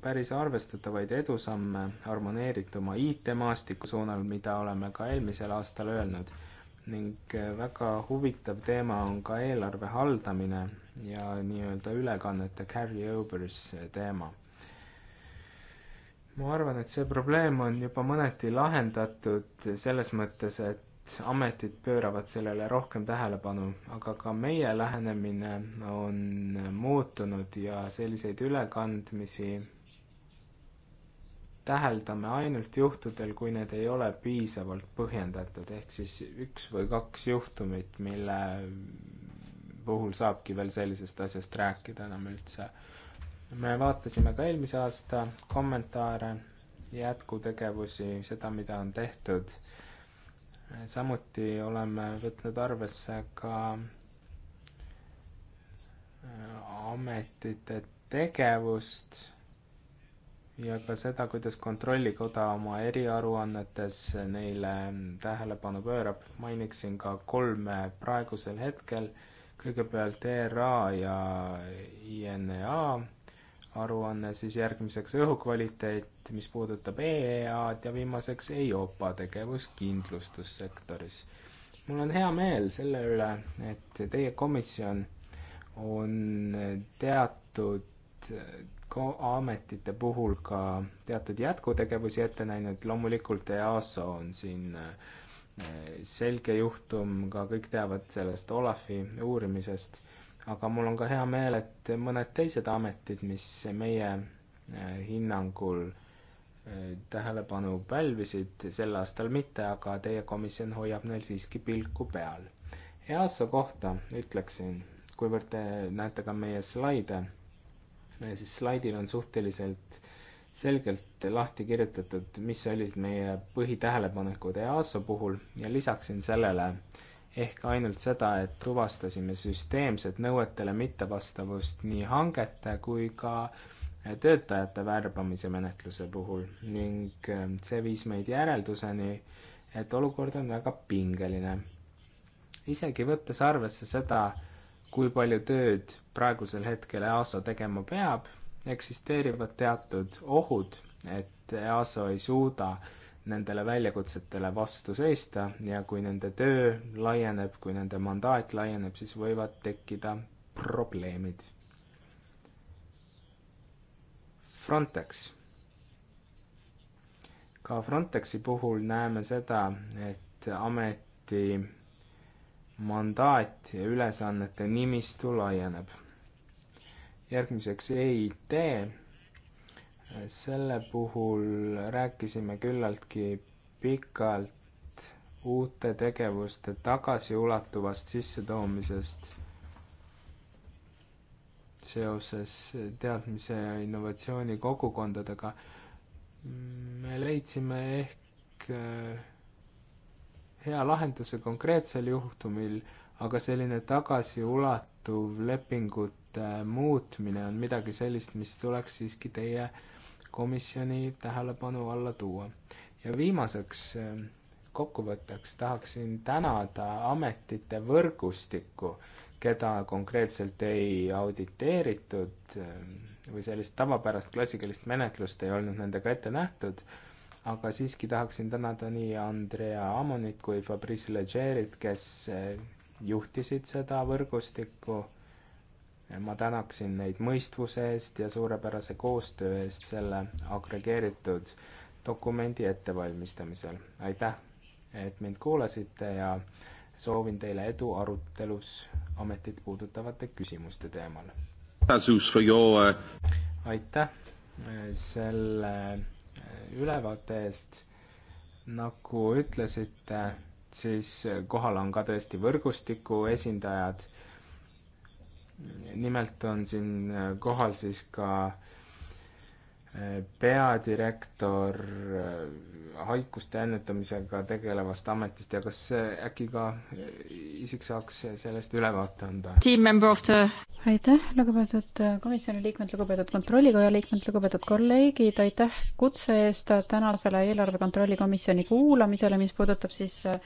päris arvestatavaid edusamme harmoneerituma IT-maastiku suunal, mida oleme ka eelmisel aastal öelnud, ning väga huvitav teema on ka eelarve haldamine ja nii-öelda ülekannete carry-overs teema ma arvan, et see probleem on juba mõneti lahendatud selles mõttes, et ametid pööravad sellele rohkem tähelepanu, aga ka meie lähenemine on muutunud ja selliseid ülekandmisi täheldame ainult juhtudel, kui need ei ole piisavalt põhjendatud, ehk siis üks või kaks juhtumit, mille puhul saabki veel sellisest asjast rääkida enam üldse. me vaatasime ka eelmise aasta kommentaare, jätkutegevusi, seda, mida on tehtud samuti oleme võtnud arvesse ka äh, ametite tegevust ja ka seda, kuidas Kontrollikoda oma eriaruannetes neile tähelepanu pöörab. mainiksin ka kolme praegusel hetkel, kõigepealt ERA ja INEA aruanne siis järgmiseks õhukvaliteet, mis puudutab EEA-d ja viimaseks EIOPA tegevus kindlustussektoris. mul on hea meel selle üle, et teie komisjon on teatud ametite puhul ka teatud jätkutegevusi ette näinud, loomulikult EASO on siin eh, selge juhtum, ka kõik teavad sellest Olafi uurimisest aga mul on ka hea meel, et mõned teised ametid, mis meie äh, hinnangul äh, tähelepanu pälvisid, sel aastal mitte, aga teie komisjon hoiab neil siiski pilku peal. EASO kohta ütleksin, kuivõrd te näete ka meie slaide, siis slaidil on suhteliselt selgelt lahti kirjutatud, mis olid meie põhitähelepanekud EASO puhul ja lisaksin sellele äh, ehk ainult seda, et tuvastasime süsteemset nõuetele mittevastavust nii hangete kui ka töötajate värbamise menetluse puhul ning ähm, see viis meid järelduseni, et olukord on väga pingeline. isegi võttes arvesse seda, kui palju tööd praegusel hetkel EASO tegema peab, eksisteerivad teatud ohud, et EASO ei suuda äh, nendele väljakutsetele vastu seista ja kui nende töö laieneb, kui nende mandaat laieneb, siis võivad tekkida probleemid. Frontex. ka Frontexi puhul näeme seda, et ameti mandaat ja ülesannete nimistu laieneb. järgmiseks EIT selle puhul rääkisime küllaltki pikalt uute tegevuste tagasiulatuvast sissetoomisest seoses teadmise ja innovatsiooni kogukondadega. me leidsime ehk äh, hea lahenduse konkreetsel juhtumil, aga selline tagasiulatuv lepingute muutmine on midagi sellist, mis tuleks siiski teie äh, komisjoni tähelepanu alla tuua. ja viimaseks, äh, kokkuvõtteks tahaksin tänada ametite võrgustikku, keda konkreetselt ei auditeeritud äh, või sellist tavapärast klassikalist menetlust ei olnud nendega ette nähtud, aga siiski tahaksin tänada nii Andrea Ammonit kui Fabrice Legere'it, kes äh, juhtisid seda võrgustikku ma tänaksin neid mõistvuse eest ja suurepärase koostöö eest selle agregeeritud dokumendi ettevalmistamisel. aitäh, et mind kuulasite ja soovin teile edu arutelus ametit puudutavate küsimuste teemal. Uh, aitäh eh, selle eh, ülevaate eest. nagu ütlesite, siis eh, kohal on ka tõesti võrgustiku esindajad nimelt on siin äh, kohal siis ka äh, peadirektor äh, haiguste ennetamisega tegelevast ametist ja kas äkki ka isik saaks sellest ülevaate anda?
The aitäh, lugupeetud komisjoni liikmed, lugupeetud kontrollikoja liikmed, lugupeetud kolleegid, aitäh kutse eest tänasele eelarve kontrolli komisjoni kuulamisele, mis puudutab siis äh,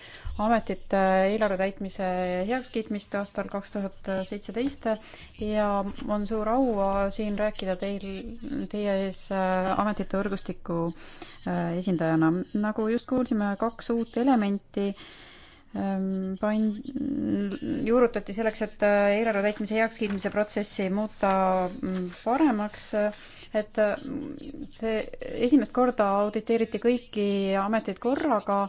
ametite eelarve täitmise heakskiitmist aastal kaks tuhat seitseteist ja on suur au äh, siin rääkida teil, teie ees äh, ametite võrgustiku esindajana. nagu just kuulsime, kaks uut elementi Ehm, pand-, juurutati selleks, et äh, eelarve täitmise heakskiitmise protsessi muuta mm, paremaks, et äh, see esimest korda auditeeriti kõiki ameteid korraga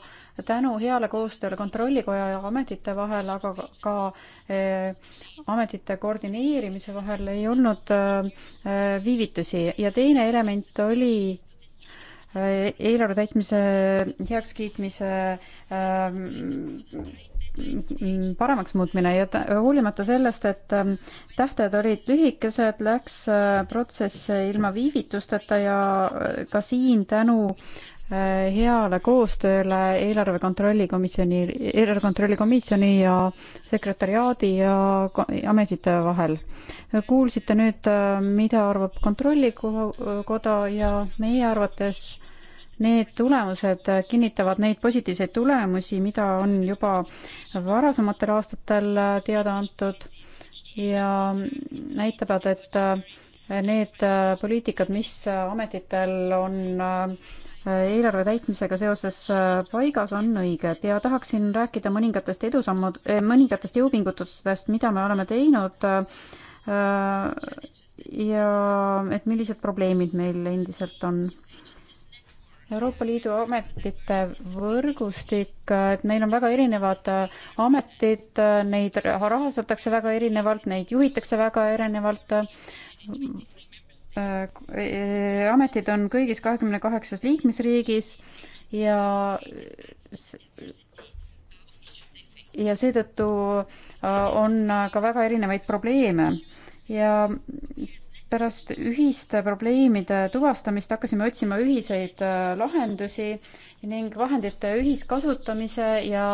tänu heale koostööle Kontrollikoja ja ametite vahel, aga ka äh, ametite koordineerimise vahel ei olnud viivitusi ja teine element oli Äh, eelarve täitmise heakskiitmise ähm, mm, paremaks muutmine ja hoolimata sellest, et ähm, tähtajad olid lühikesed, läks äh, protsess ilma viivitusteta ja äh, ka siin tänu heale koostööle eelarve kontrolli komisjoni, eelarve kontrolli komisjoni ja sekretäriaadi ja ametite vahel. kuulsite nüüd, mida arvab Kontrollikoda ja meie arvates Need tulemused kinnitavad neid positiivseid tulemusi, mida on juba varasematel aastatel teada antud ja näitavad, et need poliitikad, mis ametitel on eelarve täitmisega seoses paigas, on õiged ja tahaksin rääkida mõningatest edusammud, eh, mõningatest jõupingutustest, mida me oleme teinud eh, ja et millised probleemid meil endiselt on. Euroopa Liidu ametite võrgustik, et meil on väga erinevad äh, ametid, äh, neid rahastatakse väga erinevalt, neid juhitakse väga erinevalt. Äh, e-, e-, ametid on kõigis kahekümne kaheksas liikmesriigis ja ja seetõttu on ka väga erinevaid probleeme ja pärast ühiste probleemide tuvastamist hakkasime otsima ühiseid äh, lahendusi ning vahendite ühiskasutamise ja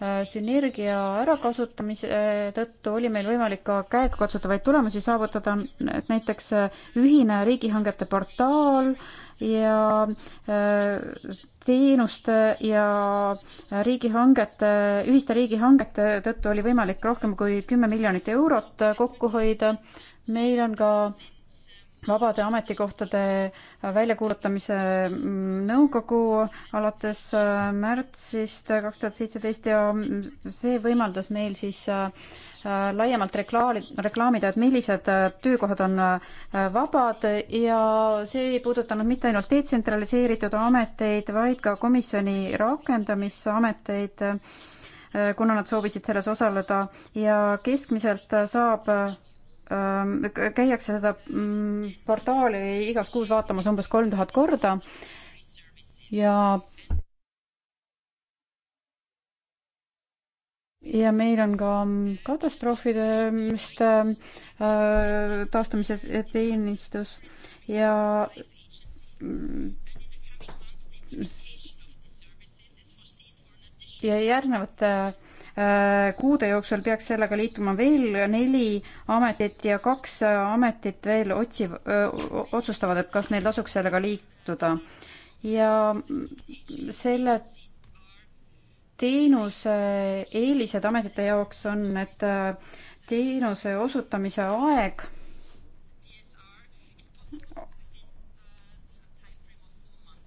äh, sünergia ärakasutamise äh, tõttu oli meil võimalik ka käegakatsutavaid tulemusi saavutada, et näiteks ühine riigihangete portaal ja teenuste ja riigihangete, ühiste riigihangete tõttu oli võimalik rohkem kui kümme miljonit eurot kokku hoida meil on ka vabade ametikohtade väljakuulutamise mm, nõukogu alates äh, märtsist kaks tuhat seitseteist ja mm, see võimaldas meil siis äh, laiemalt reklaami, reklaamida, et millised äh, töökohad on vabad ja see ei puudutanud mitte ainult detsentraliseeritud ameteid, vaid ka komisjoni rakendamisameteid, kuna nad soovisid selles osaleda ja keskmiselt saab käiakse seda mm, portaali igas kuus vaatamas umbes kolm tuhat korda ja ja meil on ka katastroofidest taastumise teenistus ja mm, ja järgnevate Äh, kuude jooksul peaks sellega liituma veel neli ametit ja kaks ametit veel otsiv-, otsustavad, et kas neil tasuks sellega liituda. ja selle teenuse eelised ametite jaoks on, et äh, teenuse osutamise aeg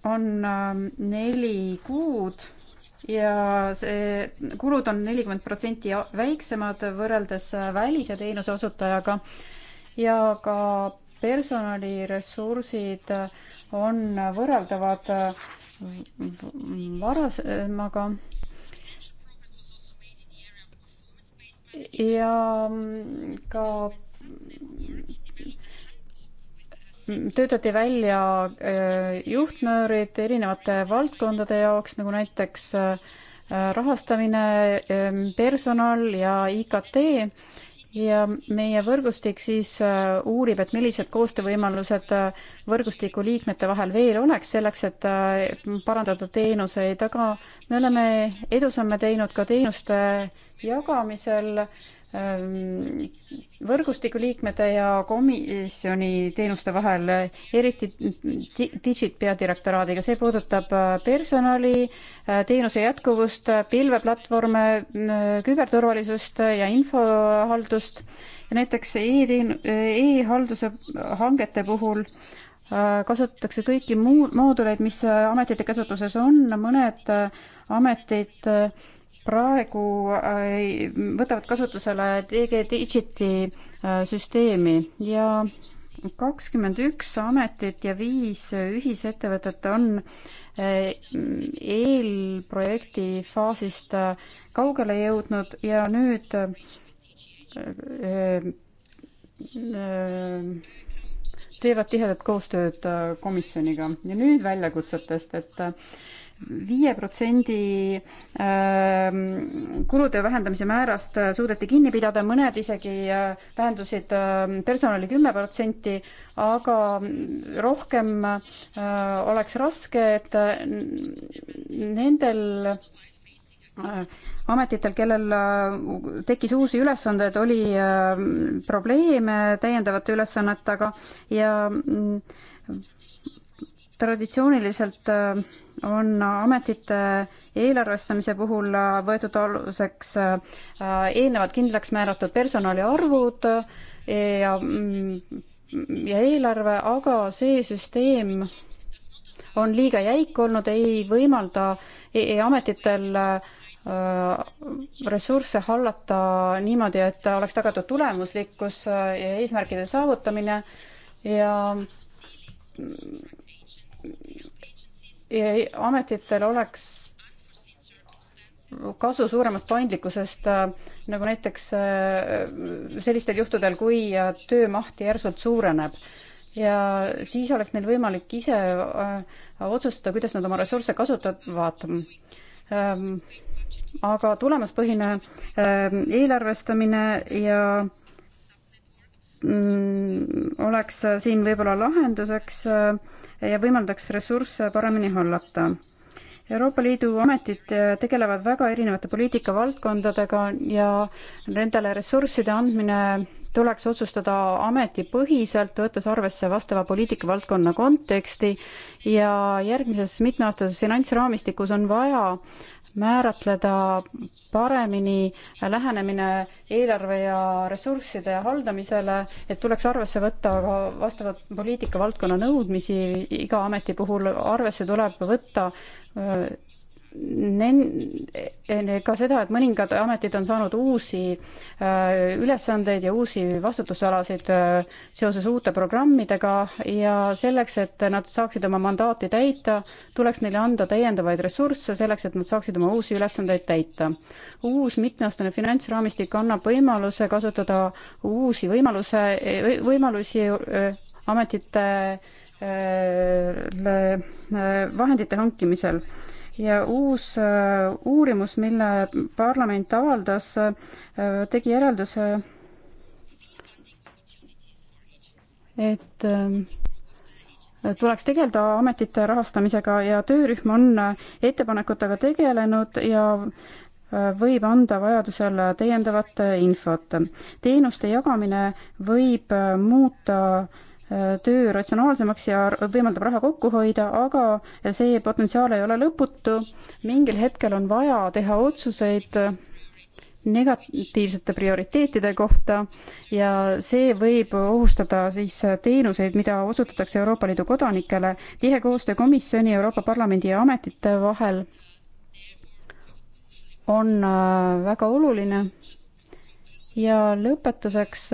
on äh, neli kuud ja see kulud on nelikümmend protsenti väiksemad võrreldes välise teenuse osutajaga ja ka personaliressursid on võrreldavad varasemaga. ja ka töötati välja äh, juhtnöörid erinevate valdkondade jaoks, nagu näiteks äh, rahastamine, ähm, personal ja IKT ja meie võrgustik siis äh, uurib, et millised koostöövõimalused võrgustiku liikmete vahel veel oleks selleks, et parandada teenuseid, aga me oleme edusamme teinud ka teenuste jagamisel äh, Ehm, võrgustiku liikmete ja komisjoni teenuste vahel, eriti Digit peadirektoraadiga, see puudutab äh, personali, äh, teenuse jätkuvust, pilveplatvorme, küberturvalisust ja infohaldust ja näiteks e-teen-, e-halduse hangete puhul äh, kasutatakse kõiki muu-, mooduleid, mis ametite käsutuses on, mõned ametid äh, praegu äh, võtavad kasutusele DG Digiti äh, süsteemi ja kakskümmend üks ametit ja viis ühisettevõtet on äh, eelprojekti faasist kaugele jõudnud ja nüüd teevad tihedat koostööd komisjoniga ja nüüd väljakutsetest, et viie protsendi ähm, kulude vähendamise määrast äh, suudeti kinni pidada, mõned isegi äh, vähendasid ähm, personali kümme protsenti, aga mm, rohkem äh, oleks raske, et nendel ametitel, kellel tekkis uusi ülesandeid, oli probleeme täiendavate ülesannetega ja mm, traditsiooniliselt äh, on ametite eelarvestamise puhul äh, võetud aluseks äh, äh, eelnevalt kindlaks määratud personali arvud ja, mm, ja eelarve, aga see süsteem on liiga jäik olnud, ei võimalda ei, ei ametitel ressursse hallata niimoodi, et oleks tagatud tulemuslikkus ja eesmärkide saavutamine ja E, ametitel oleks kasu suuremast paindlikkusest, äh, nagu näiteks äh, sellistel juhtudel, kui äh, töömaht järsult suureneb. ja siis oleks neil võimalik ise otsustada, kuidas nad oma ressursse kasutavad. Ähm, aga tulemuspõhine ähm, eelarvestamine ja mm, oleks siin võib-olla lahenduseks äh, ja võimaldaks ressursse paremini hallata. Euroopa Liidu ametid tegelevad väga erinevate poliitikavaldkondadega ja nendele ressursside andmine tuleks otsustada ametipõhiselt, võttes arvesse vastava poliitikavaldkonna konteksti ja järgmises mitmeaastases finantsraamistikus on vaja määratleda paremini lähenemine eelarve ja ressursside haldamisele, et tuleks arvesse võtta ka vastavat poliitikavaldkonna nõudmisi iga ameti puhul, arvesse tuleb võtta nen-, ka seda, et mõningad ametid on saanud uusi äh, ülesandeid ja uusi vastutusalasid äh, seoses uute programmidega ja selleks, et nad saaksid oma mandaati täita, tuleks neile anda täiendavaid ressursse selleks, et nad saaksid oma uusi ülesandeid täita. uus mitmeaastane finantsraamistik annab võimaluse kasutada uusi võimaluse, võimalusi äh, ametite vahendite hankimisel ja uus äh, uurimus, mille parlament avaldas, äh, tegi järelduse, et äh, tuleks tegeleda ametite rahastamisega ja töörühm on ettepanekutega tegelenud ja võib anda vajadusel täiendavat infot. teenuste jagamine võib muuta töö ratsionaalsemaks ja võimaldab raha kokku hoida, aga see potentsiaal ei ole lõputu. mingil hetkel on vaja teha otsuseid negatiivsete prioriteetide kohta ja see võib ohustada siis teenuseid, mida osutatakse Euroopa Liidu kodanikele tihe koostöö komisjoni, Euroopa Parlamendi ja ametite vahel on äh, väga oluline. ja lõpetuseks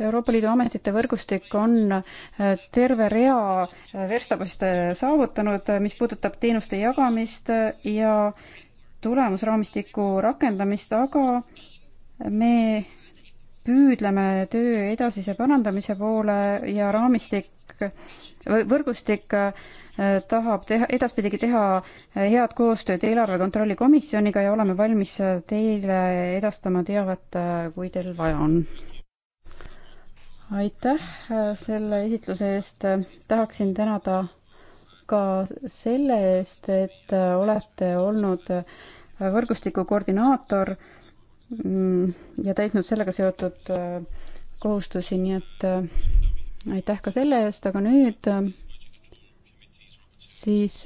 Euroopa Liidu ametite võrgustik on äh, terve rea äh, verstaposte saavutanud, äh, mis puudutab teenuste jagamist ja tulemusraamistiku rakendamist, aga me püüdleme töö edasise parandamise poole ja raamistik, võrgustik tahab teha, edaspidigi teha head koostööd eelarve kontrolli komisjoniga ja oleme valmis teile edastama teavet, kui teil vaja on aitäh äh, selle esitluse eest. tahaksin tänada ka selle eest, et äh, olete olnud äh, võrgustiku koordinaator mm, ja täitnud sellega seotud kohustusi, nii et aitäh ka selle eest, aga nüüd siis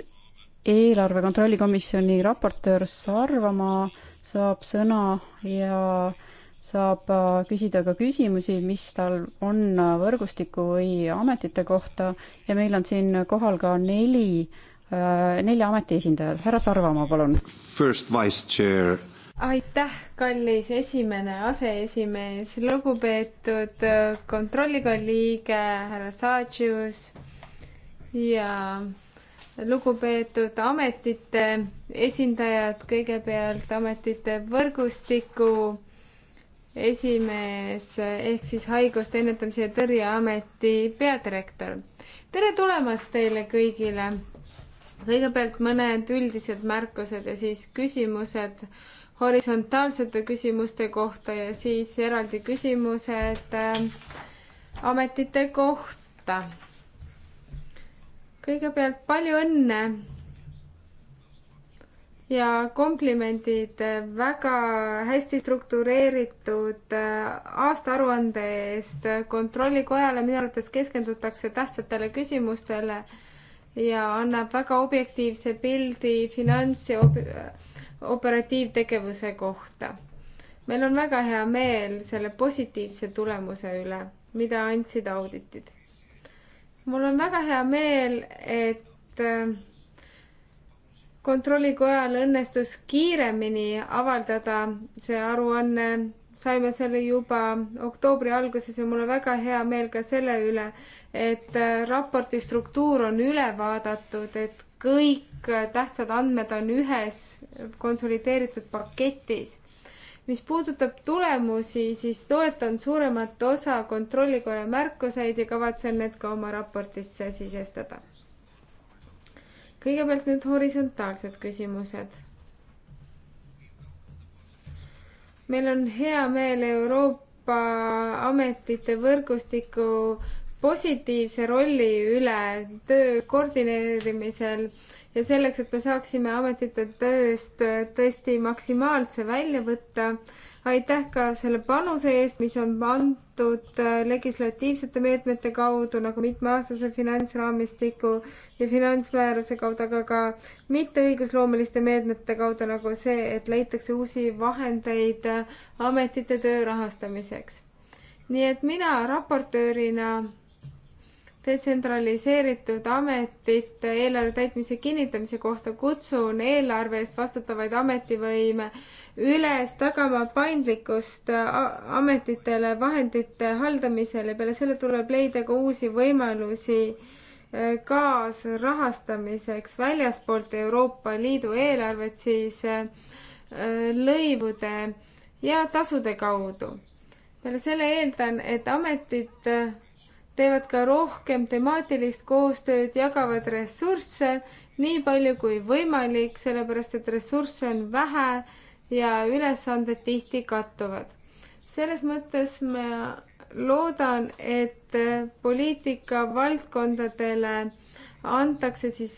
eelarve kontrolli komisjoni raportöör Sarvamaa saab sõna ja äh, saab äh, küsida ka küsimusi, mis tal on äh, võrgustiku või ametite kohta ja meil on siin kohal ka neli, äh, nelja ameti esindajat. härra Sarvamaa, palun. First vice chair.
aitäh, kallis esimene aseesimees, lugupeetud kontrolliga liige härra Saatšius ja lugupeetud ametite esindajad, kõigepealt ametite võrgustiku esimees ehk siis Haiguste Ennetamise ja Tõrje Ameti peadirektor. tere tulemast teile kõigile. kõigepealt mõned üldised märkused ja siis küsimused horisontaalsete küsimuste kohta ja siis eraldi küsimused äh, ametite kohta. kõigepealt palju õnne ja komplimendid väga hästi struktureeritud äh, aastaaruande eest Kontrollikojale. minu arvates keskendutakse tähtsatele küsimustele ja annab väga objektiivse pildi finants ja ob operatiivtegevuse kohta. meil on väga hea meel selle positiivse tulemuse üle, mida andsid auditid. mul on väga hea meel, et äh, kontrollikojal õnnestus kiiremini avaldada see aruanne, saime selle juba oktoobri alguses ja mul on väga hea meel ka selle üle, et äh, raporti struktuur on üle vaadatud, et kõik tähtsad andmed on ühes konsolideeritud paketis. mis puudutab tulemusi, siis toetan suuremat osa kontrollikoja märkuseid ja kavatsen need ka oma raportisse sisestada kõigepealt need horisontaalsed küsimused. meil on hea meel Euroopa ametite võrgustiku positiivse rolli üle töö koordineerimisel ja selleks, et me saaksime ametite tööst tõesti maksimaalse välja võtta aitäh ka selle panuse eest, mis on antud äh, legislatiivsete meetmete kaudu nagu mitmeaastase finantsraamistiku ja finantsmääruse kaudu, aga ka mitteõigusloomeliste meetmete kaudu nagu see, et leitakse uusi vahendeid äh, ametite töö rahastamiseks. nii et mina raportöörina detsentraliseeritud ametite eelarve täitmise kinnitamise kohta kutsun eelarve eest vastutavaid ametivõime üles tagama paindlikkust äh, ametitele vahendite haldamisel ja peale selle tuleb leida ka uusi võimalusi äh, kaasrahastamiseks väljaspoolt Euroopa Liidu eelarvet siis äh, lõivude ja tasude kaudu. peale selle eeldan, et ametid teevad ka rohkem temaatilist koostööd, jagavad ressursse nii palju kui võimalik, sellepärast et ressursse on vähe ja ülesanded tihti kattuvad. selles mõttes ma loodan, et äh, poliitika valdkondadele antakse siis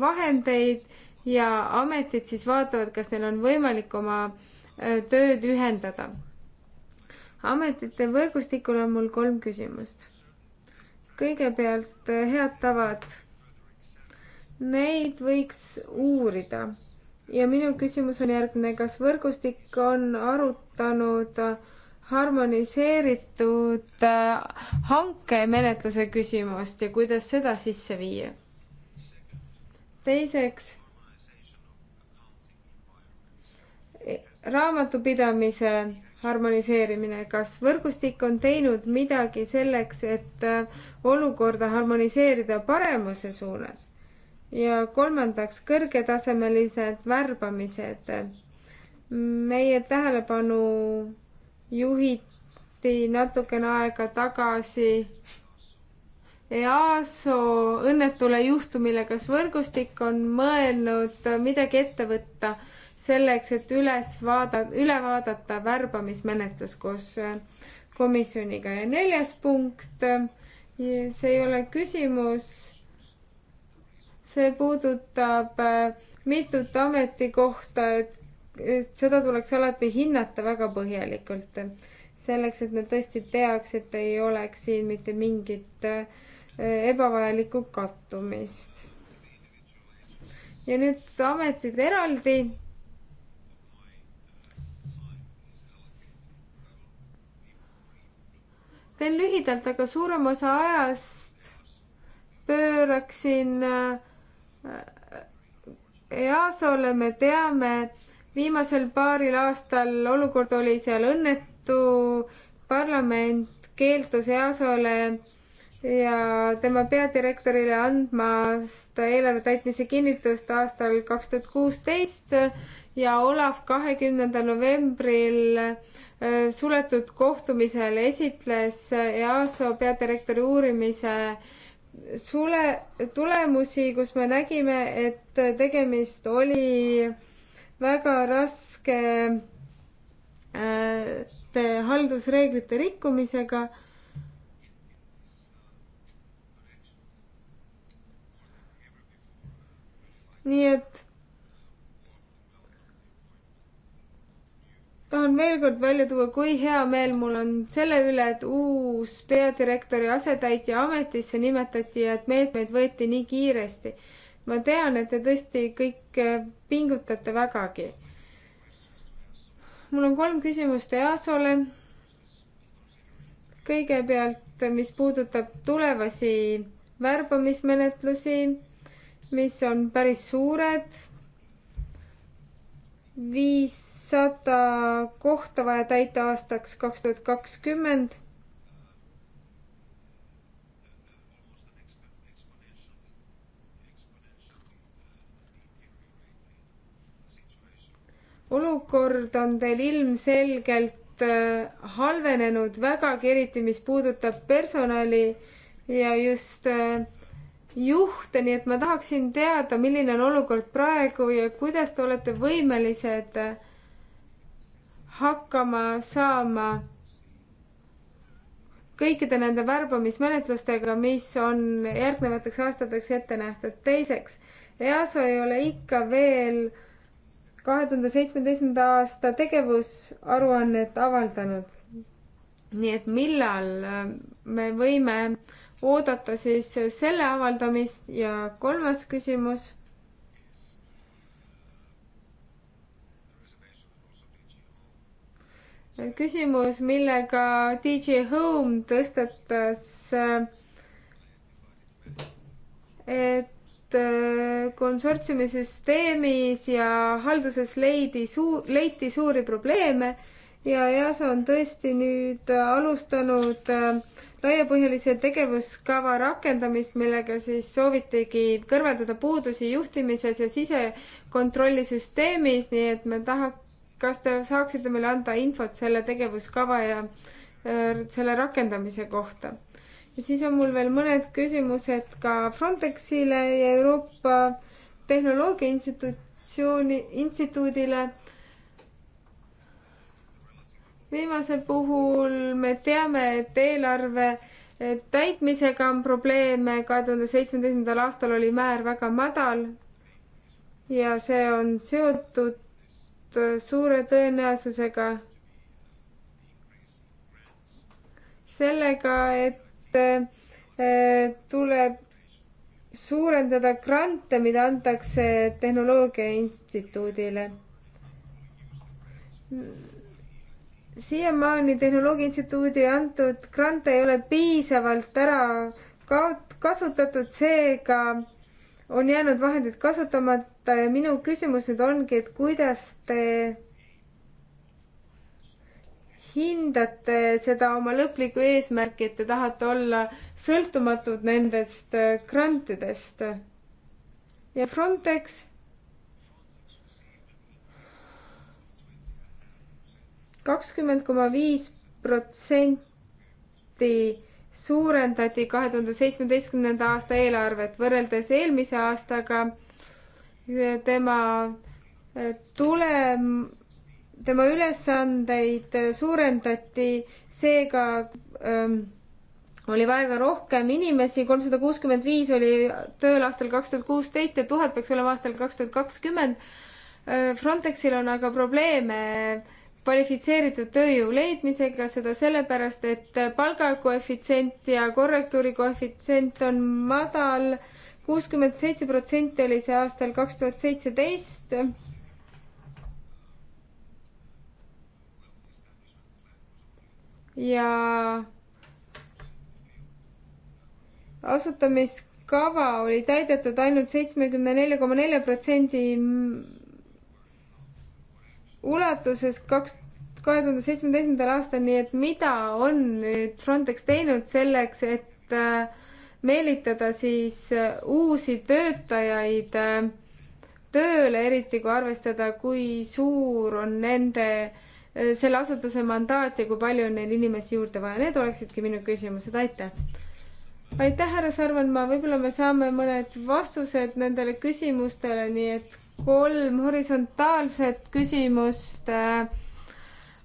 vahendeid ja ametid siis vaatavad, kas neil on võimalik oma äh, tööd ühendada. ametite võrgustikul on mul kolm küsimust. kõigepealt äh, head tavad. Neid võiks uurida ja minu küsimus on järgmine, kas võrgustik on arutanud harmoniseeritud äh, hankemenetluse küsimust ja kuidas seda sisse viia? teiseks, raamatupidamise harmoniseerimine, kas võrgustik on teinud midagi selleks, et äh, olukorda harmoniseerida paremuse suunas? ja kolmandaks, kõrgetasemelised värbamised. meie tähelepanu juhiti natukene aega tagasi EASO õnnetule juhtumile, kas võrgustik on mõelnud midagi ette võtta selleks, et üles vaadata, üle vaadata värbamismenetlus koos komisjoniga ja neljas punkt, see ei ole küsimus see puudutab äh, mitut ametikohta, et, et seda tuleks alati hinnata väga põhjalikult. selleks, et me tõesti teaks, et ei oleks siin mitte mingit äh, ebavajalikku kattumist. ja nüüd ametid eraldi teen lühidalt, aga suurem osa ajast pööraksin äh, EASO-le me teame, viimasel paaril aastal olukord oli seal õnnetu, parlament keeldus EASO-le ja tema peadirektorile andmast eelarve täitmise kinnitust aastal kaks tuhat kuusteist ja Olav kahekümnendal novembril äh, suletud kohtumisel esitles EASO peadirektori uurimise äh, sule, tulemusi, kus me nägime, et tegemist oli väga raske äh, haldusreeglite rikkumisega. nii et tahan veel kord välja tuua, kui hea meel mul on selle üle, et uus peadirektori asetäitja ametisse nimetati ja et meetmeid võeti nii kiiresti. ma tean, et te tõesti kõik äh, pingutate vägagi. mul on kolm küsimust EASO-le. kõigepealt, mis puudutab tulevasi värbamismenetlusi, mis on päris suured viissada kohta vaja täita aastaks kaks tuhat kakskümmend. olukord on teil ilmselgelt äh, halvenenud vägagi, eriti mis puudutab personali ja just äh, juhte, nii et ma tahaksin teada, milline on olukord praegu ja kuidas te olete võimelised hakkama saama kõikide nende värbamismenetlustega, mis on järgnevateks aastateks ette nähtud. teiseks, EASO ei ole ikka veel kahe tuhande seitsmeteistkümnenda aasta tegevusaruannet avaldanud. nii et millal äh, me võime äh, oodata siis selle avaldamist ja kolmas küsimus. küsimus, millega DJ Home tõstatas, et äh, konsortsiumi süsteemis ja halduses leidi suu-, leiti suuri probleeme ja EASA on tõesti nüüd alustanud äh, laiapõhjalise tegevuskava rakendamist, millega siis soovitigi kõrvaldada puudusi juhtimises ja sisekontrollisüsteemis, nii et me taha-, kas te saaksite meile anda infot selle tegevuskava ja äh, selle rakendamise kohta? ja siis on mul veel mõned küsimused ka Frontexile ja Euroopa Tehnoloogia Institutsiooni, instituudile viimase puhul me teame, et eelarve eh, täitmisega on probleeme, kahe tuhande seitsmeteistkümnendal aastal oli määr väga madal ja see on seotud eh, suure tõenäosusega sellega, et eh, tuleb suurendada grante, mida antakse Tehnoloogia Instituudile siiamaani Tehnoloogia Instituudi antud grante ei ole piisavalt ära kaot-, kasutatud, seega on jäänud vahendid kasutamata ja minu küsimus nüüd ongi, et kuidas te hindate seda oma lõplikku eesmärki, et te tahate olla sõltumatud nendest grantidest? ja Frontex kakskümmend koma viis protsenti suurendati kahe tuhande seitsmeteistkümnenda aasta eelarvet võrreldes eelmise aastaga. tema eh, tulem, tema ülesandeid eh, suurendati, seega ähm, oli vaja ka rohkem inimesi, kolmsada kuuskümmend viis oli tööl aastal kaks tuhat kuusteist ja tuhat peaks olema aastal kaks tuhat kakskümmend. Eh, Frontexil on aga probleeme äh, kvalifitseeritud tööjõu leidmisega, seda sellepärast, et palgakoefitsient ja korrektuuri koefitsient on madal, kuuskümmend seitse protsenti oli see aastal kaks tuhat seitseteist. ja asutamiskava oli täidetud ainult seitsmekümne nelja koma nelja protsendi ulatuses kaks, kahe tuhande seitsmeteistkümnendal aastal, nii et mida on nüüd Frontex teinud selleks, et äh, meelitada siis äh, uusi töötajaid äh, tööle, eriti kui arvestada, kui suur on nende, selle asutuse mandaat ja kui palju on neil inimesi juurde vaja, need oleksidki minu küsimused, aitäh! aitäh, härra Sarven, ma võib-olla me saame mõned vastused nendele küsimustele, nii et kolm horisontaalset küsimust äh,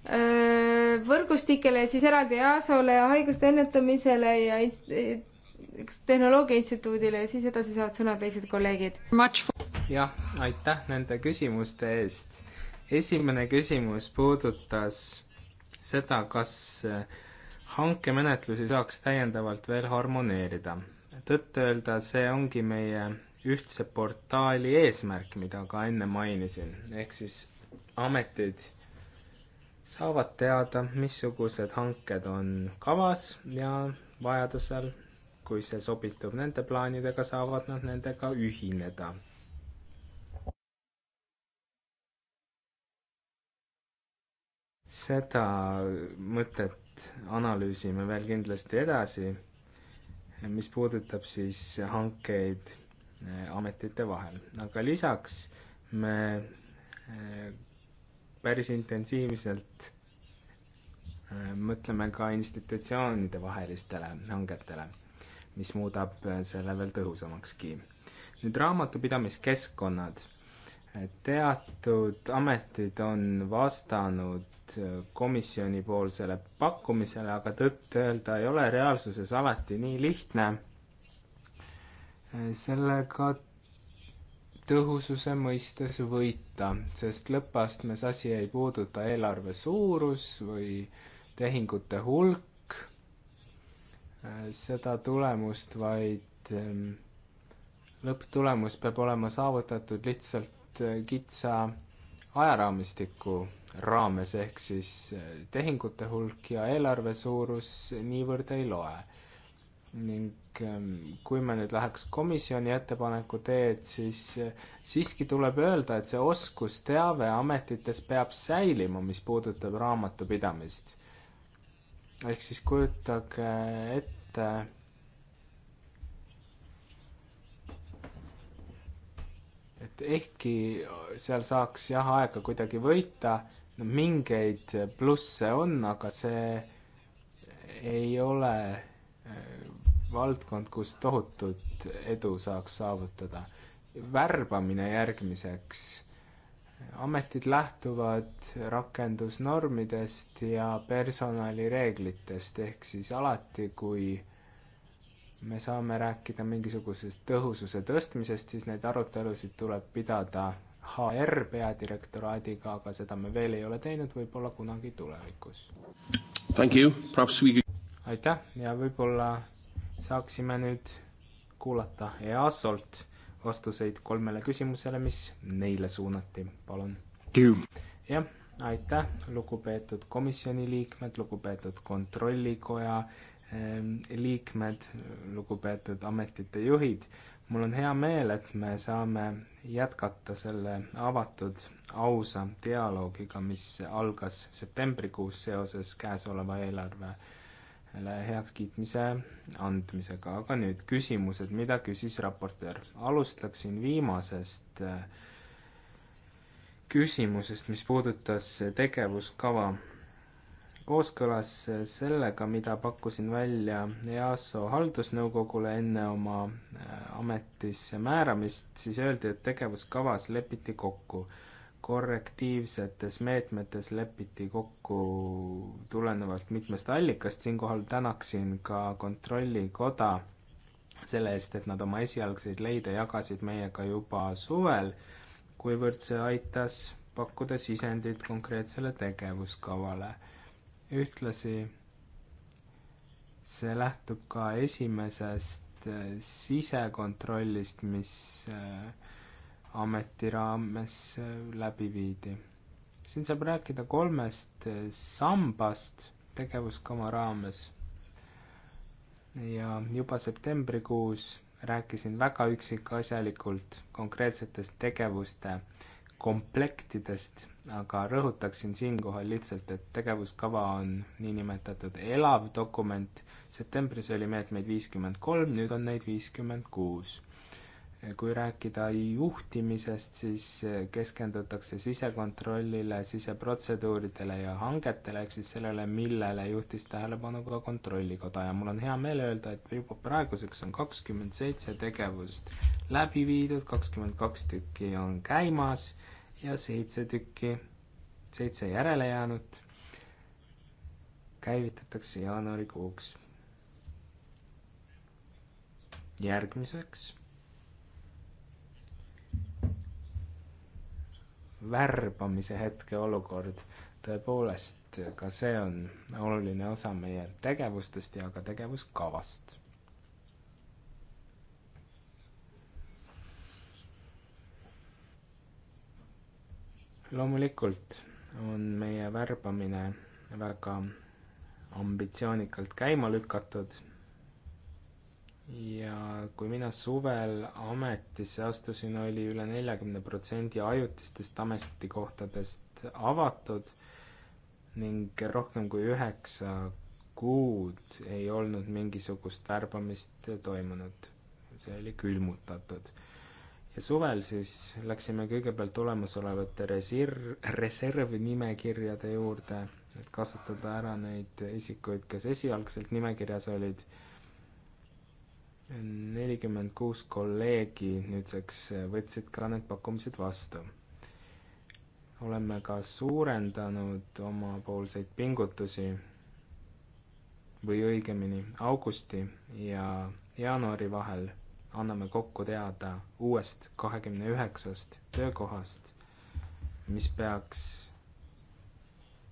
äh, võrgustikele, siis eraldi EASO-le ja haiguste ennetamisele ja äh, Tehnoloogia Instituudile ja siis edasi saavad sõna teised kolleegid.
jah, aitäh nende küsimuste eest. esimene küsimus puudutas seda, kas hankemenetlusi saaks täiendavalt veel harmoneerida. tõtt-öelda see ongi meie ühtse portaali eesmärk, mida ka enne mainisin, ehk siis ametid saavad teada, missugused hanked on kavas ja vajadusel, kui see sobitub nende plaanidega, saavad nad nendega ühineda seda mõtet analüüsime veel kindlasti edasi, mis puudutab siis hankeid Eh, ametite vahel, aga lisaks me eh, päris intensiivselt eh, mõtleme ka institutsioonide vahelistele hangetele, mis muudab selle veel tõhusamakski. nüüd raamatupidamiskeskkonnad. teatud ametid on vastanud komisjonipoolsele pakkumisele, aga tõtt-öelda ei ole reaalsuses alati nii lihtne sellega tõhususe mõistes võita, sest lõppastmes asi ei puuduta eelarve suurus või tehingute hulk, äh, seda tulemust, vaid ähm, lõpptulemus peab olema saavutatud lihtsalt äh, kitsa ajaraamistiku raames, ehk siis äh, tehingute hulk ja eelarve suurus niivõrd ei loe. ning Ähm, kui me nüüd läheks komisjoni ettepaneku teed, siis äh, siiski tuleb öelda, et see oskusteave ametites peab säilima, mis puudutab raamatupidamist. ehk siis kujutage ette et ehkki seal saaks jah, aega kuidagi võita, no mingeid plusse on, aga see ei ole äh, valdkond, kus tohutut edu saaks saavutada. värbamine järgmiseks, ametid lähtuvad rakendusnormidest ja personalireeglitest, ehk siis alati, kui me saame rääkida mingisugusest tõhususe tõstmisest, siis neid arutelusid tuleb pidada HR peadirektoraadiga, aga seda me veel ei ole teinud, võib-olla kunagi tulevikus. We... aitäh ja võib-olla saaksime nüüd kuulata EASO-lt vastuseid kolmele küsimusele, mis neile suunati, palun. jah, aitäh, lugupeetud komisjoni liikmed, lugupeetud kontrollikoja ehm, liikmed, lugupeetud ametite juhid. mul on hea meel, et me saame jätkata selle avatud, ausa dialoogiga, mis algas septembrikuus seoses käesoleva eelarve selle heakskiitmise andmisega, aga nüüd küsimused, mida küsis raportöör. alustaksin viimasest äh, küsimusest, mis puudutas tegevuskava. kooskõlas sellega, mida pakkusin välja EASO haldusnõukogule enne oma äh, ametisse määramist, siis öeldi, et tegevuskavas lepiti kokku korrektiivsetes meetmetes lepiti kokku tulenevalt mitmest allikast, siinkohal tänaksin ka Kontrollikoda selle eest, et nad oma esialgseid leide jagasid meiega juba suvel, kuivõrd see aitas pakkuda sisendit konkreetsele tegevuskavale. ühtlasi see lähtub ka esimesest äh, sisekontrollist, mis äh, ameti raames äh, läbi viidi. siin saab rääkida kolmest äh, sambast tegevuskava raames. ja juba septembrikuus rääkisin väga üksikasjalikult konkreetsetest tegevuste komplektidest, aga rõhutaksin siinkohal lihtsalt, et tegevuskava on niinimetatud elav dokument, septembris oli meetmeid viiskümmend kolm, nüüd on neid viiskümmend kuus kui rääkida juhtimisest, siis keskendutakse sisekontrollile, siseprotseduuridele ja hangetele, ehk siis sellele, millele juhtis tähelepanu ka Kontrollikoda ja mul on hea meel öelda, et juba praeguseks on kakskümmend seitse tegevust läbi viidud, kakskümmend kaks tükki on käimas ja seitse tükki, seitse järelejäänut käivitatakse jaanuarikuuks. järgmiseks värbamise hetkeolukord, tõepoolest, ka see on oluline osa meie tegevustest ja ka tegevuskavast. loomulikult on meie värbamine väga ambitsioonikalt käima lükatud ja kui mina suvel ametisse astusin, oli üle neljakümne protsendi ajutistest ametikohtadest avatud ning rohkem kui üheksa kuud ei olnud mingisugust värbamist toimunud. see oli külmutatud. ja suvel siis läksime kõigepealt olemasolevate reserv, reservnimekirjade juurde, et kasutada ära neid isikuid, kes esialgselt nimekirjas olid nelikümmend kuus kolleegi nüüdseks võtsid ka need pakkumised vastu. oleme ka suurendanud omapoolseid pingutusi või õigemini augusti ja jaanuari vahel anname kokku teada uuest kahekümne üheksast töökohast, mis peaks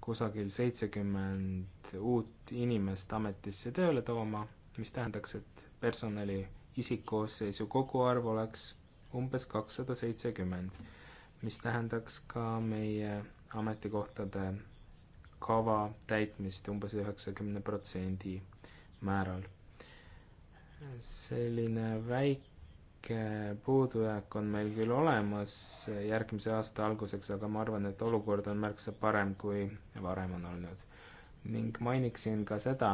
kusagil seitsekümmend uut inimest ametisse tööle tooma, mis tähendaks, et personali isikkoosseisu koguarv oleks umbes kakssada seitsekümmend, mis tähendaks ka meie ametikohtade kava täitmist umbes üheksakümne protsendi määral. selline väike puudujääk on meil küll olemas järgmise aasta alguseks, aga ma arvan, et olukord on märksa parem, kui varem on olnud. ning mainiksin ka seda,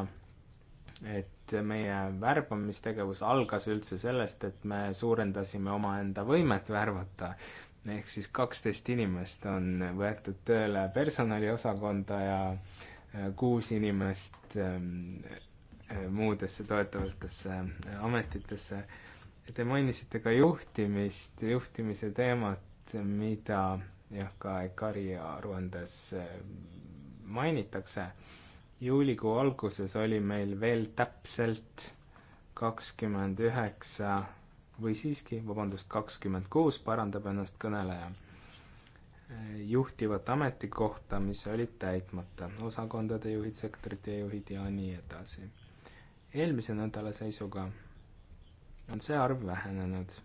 et meie värbamistegevus algas üldse sellest, et me suurendasime omaenda võimet värvata. ehk siis kaksteist inimest on võetud tööle personaliosakonda ja äh, kuus inimest ähm, äh, muudesse toetavatesse äh, ametitesse. Te mainisite ka juhtimist, juhtimise teemat, mida jah, ka EKARi aruandes mainitakse juulikuu alguses oli meil veel täpselt kakskümmend üheksa või siiski, vabandust, kakskümmend kuus, parandab ennast kõneleja, juhtivat ametikohta, mis olid täitmata, osakondade juhid, sektorite juhid ja nii edasi. eelmise nädala seisuga on see arv vähenenud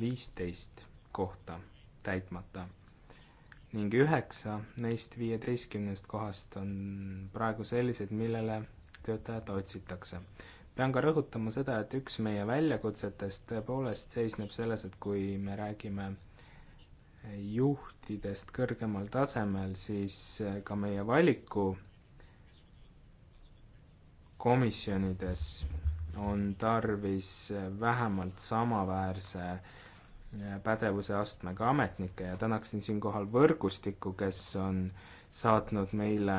viisteist kohta täitmata ning üheksa neist viieteistkümnest kohast on praegu sellised, millele töötajat otsitakse. pean ka rõhutama seda, et üks meie väljakutsetest tõepoolest seisneb selles, et kui me räägime juhtidest kõrgemal tasemel, siis ka meie valiku komisjonides on tarvis vähemalt samaväärse äh, pädevuse astmega ametnikke ja tänaksin siinkohal võrgustikku, kes on saatnud meile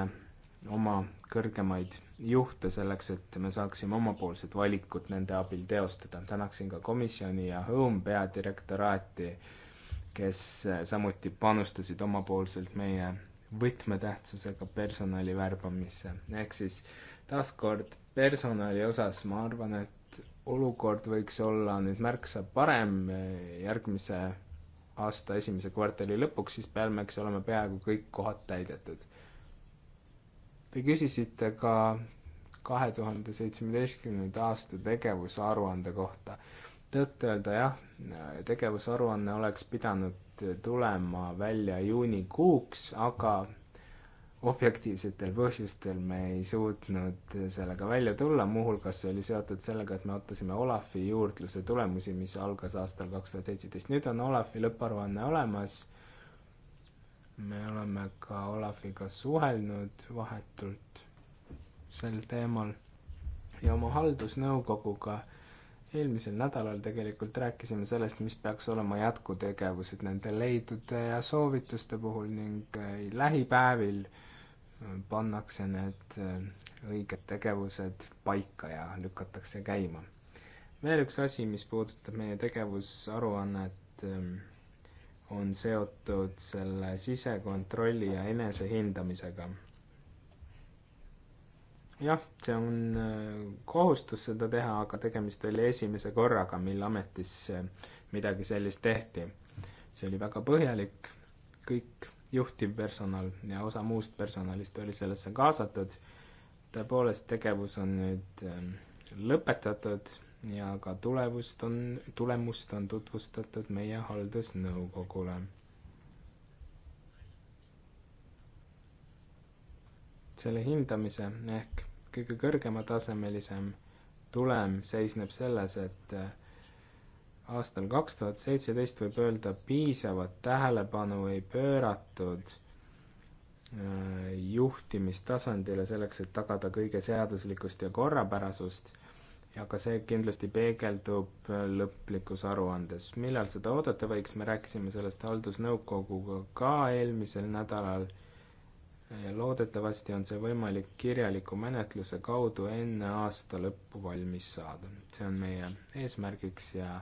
oma kõrgemaid juhte selleks, et me saaksime omapoolsed valikud nende abil teostada. tänaksin ka komisjoni ja Home peadirektoraati, kes samuti panustasid omapoolselt meie võtmetähtsusega personali värbamisse. ehk siis taaskord personali osas ma arvan, et olukord võiks olla nüüd märksa parem eh, järgmise aasta esimese kvartali lõpuks, siis peaks olema peaaegu kõik kohad täidetud. Te küsisite ka kahe tuhande seitsmeteistkümnenda aasta tegevusaruande kohta. tõtt-öelda jah, tegevusaruanne oleks pidanud tulema välja juunikuuks, aga objektiivsetel põhjustel me ei suutnud sellega välja tulla, muuhulgas see oli seotud sellega, et me ootasime Olafi juurdluse tulemusi, mis algas aastal kaks tuhat seitseteist. nüüd on Olafi lõpparuanne olemas, me oleme ka Olafiga suhelnud vahetult sel teemal ja oma haldusnõukoguga eelmisel nädalal tegelikult rääkisime sellest, mis peaks olema jätkutegevused nende leidude ja soovituste puhul ning äh, lähipäevil äh, pannakse need äh, õiged tegevused paika ja lükatakse käima. veel üks asi, mis puudutab meie tegevusaruannet, ähm, on seotud selle sisekontrolli ja enesehindamisega. jah, see on äh, kohustus seda teha, aga tegemist oli esimese korraga, mil ametis äh, midagi sellist tehti. see oli väga põhjalik, kõik juhtivpersonal ja osa muust personalist oli sellesse kaasatud. tõepoolest, tegevus on nüüd ähm, lõpetatud ja ka tulevust on, tulemust on tutvustatud meie haldusnõukogule. selle hindamise ehk kõige kõrgematasemelisem tulem seisneb selles, et äh, aastal kaks tuhat seitseteist võib öelda, piisavat tähelepanu ei pööratud äh, juhtimistasandile selleks, et tagada kõige seaduslikkust ja korrapärasust, aga see kindlasti peegeldub äh, lõplikus aruandes. millal seda oodata võiks, me rääkisime sellest haldusnõukoguga ka eelmisel nädalal äh, ja loodetavasti on see võimalik kirjaliku menetluse kaudu enne aasta lõppu valmis saada. see on meie eesmärgiks ja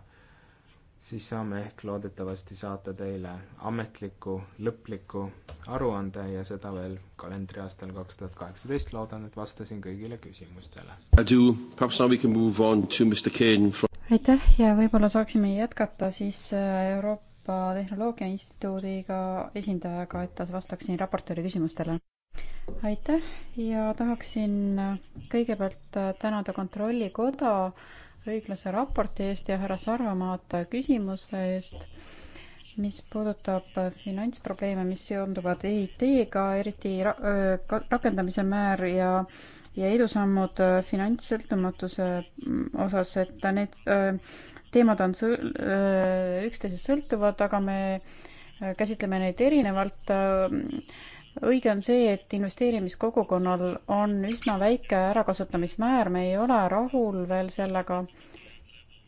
siis saame ehk loodetavasti saata teile ametliku lõpliku aruande ja seda veel kalendriaastal kaks tuhat kaheksateist. loodan, et vastasin kõigile küsimustele.
aitäh ja võib-olla saaksime jätkata siis äh, Euroopa Tehnoloogia Instituudiga esindajaga, et ta vastaks siin raportööri küsimustele aitäh ja tahaksin äh, kõigepealt äh, tänada Kontrollikoda äh, õiglase raporti eest ja härra Sarvamaad küsimuse eest, mis puudutab finantsprobleeme, mis seonduvad EIT-ga, eriti ra äh, rakendamise määr ja ja edusammud äh, finantssõltumatuse mm, osas, et need äh, teemad on sõl-, üksteisest sõltuvad, aga me käsitleme neid erinevalt äh, õige on see, et investeerimiskogukonnal on üsna väike ärakasutamismäär, me ei ole rahul veel sellega,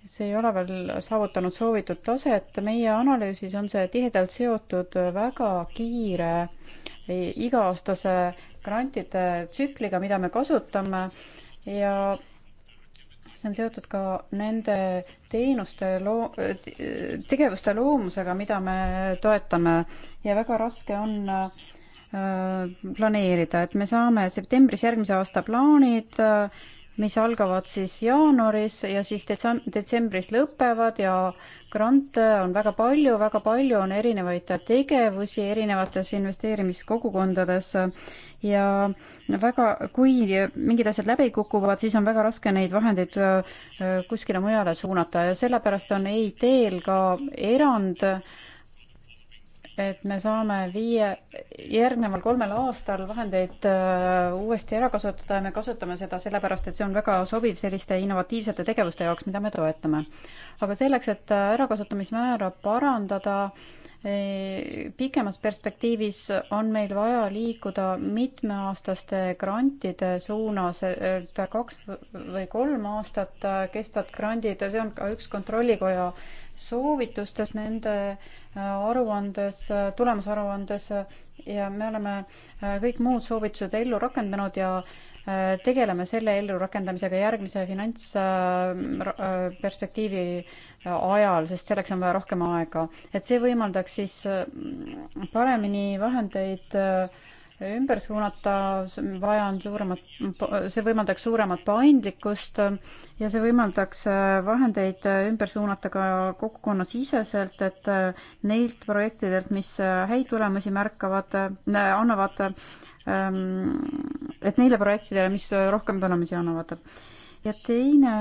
see ei ole veel saavutanud soovitud taset, meie analüüsis on see tihedalt seotud väga kiire e, iga-aastase grantide tsükliga, mida me kasutame ja see on seotud ka nende teenuste loo-, e, tegevuste loomusega, mida me toetame ja väga raske on äh, Äh, planeerida, et me saame septembris järgmise aasta plaanid, äh, mis algavad siis jaanuaris ja siis detsem-, detsembris lõpevad ja grante on väga palju, väga palju on erinevaid tegevusi erinevates investeerimiskogukondades ja väga, kui mingid asjad läbi kukuvad, siis on väga raske neid vahendeid äh, kuskile mujale suunata ja sellepärast on EIT-l ka erand äh, et me saame viie, järgneval kolmel aastal vahendeid äh, uuesti ära kasutada ja me kasutame seda sellepärast, et see on väga sobiv selliste innovatiivsete tegevuste jaoks, mida me toetame. aga selleks, et äh, ärakasutamismäära parandada, äh, pikemas perspektiivis on meil vaja liikuda mitmeaastaste grantide suunas, et kaks või kolm aastat kestvad grandid, see on ka üks Kontrollikoja soovitustes nende äh, aruandes, äh, tulemusaruandes äh, ja me oleme kõik muud soovitused ellu rakendanud ja tegeleme selle ellurakendamisega järgmise finantsperspektiivi ajal, sest selleks on vaja rohkem aega. et see võimaldaks siis paremini vahendeid ümber suunata, vaja on suuremat, see võimaldaks suuremat paindlikkust ja see võimaldaks äh, vahendeid äh, ümber suunata ka kogukonnasiseselt, et äh, neilt projektidelt, mis häid tulemusi märkavad, annavad, ähm, et neile projektidele, mis rohkem tulemusi annavad ja teine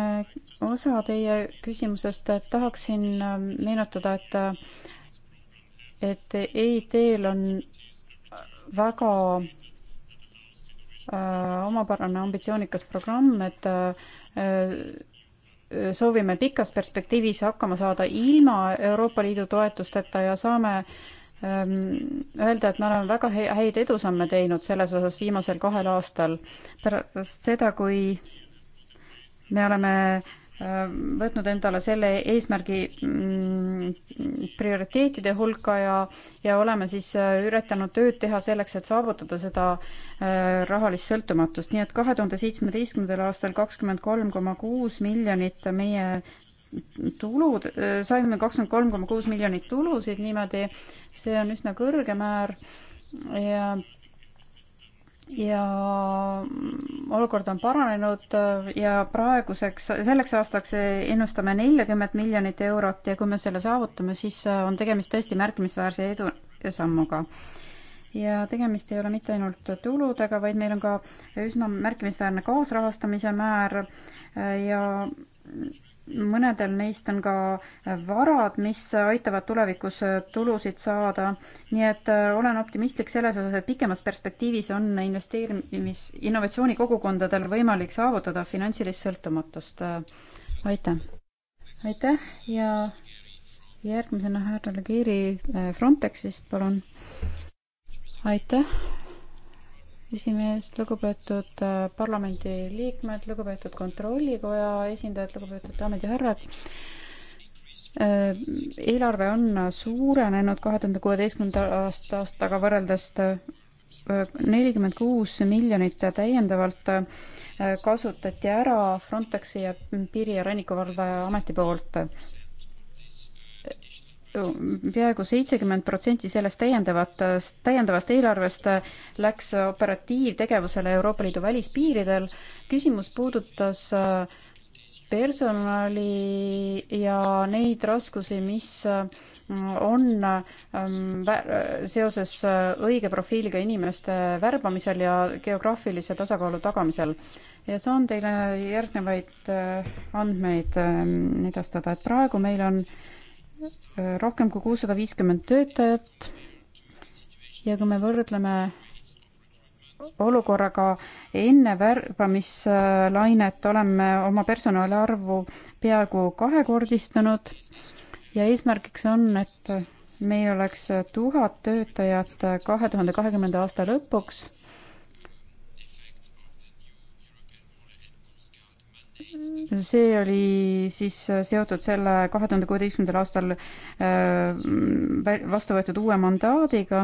osa teie küsimusest, et tahaksin meenutada, et et EIT-l on väga äh, omapärane ambitsioonikas programm, et äh, äh, soovime pikas perspektiivis hakkama saada ilma Euroopa Liidu toetusteta ja saame ähm, öelda, et me oleme väga häid edusamme teinud selles osas viimasel kahel aastal. pärast seda, kui me oleme võtnud endale selle eesmärgi mm, prioriteetide hulka ja, ja oleme siis äh, üritanud tööd teha selleks, et saavutada seda äh, rahalist sõltumatust. nii et kahe tuhande seitsmeteistkümnendal aastal kakskümmend kolm koma kuus miljonit meie tulud, äh, saime kakskümmend kolm koma kuus miljonit tulusid niimoodi, see on üsna kõrge määr ja ja olukord on paranenud äh, ja praeguseks, selleks aastaks ennustame neljakümmet miljonit eurot ja kui me selle saavutame, siis äh, on tegemist tõesti märkimisväärse edusammuga. ja tegemist ei ole mitte ainult tuludega, vaid meil on ka üsna märkimisväärne kaasrahastamise määr äh, ja mõnedel neist on ka varad, mis aitavad tulevikus tulusid saada. nii et äh, olen optimistlik selles osas, et pikemas perspektiivis on investeerimis, innovatsioonikogukondadel võimalik saavutada finantsilist sõltumatust. aitäh! aitäh ja järgmisena härra Legeeri äh, Frontexist, palun! aitäh, esimees, lugupeetud äh, parlamendi liikmed, lugupeetud kontrollikoja esindajad, lugupeetud daamid ja härrad. Äh, eelarve on suurenenud kahe tuhande kuueteistkümnenda aasta aastaga võrreldes äh, nelikümmend kuus miljonit täiendavalt kasutati ära Frontexi ja Piiri- ja Rannikuvalve Ameti poolt peaaegu seitsekümmend protsenti sellest täiendavat, täiendavast eelarvest läks operatiivtegevusele Euroopa Liidu välispiiridel. küsimus puudutas äh, personali ja neid raskusi, mis äh, on ähm, seoses äh, õige profiiliga inimeste värbamisel ja geograafilise tasakaalu tagamisel. ja saan teile järgnevaid andmeid ähm, edastada, et praegu meil on rohkem kui kuussada viiskümmend töötajat ja kui me võrdleme olukorraga enne värbamislainet oleme oma personali arvu peaaegu kahekordistanud ja eesmärgiks on, et meil oleks tuhat töötajat kahe tuhande kahekümnenda aasta lõpuks see oli siis äh, seotud selle kahe tuhande kuueteistkümnendal aastal äh, vastu võetud uue mandaadiga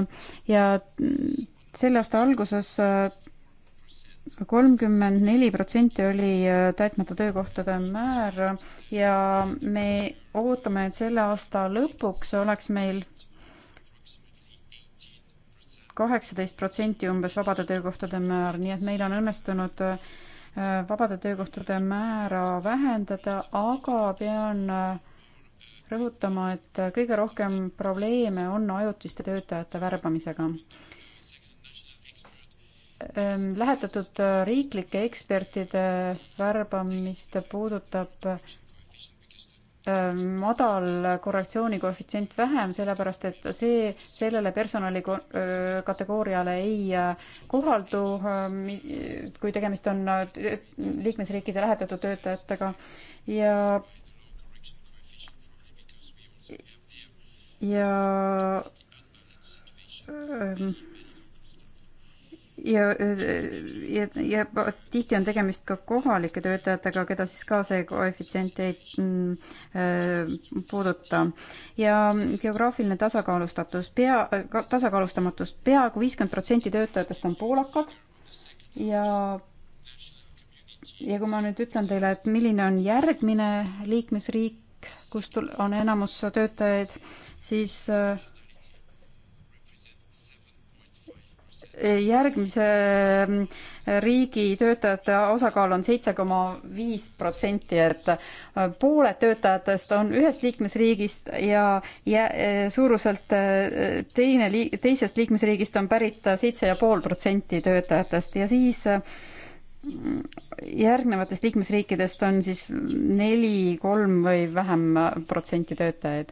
ja selle aasta alguses äh, kolmkümmend neli protsenti oli täitmata töökohtade määr ja me ootame, et selle aasta lõpuks oleks meil kaheksateist protsenti umbes vabade töökohtade määr, nii et meil on õnnestunud äh, Äh, vabade töökohtade määra vähendada, aga pean äh, rõhutama, et äh, kõige rohkem probleeme on ajutiste töötajate värbamisega. Ähm, lähetatud riiklike ekspertide värbamist puudutab Ähm, madal korrektsioonikoefitsient vähem, sellepärast et see sellele personalikategooriale ei äh, kohaldu, ähm, kui tegemist on äh, liikmesriikide lähetatud töötajatega ja ja ähm, ja, ja, ja tihti on tegemist ka kohalike töötajatega, keda siis ka see koefitsient ei mm, äh, puuduta. ja geograafiline tasakaalustatus, pea, tasakaalustamatus, peaaegu viiskümmend protsenti töötajatest on poolakad ja ja kui ma nüüd ütlen teile, et milline on järgmine liikmesriik, kus on enamus töötajaid, siis äh, järgmise mm, riigi töötajate osakaal on seitse koma viis protsenti, et äh, pooled töötajatest on ühest liikmesriigist ja, ja äh, suuruselt äh, teine, teisest liikmesriigist on pärit seitse ja pool protsenti töötajatest ja siis järgnevatest liikmesriikidest on siis neli, kolm või vähem protsenti töötajaid.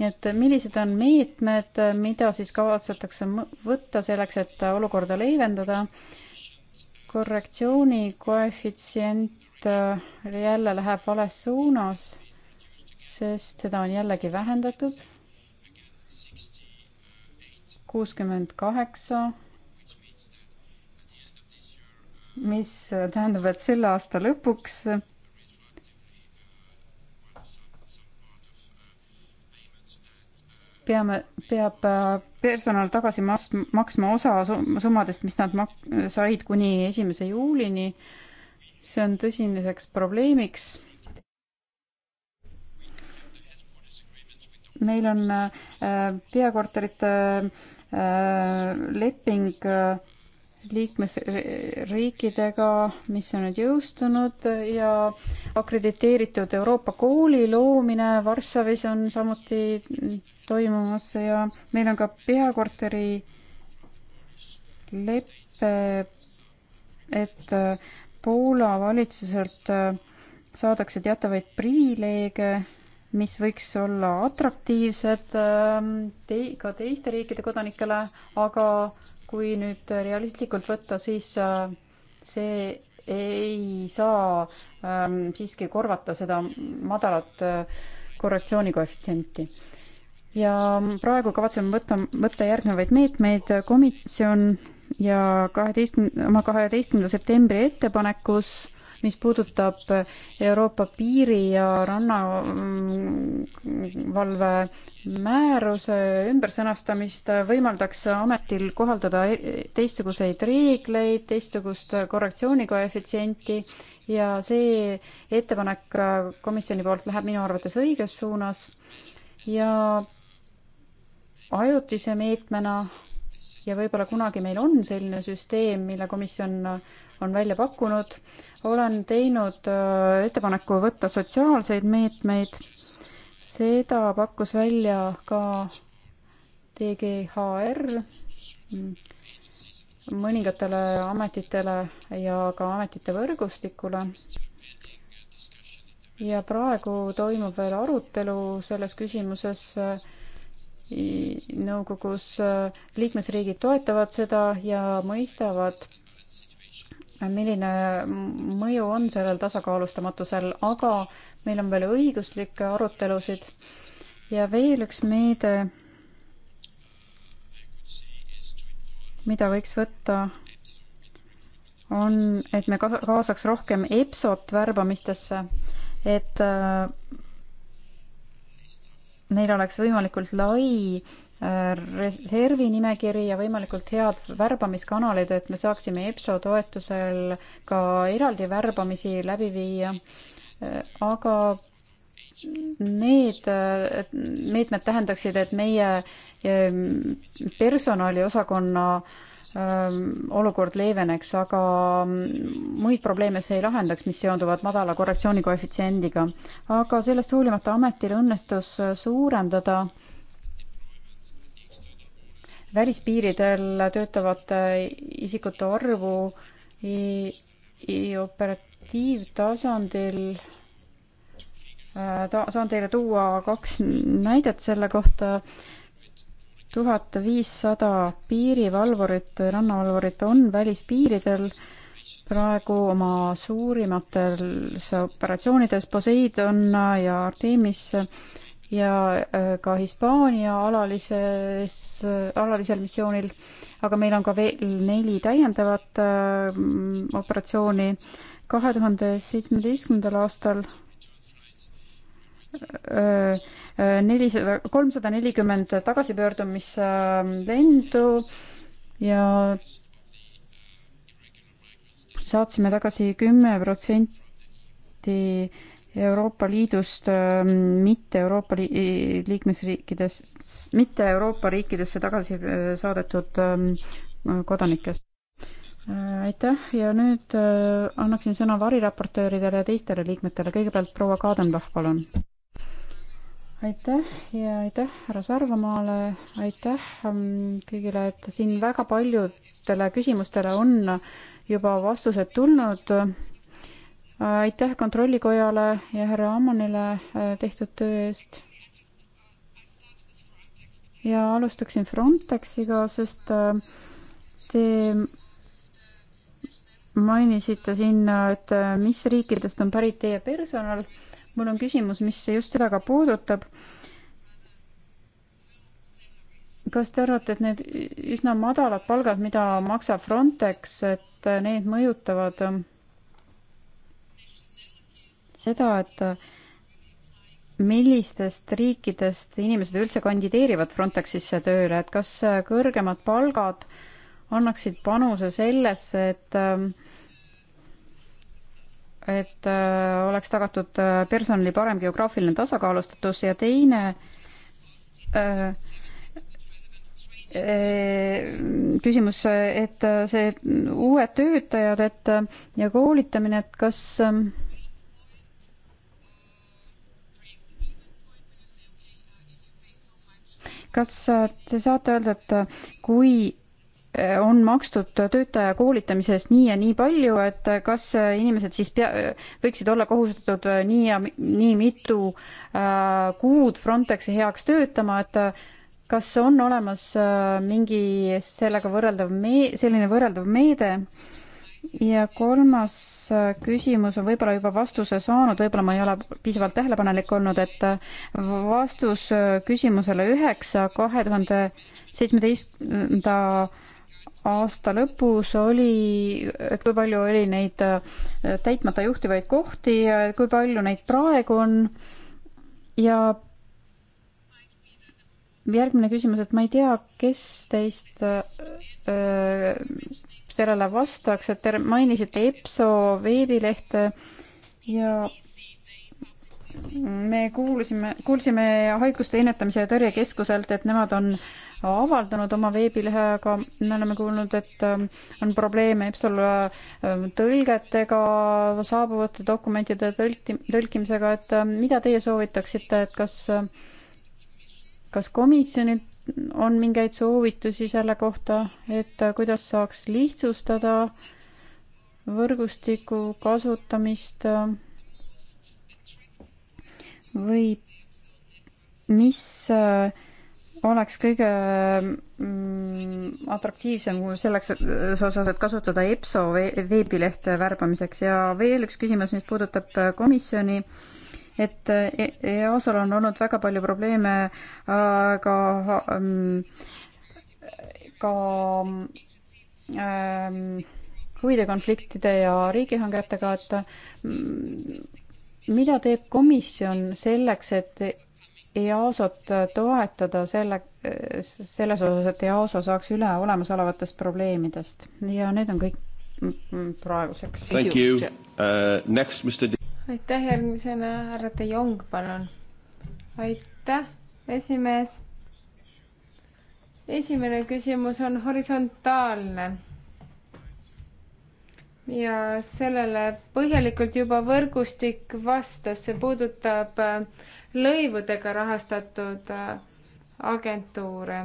nii et millised on meetmed, mida siis kavatsetakse võtta selleks, et olukorda leevendada? korrektsioonikoefitsient äh, jälle läheb vales suunas, sest seda on jällegi vähendatud. kuuskümmend kaheksa mis tähendab, et selle aasta lõpuks peame, peab äh, personal tagasi mas-, maksma osa summadest, mis nad mak-, said kuni esimese juulini. see on tõsiseks probleemiks. meil on äh, peakorterite äh, leping äh, liikmesriikidega, mis on nüüd jõustunud ja akrediteeritud Euroopa kooli loomine Varssavis on samuti toimumas ja meil on ka peakorteri leppe, et Poola valitsuselt saadakse teatavaid privileege, mis võiks olla atraktiivsed ähm, te ka teiste riikide kodanikele, aga kui nüüd realistlikult võtta, siis äh, see ei saa ähm, siiski korvata seda madalat äh, korrektsioonikoefitsienti. ja praegu kavatseme võtta, võtta järgnevaid meetmeid, komisjon ja kaheteistkümne, oma kaheteistkümnenda septembri ettepanekus mis puudutab Euroopa piiri- ja rannavalve määruse ümbersõnastamist, võimaldaks ametil kohaldada e-, teistsuguseid reegleid, teistsugust korrektsioonikoefitsienti ja see ettepanek komisjoni poolt läheb minu arvates õiges suunas ja ajutise meetmena ja võib-olla kunagi meil on selline süsteem, mille komisjon on välja pakkunud. olen teinud äh, ettepaneku võtta sotsiaalseid meetmeid. seda pakkus välja ka DGHR mm, mõningatele ametitele ja ka ametite võrgustikule ja praegu toimub veel arutelu selles küsimuses äh, nõukogus. Äh, liikmesriigid toetavad seda ja mõistavad, milline mõju on sellel tasakaalustamatusel, aga meil on veel õiguslikke arutelusid ja veel üks meede, mida võiks võtta, on, et me kaasaks rohkem EPSO-t värbamistesse, et äh, meil oleks võimalikult lai reservi nimekiri ja võimalikult head värbamiskanalid, et me saaksime EPSO toetusel ka eraldi värbamisi läbi viia, aga need meetmed tähendaksid, et meie ehm, personaliosakonna ehm, olukord leeveneks, aga muid probleeme see ei lahendaks, mis seonduvad madala korrektsioonikoefitsiendiga. aga sellest hoolimata ametil õnnestus suurendada äh, välispiiridel töötavate isikute arvu operatiivtasandil äh, ta-, saan teile tuua kaks näidet selle kohta, tuhat viissada piirivalvurit, rannavalvurit on välispiiridel praegu oma suurimates operatsioonides Poseidon ja Artemis ja äh, ka Hispaania alalises, alalisel missioonil, aga meil on ka veel neli täiendavat äh, operatsiooni. kahe tuhande seitsmeteistkümnendal aastal äh, nelisada, kolmsada nelikümmend tagasipöördumislendu ja saatsime tagasi kümme protsenti Euroopa Liidust ähm, mitte Euroopa liikmesriikides, mitte Euroopa riikidesse tagasi äh, saadetud ähm, kodanikest. Äh, aitäh ja nüüd äh, annaksin sõna variraportööridele ja teistele liikmetele, kõigepealt proua Kadenbach, palun. aitäh ja aitäh härra Sarvamaale, aitäh ähm, kõigile, et siin väga paljudele küsimustele on juba vastused tulnud aitäh Kontrollikojale ja härra Ammanile äh, tehtud töö eest. ja alustaksin Frontexiga, sest äh, te mainisite siin, äh, et mis riikidest on pärit teie personal. mul on küsimus, mis just seda ka puudutab. kas te arvate, et need üsna madalad palgad, mida maksab Frontex, et need mõjutavad seda, et äh, millistest riikidest inimesed üldse kandideerivad Frontexisse tööle, et kas äh, kõrgemad palgad annaksid panuse sellesse, et äh, et oleks tagatud personali parem geograafiline tasakaalustatus ja teine äh, küsimus, et see uued töötajad, et ja koolitamine, et kas äh, kas äh, te saate öelda, et äh, kui äh, on makstud töötaja koolitamise eest nii ja nii palju, et kas inimesed siis pea, võiksid olla kohustatud nii ja nii mitu kuud Frontexi heaks töötama, et kas on olemas mingi sellega võrreldav me-, selline võrreldav meede, ja kolmas äh, küsimus on võib-olla juba vastuse saanud, võib-olla ma ei ole piisavalt tähelepanelik olnud, et äh, vastus äh, küsimusele üheksa kahe tuhande seitsmeteistkümnenda aasta lõpus oli, et kui palju oli neid täitmata juhtivaid kohti ja kui palju neid praegu on ja järgmine küsimus, et ma ei tea, kes teist öö, sellele vastaks, et te mainisite EPSO veebilehte ja me kuulusime, kuulsime Haiguste Ennetamise ja Tõrje Keskuselt, et nemad on avaldanud oma veebilehe, aga me oleme kuulnud, et ähm, on probleeme EPSO-l ähm, tõlgetega, saabuvate dokumentide tõlki-, tõlkimisega, et ähm, mida teie soovitaksite, et kas kas komisjonilt on mingeid soovitusi selle kohta, et kuidas saaks lihtsustada võrgustiku kasutamist või mis oleks kõige mm, atraktiivsem selleks osas, et kasutada EPSO veebilehte värbamiseks ja veel üks küsimus, mis puudutab komisjoni äh, et EASO-l on olnud väga palju probleeme mm, ka ka mm, huvide konfliktide ja riigihangetega, et mm, mida teeb komisjon selleks, et EASO-t toetada selle, selles osas, et EASO saaks üle olemasolevatest probleemidest ja need on kõik praeguseks. Thank you uh,, next Mr aitäh, järgmisena härra De Jong, palun. aitäh,
esimees. esimene küsimus on horisontaalne ja sellele põhjalikult juba võrgustik vastas, see puudutab äh, lõivudega rahastatud äh, agentuure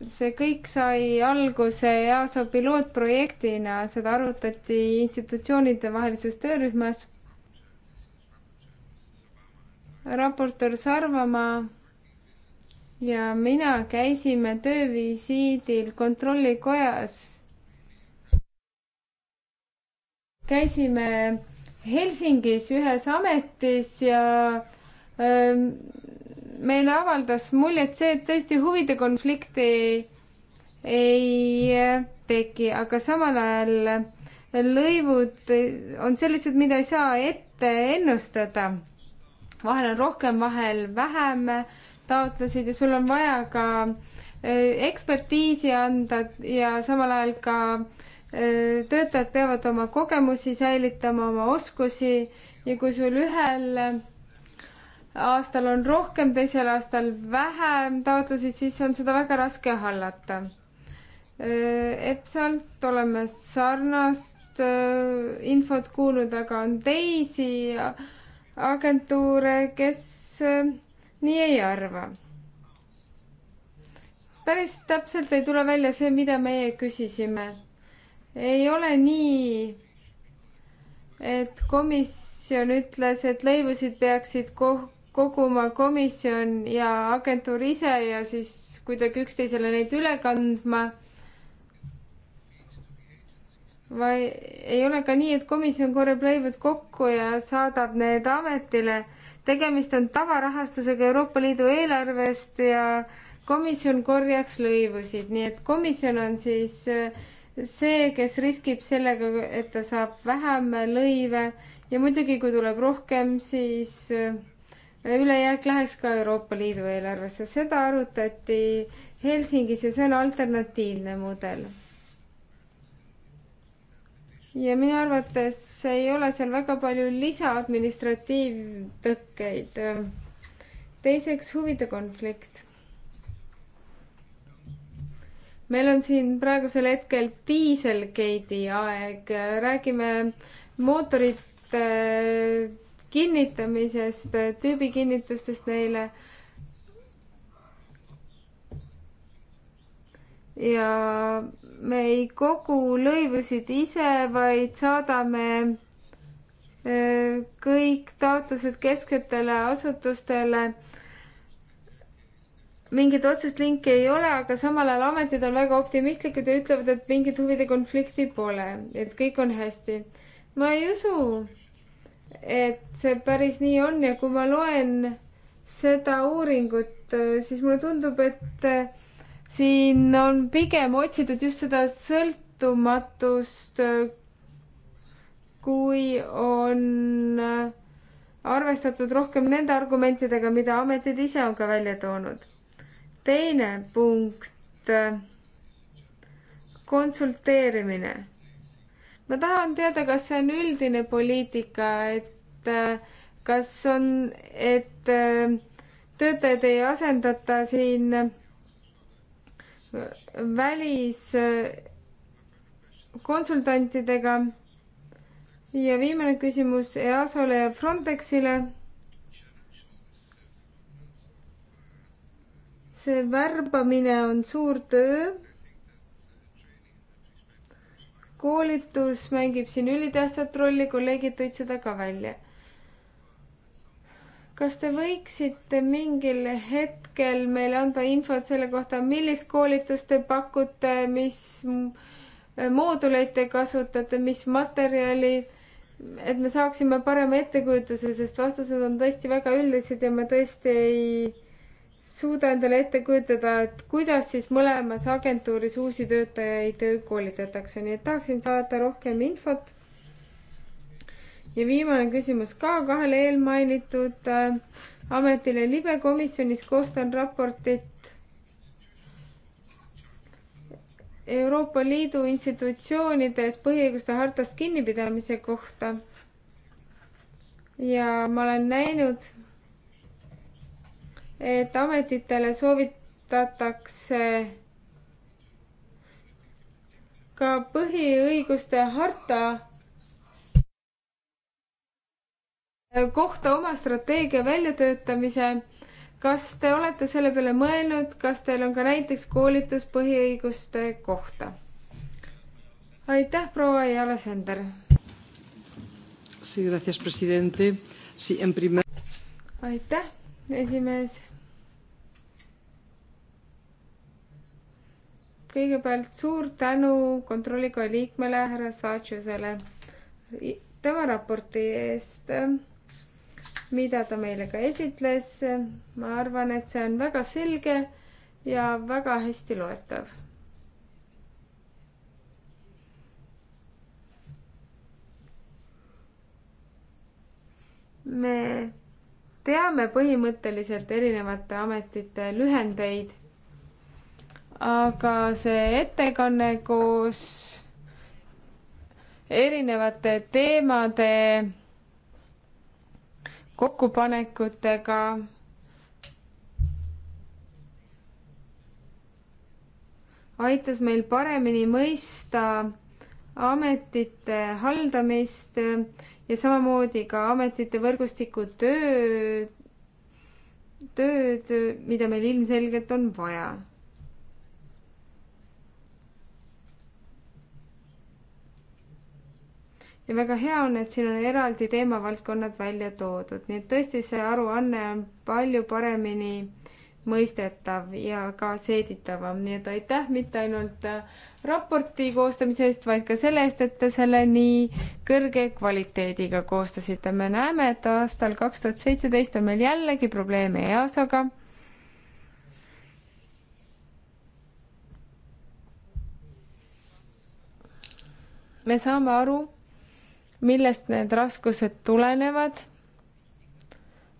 see kõik sai alguse EASO pilootprojektina, seda arutati institutsioonide vahelises töörühmas. raportöör Sarvamaa ja mina käisime töövisiidil kontrollikojas. käisime Helsingis ühes ametis ja öö, ähm, meile avaldas muljet see, et tõesti huvide konflikti ei äh, teki, aga samal ajal äh, lõivud äh, on sellised, mida ei saa ette ennustada. vahel on rohkem, vahel vähem taotlesid ja sul on vaja ka ekspertiisi anda ja samal ajal ka töötajad peavad oma kogemusi säilitama, oma oskusi ja kui sul ühel aastal on rohkem, teisel aastal vähem taotlusi, siis on seda väga raske hallata. Äh, EPSA-lt oleme sarnast äh, infot kuulnud, aga on teisi agentuure, kes äh, nii ei arva. päris täpselt ei tule välja see, mida meie küsisime. ei ole nii, et komisjon ütles, et lõivusid peaksid koh-, koguma komisjon ja agentuur ise ja siis kuidagi üksteisele neid üle kandma. või ei ole ka nii, et komisjon korjab lõivud kokku ja saadab need ametile. tegemist on tavarahastusega Euroopa Liidu eelarvest ja komisjon korjaks lõivusid, nii et komisjon on siis eh, see, kes riskib sellega, et ta saab vähem lõive ja muidugi, kui tuleb rohkem, siis eh, ülejääk läheks ka Euroopa Liidu eelarvesse, seda arutati Helsingis ja see on alternatiivne mudel. ja minu arvates ei ole seal väga palju lisaadministratiivtõkkeid. teiseks huvide konflikt. meil on siin praegusel hetkel diiselgeidi aeg, räägime mootorit kinnitamisest, tüübikinnitustest neile. ja me ei kogu lõivusid ise, vaid saadame äh, kõik taotlused kesksetele asutustele mingit otsest linki ei ole, aga samal ajal ametid on väga optimistlikud ja ütlevad, et mingit huvide konflikti pole, et kõik on hästi. ma ei usu, et see päris nii on ja kui ma loen seda uuringut, siis mulle tundub, et eh, siin on pigem otsitud just seda sõltumatust, kui on eh, arvestatud rohkem nende argumentidega, mida ametid ise on ka välja toonud. teine punkt, eh, konsulteerimine ma tahan teada, kas see on üldine poliitika, et äh, kas on, et äh, töötajaid ei asendata siin äh, väliskonsultantidega. ja viimane küsimus EASO-le ja Frontexile see värbamine on suur töö koolitus mängib siin ülitähtsat rolli, kolleegid tõid seda ka välja. kas te võiksite mingil hetkel meile anda infot selle kohta, millist koolitust te pakute, mis mooduleid te kasutate, mis materjali, et me saaksime parema ettekujutuse, sest vastused on tõesti väga üldised ja ma tõesti ei suuda endale ette kujutada, et kuidas siis mõlemas agentuuris uusi töötajaid koolitatakse, nii et tahaksin saada rohkem infot. ja viimane küsimus ka kahele eelmainitud äh, ametile libe komisjonis koostan raportit Euroopa Liidu institutsioonides põhiõiguste hartast kinnipidamise kohta. ja ma olen näinud, et ametitele soovitatakse ka põhiõiguste harta kohta oma strateegia väljatöötamise. kas te olete selle peale mõelnud, kas teil on ka näiteks koolitus põhiõiguste kohta? aitäh, proua Jala Sender. aitäh, esimees kõigepealt suur tänu kontrollikoja liikmele härra Saatšusele tema raporti eest, mida ta meile ka esitles. ma arvan, et see on väga selge ja väga hästi loetav. me teame põhimõtteliselt erinevate ametite lühendeid aga see ettekanne koos erinevate teemade kokkupanekutega aitas meil paremini mõista ametite haldamist ja samamoodi ka ametite võrgustiku töö, tööd, mida meil ilmselgelt on vaja. ja väga hea on, et siin on eraldi teemavaldkonnad välja toodud, nii et tõesti see aruanne on palju paremini mõistetav ja ka seeditavam, nii et aitäh mitte ainult äh, raporti koostamise eest, vaid ka selle eest, et te selle nii kõrge kvaliteediga koostasite. me näeme, et aastal kaks tuhat seitseteist on meil jällegi probleeme EASO-ga me saame aru, millest need raskused tulenevad.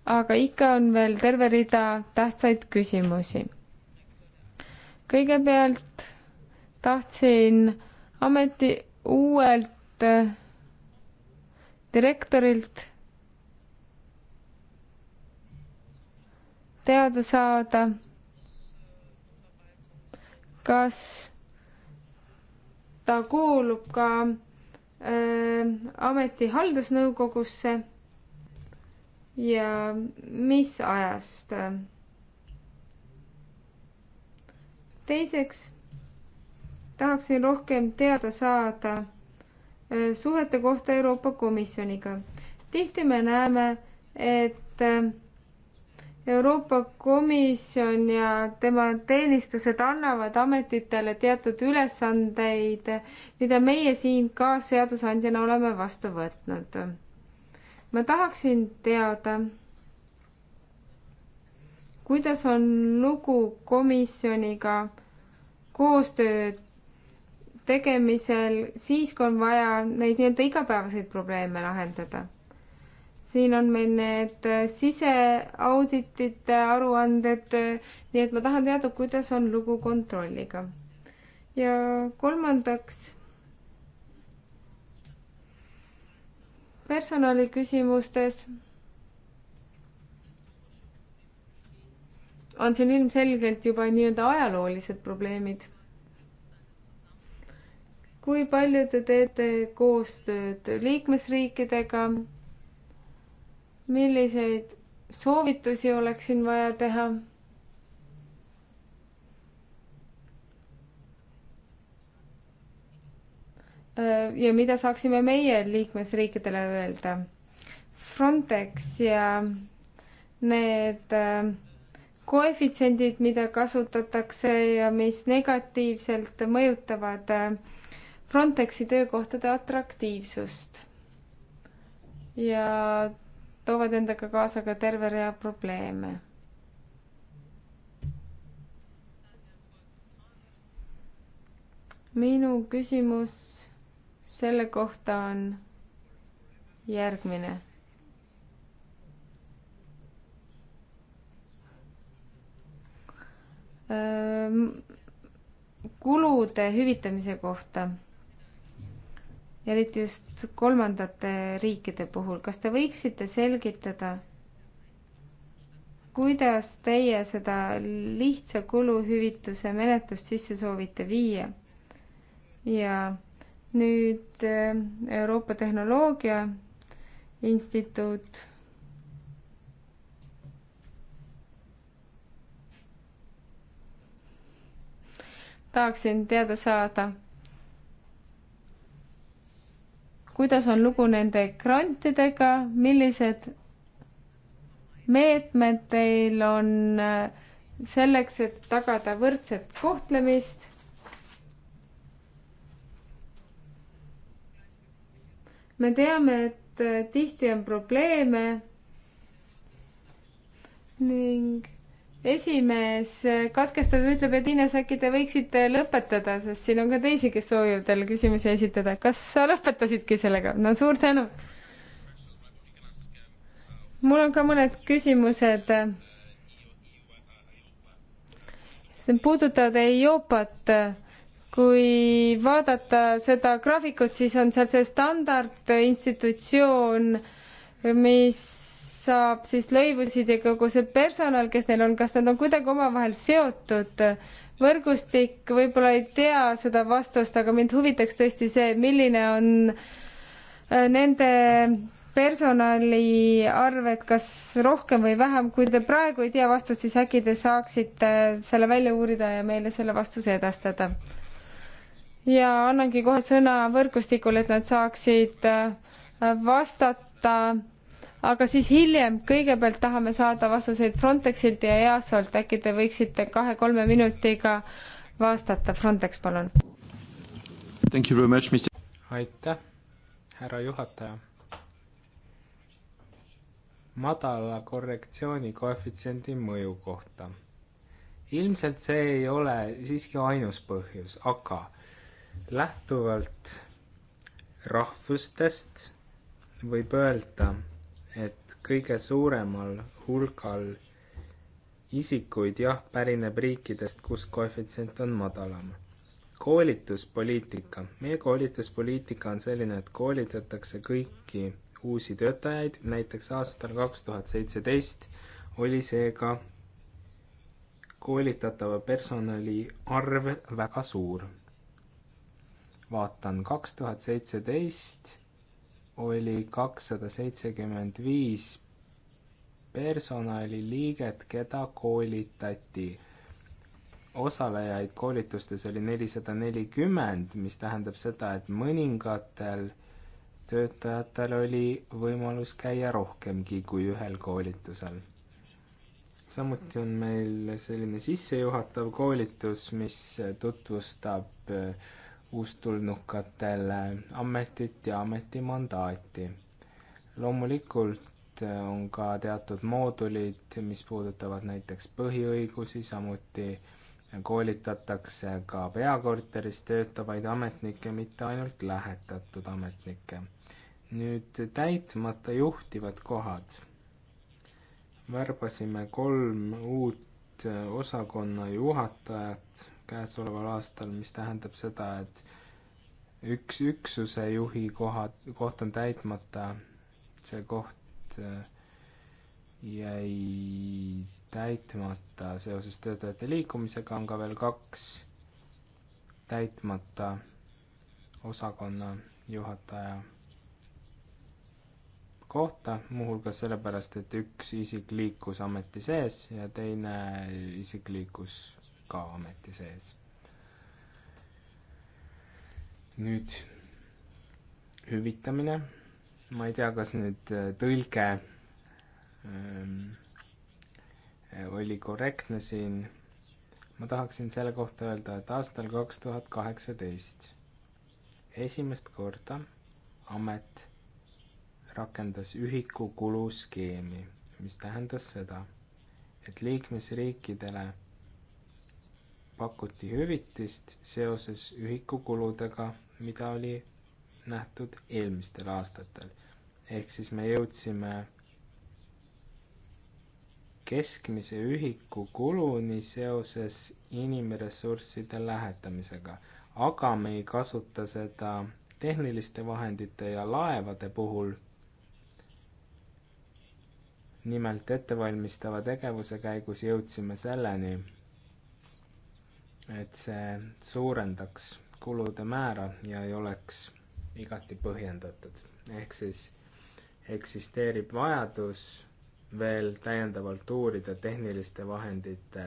aga ikka on veel terve rida tähtsaid küsimusi. kõigepealt tahtsin ameti uuelt äh, direktorilt teada saada, kas ta kuulub ka ameti haldusnõukogusse ja mis ajast? teiseks tahaksin rohkem teada saada suhete kohta Euroopa Komisjoniga. tihti me näeme, et Euroopa Komisjon ja tema teenistused annavad ametitele teatud ülesandeid, mida meie siin ka seadusandjana oleme vastu võtnud. ma tahaksin teada, kuidas on lugu komisjoniga koostöö tegemisel siis, kui on vaja neid nii-öelda igapäevaseid probleeme lahendada siin on meil need äh, siseauditite aruanded, äh, nii et ma tahan teada, kuidas on lugu kontrolliga. ja kolmandaks personaliküsimustes on siin ilmselgelt juba nii-öelda ajaloolised probleemid. kui palju te teete koostööd liikmesriikidega? milliseid soovitusi oleks siin vaja teha? Äh, ja mida saaksime meie liikmesriikidele öelda? Frontex ja need äh, koefitsiendid, mida kasutatakse ja mis negatiivselt mõjutavad äh, Frontexi töökohtade atraktiivsust ja toovad endaga kaasa ka terve rea probleeme. minu küsimus selle kohta on järgmine. kulude hüvitamise kohta eriti just kolmandate riikide puhul. kas te võiksite selgitada, kuidas teie seda lihtsa kuluhüvituse menetlust sisse soovite viia? ja nüüd äh, Euroopa Tehnoloogia Instituut tahaksin teada saada, kuidas on lugu nende grantidega, millised meetmed teil on äh, selleks, et tagada võrdset kohtlemist. me teame, et äh, tihti on probleeme ning esimees katkestab ja ütleb, et Ines, äkki te võiksite lõpetada, sest siin on ka teisi, kes soovivad talle küsimusi esitada. kas sa lõpetasidki sellega? no suur tänu. mul on ka mõned küsimused. puudutavad EIOPA-t. kui vaadata seda graafikut, siis on seal see standardinstitutsioon, mis maksab siis lõivusid ja kogu see personal, kes neil on, kas nad on kuidagi omavahel seotud? võrgustik võib-olla ei tea seda vastust, aga mind huvitaks tõesti see, milline on äh, nende personaliarved, kas rohkem või vähem, kui te praegu ei tea vastust, siis äkki te saaksite selle välja uurida ja meile selle vastuse edastada. ja annangi kohe sõna võrgustikule, et nad saaksid äh, vastata aga siis hiljem kõigepealt tahame saada vastuseid Frontexilt ja EASO-lt, äkki te võiksite kahe-kolme minutiga vastata, Frontex,
palun. aitäh, härra juhataja. madala korrektsiooni koefitsiendi mõju kohta. ilmselt see ei ole siiski ainus põhjus, aga lähtuvalt rahvustest võib öelda et kõige suuremal hulgal isikuid jah, pärineb riikidest, kus koefitsient on madalam. koolituspoliitika. meie koolituspoliitika on selline, et koolitatakse kõiki uusi töötajaid, näiteks aastal kaks tuhat seitseteist oli seega koolitatava personali arv väga suur. vaatan, kaks tuhat seitseteist oli kakssada seitsekümmend viis personaliliiget, keda koolitati. osalejaid koolitustes oli nelisada nelikümmend, mis tähendab seda, et mõningatel töötajatel oli võimalus käia rohkemgi kui ühel koolitusel. samuti on meil selline sissejuhatav koolitus, mis tutvustab äh, uustulnukatele ametit ja ametimandaati. loomulikult äh, on ka teatud moodulid, mis puudutavad näiteks põhiõigusi, samuti koolitatakse ka peakorteris töötavaid ametnikke, mitte ainult lähetatud ametnikke. nüüd täitmata juhtivad kohad. värbasime kolm uut äh, osakonna juhatajat käesoleval aastal, mis tähendab seda, et üks üksuse juhi kohad, koht on täitmata, see koht äh, jäi täitmata seoses töötajate liikumisega, on ka veel kaks täitmata osakonna juhataja kohta, muuhulgas sellepärast, et üks isik liikus ameti sees ja teine isik liikus ka ameti sees. nüüd hüvitamine, ma ei tea, kas nüüd äh, tõlge ähm, äh, oli korrektne siin, ma tahaksin selle kohta öelda, et aastal kaks tuhat kaheksateist esimest korda amet rakendas ühiku kuluskeemi, mis tähendas seda, et liikmesriikidele pakuti hüvitist seoses ühikukuludega, mida oli nähtud eelmistel aastatel. ehk siis me jõudsime keskmise ühiku kuluni seoses inimressursside lähetamisega, aga me ei kasuta seda tehniliste vahendite ja laevade puhul. nimelt ettevalmistava tegevuse käigus jõudsime selleni et see suurendaks kulude määra ja ei oleks igati põhjendatud. ehk siis eksisteerib vajadus veel täiendavalt uurida tehniliste vahendite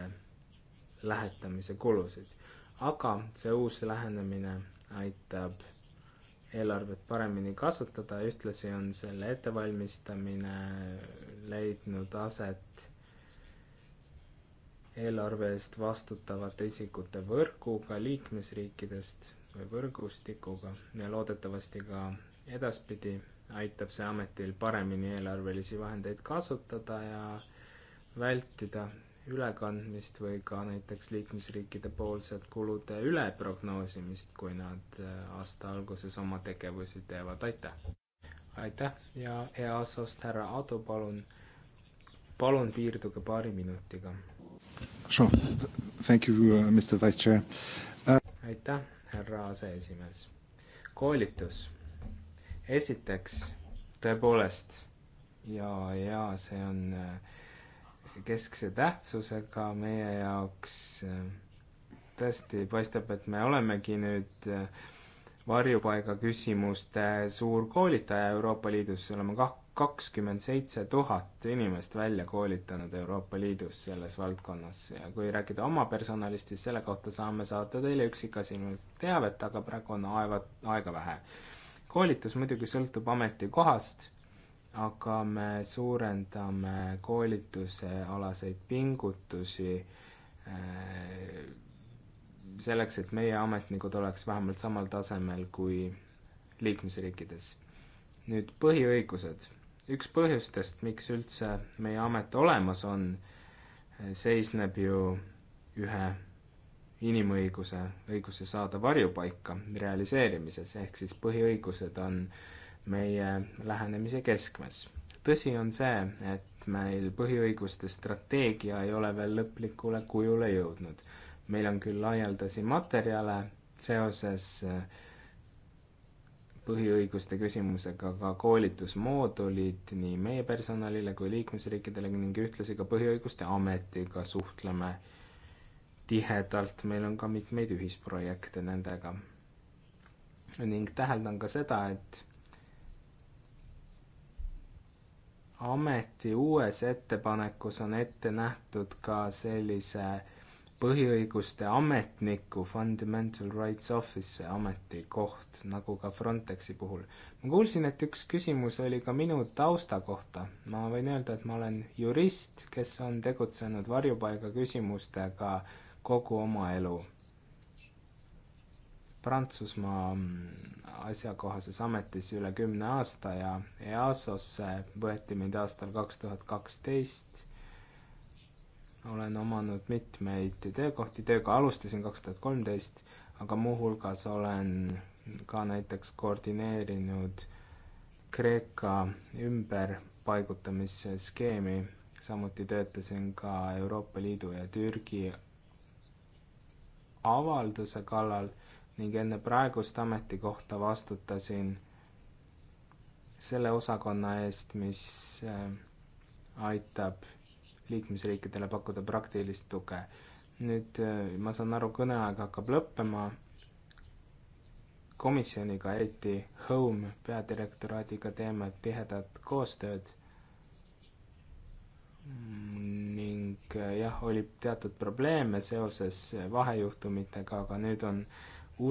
lähetamise kulusid. aga see uus lähenemine aitab eelarvet paremini kasutada, ühtlasi on selle ettevalmistamine leidnud aset eelarve eest vastutavate isikute võrguga liikmesriikidest või võrgustikuga ja loodetavasti ka edaspidi aitab see ametil paremini eelarvelisi vahendeid kasutada ja vältida ülekandmist või ka näiteks liikmesriikide poolset kulude üleprognoosimist, kui nad äh, aasta alguses oma tegevusi teevad, aitäh! aitäh ja EASO-st härra Adu, palun, palun piirduge paari minutiga Sure. Thank you, uh, Mr Vice Chair uh.... aitäh, härra aseesimees. koolitus. esiteks, tõepoolest ja, ja see on äh, keskse tähtsusega meie jaoks. Äh, tõesti paistab, et me olemegi nüüd äh, varjupaiga küsimuste suur koolitaja Euroopa Liidus, oleme kah kakskümmend seitse tuhat inimest välja koolitanud Euroopa Liidus selles valdkonnas ja kui rääkida oma personalist, siis selle kohta saame saata teile üksikasjalikumalt teavet, aga praegu on aeva, aega vähe. koolitus muidugi sõltub ametikohast, aga me suurendame koolitusealaseid pingutusi äh, selleks, et meie ametnikud oleks vähemalt samal tasemel kui liikmesriikides. nüüd põhiõigused üks põhjustest, miks üldse meie amet olemas on, seisneb ju ühe inimõiguse, õiguse saada varjupaika realiseerimises, ehk siis põhiõigused on meie lähenemise keskmes. tõsi on see, et meil põhiõiguste strateegia ei ole veel lõplikule kujule jõudnud. meil on küll laialdasi materjale seoses äh, põhiõiguste küsimusega ka koolitusmoodulid nii meie personalile kui liikmesriikidele ning ühtlasi ka Põhiõiguste Ametiga suhtleme tihedalt, meil on ka mitmeid ühisprojekte nendega. ning täheldan ka seda, et ameti uues ettepanekus on ette nähtud ka sellise põhiõiguste ametniku Fundamental Rights Office ametikoht, nagu ka Frontexi puhul. ma kuulsin, et üks küsimus oli ka minu tausta kohta. ma võin öelda, et ma olen jurist, kes on tegutsenud varjupaiga küsimustega kogu oma elu. Prantsusmaa mm, asjakohases ametis üle kümne aasta ja EASO-sse võeti mind aastal kaks tuhat kaksteist olen omanud mitmeid töökohti, tööga alustasin kaks tuhat kolmteist, aga muuhulgas olen ka näiteks koordineerinud Kreeka ümberpaigutamise skeemi, samuti töötasin ka Euroopa Liidu ja Türgi avalduse kallal ning enne praegust ametikohta vastutasin selle osakonna eest, mis äh, aitab liikmesriikidele pakkuda praktilist tuge. nüüd äh, ma saan aru, kõneaeg hakkab lõppema, komisjoniga, eriti Home peadirektoraadiga teeme tihedat koostööd ning äh, jah, oli teatud probleeme seoses vahejuhtumitega, aga nüüd on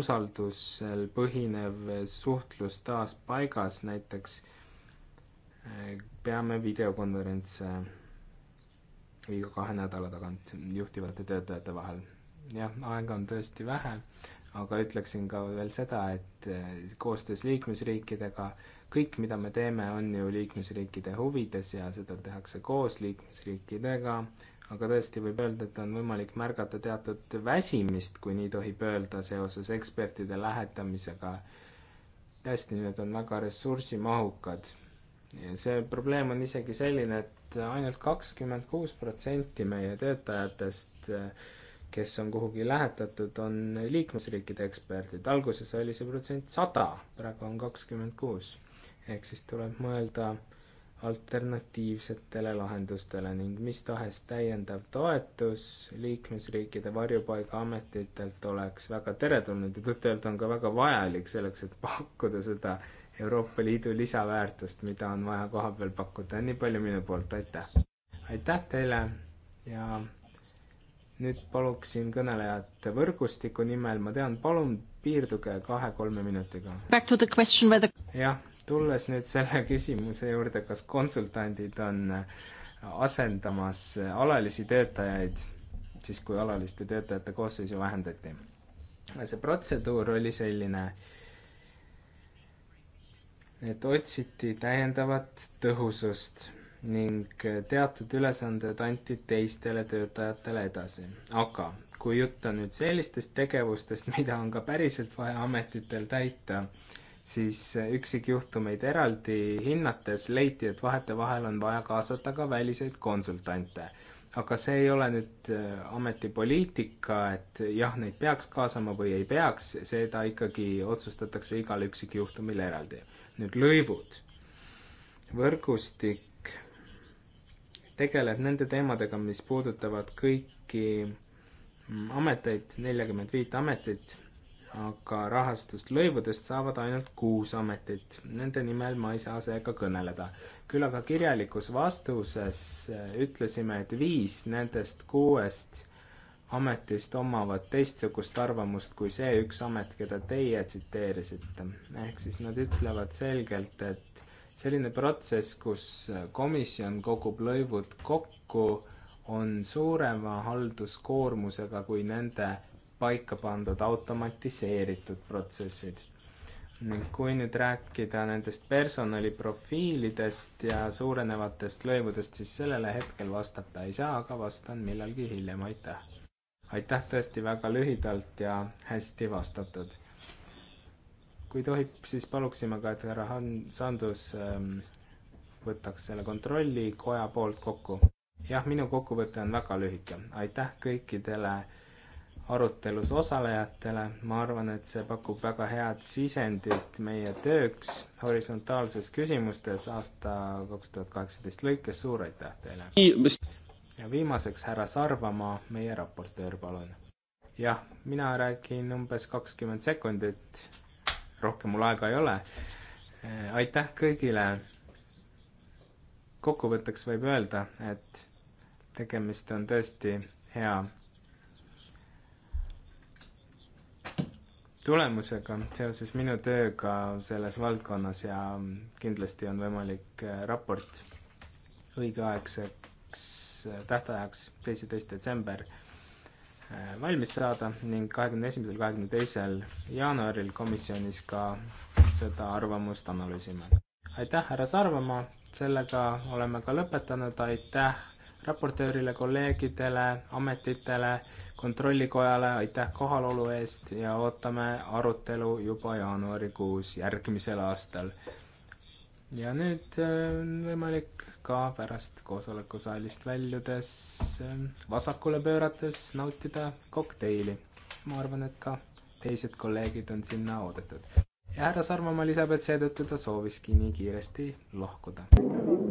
usaldusel põhinev suhtlus taas paigas, näiteks äh, peame videokonverentse iga kahe nädala tagant juhtivate töötajate vahel. jah, aega on tõesti vähe, aga ütleksin ka veel seda, et eh, koostöös liikmesriikidega kõik, mida me teeme, on ju liikmesriikide huvides ja seda tehakse koos liikmesriikidega, aga tõesti võib öelda, et on võimalik märgata teatud väsimist, kui nii tohib öelda, seoses ekspertide lähetamisega. tõesti, need on väga ressursimahukad. see probleem on isegi selline, et et ainult kakskümmend kuus protsenti meie töötajatest, kes on kuhugi lähetatud, on liikmesriikide eksperdid. alguses oli see protsent sada, praegu on kakskümmend kuus. ehk siis tuleb mõelda alternatiivsetele lahendustele ning mis tahes täiendav toetus liikmesriikide varjupaigaametitelt oleks väga teretulnud ja tõtt-öelda on ka väga vajalik selleks, et pakkuda seda äh, Euroopa Liidu lisaväärtust, mida on vaja koha peal pakkuda. nii palju minu poolt, aitäh! aitäh teile ja nüüd paluksin kõnelejate võrgustiku nimel, ma tean, palun piirduge kahe-kolme minutiga.
Whether...
jah, tulles nüüd selle küsimuse juurde, kas konsultandid on asendamas alalisi töötajaid, siis kui alaliste töötajate koosseisu vähendati. see protseduur oli selline äh, et otsiti täiendavat tõhusust ning teatud ülesanded anti teistele töötajatele edasi. aga kui jutt on nüüd sellistest tegevustest, mida on ka päriselt vaja ametitel täita, siis üksikjuhtumeid eraldi hinnates leiti, et vahetevahel on vaja kaasata ka väliseid konsultante. aga see ei ole nüüd äh, ametipoliitika, et jah, neid peaks kaasama või ei peaks, seda ikkagi otsustatakse igal üksikjuhtumil eraldi nüüd lõivud. võrgustik tegeleb nende teemadega, mis puudutavad kõiki mm, ameteid, neljakümmend viit ametit, aga rahastust lõivudest saavad ainult kuus ametit. Nende nimel ma ei saa seega kõneleda. küll aga kirjalikus vastuses äh, ütlesime, et viis nendest kuuest ametist omavad teistsugust arvamust kui see üks amet, keda teie tsiteerisite. ehk siis nad ütlevad selgelt, et selline protsess, kus komisjon kogub lõivud kokku, on suurema halduskoormusega kui nende paika pandud automatiseeritud protsessid. ning kui nüüd rääkida nendest personaliprofiilidest ja suurenevatest lõivudest, siis sellele hetkel vastata ei saa, aga vastan millalgi hiljem, aitäh! aitäh tõesti väga lühidalt ja hästi vastatud. kui tohib, siis paluksime ka, et härra Han-, Sandus ähm, võtaks selle kontrolli koja poolt kokku. jah, minu kokkuvõte on väga lühike. aitäh kõikidele arutelus osalejatele, ma arvan, et see pakub väga head sisendit meie tööks horisontaalses küsimustes aasta kaks tuhat kaheksateist lõikes, suur aitäh teile! ja viimaseks härra Sarvamaa, meie raportöör, palun. jah, mina räägin umbes kakskümmend sekundit, rohkem mul aega ei ole. Eh, aitäh kõigile. kokkuvõtteks võib öelda, et tegemist on tõesti hea tulemusega seoses minu tööga selles valdkonnas ja kindlasti on võimalik eh, raport õigeaegseks tähtajaks, seitseteist detsember, äh, valmis saada ning kahekümne esimesel, kahekümne teisel jaanuaril komisjonis ka seda arvamust analüüsima. aitäh, härra Sarvamaa, sellega oleme ka lõpetanud, aitäh raportöörile, kolleegidele, ametitele, kontrollikojale, aitäh kohalolu eest ja ootame arutelu juba jaanuarikuus järgmisel aastal. ja nüüd on äh, võimalik ka pärast koosolekusaalist väljudes äh, vasakule pöörates nautida kokteili. ma arvan, et ka teised kolleegid on sinna oodatud. ja härra Sarvamaa lisab, et seetõttu ta sooviski nii kiiresti lahkuda.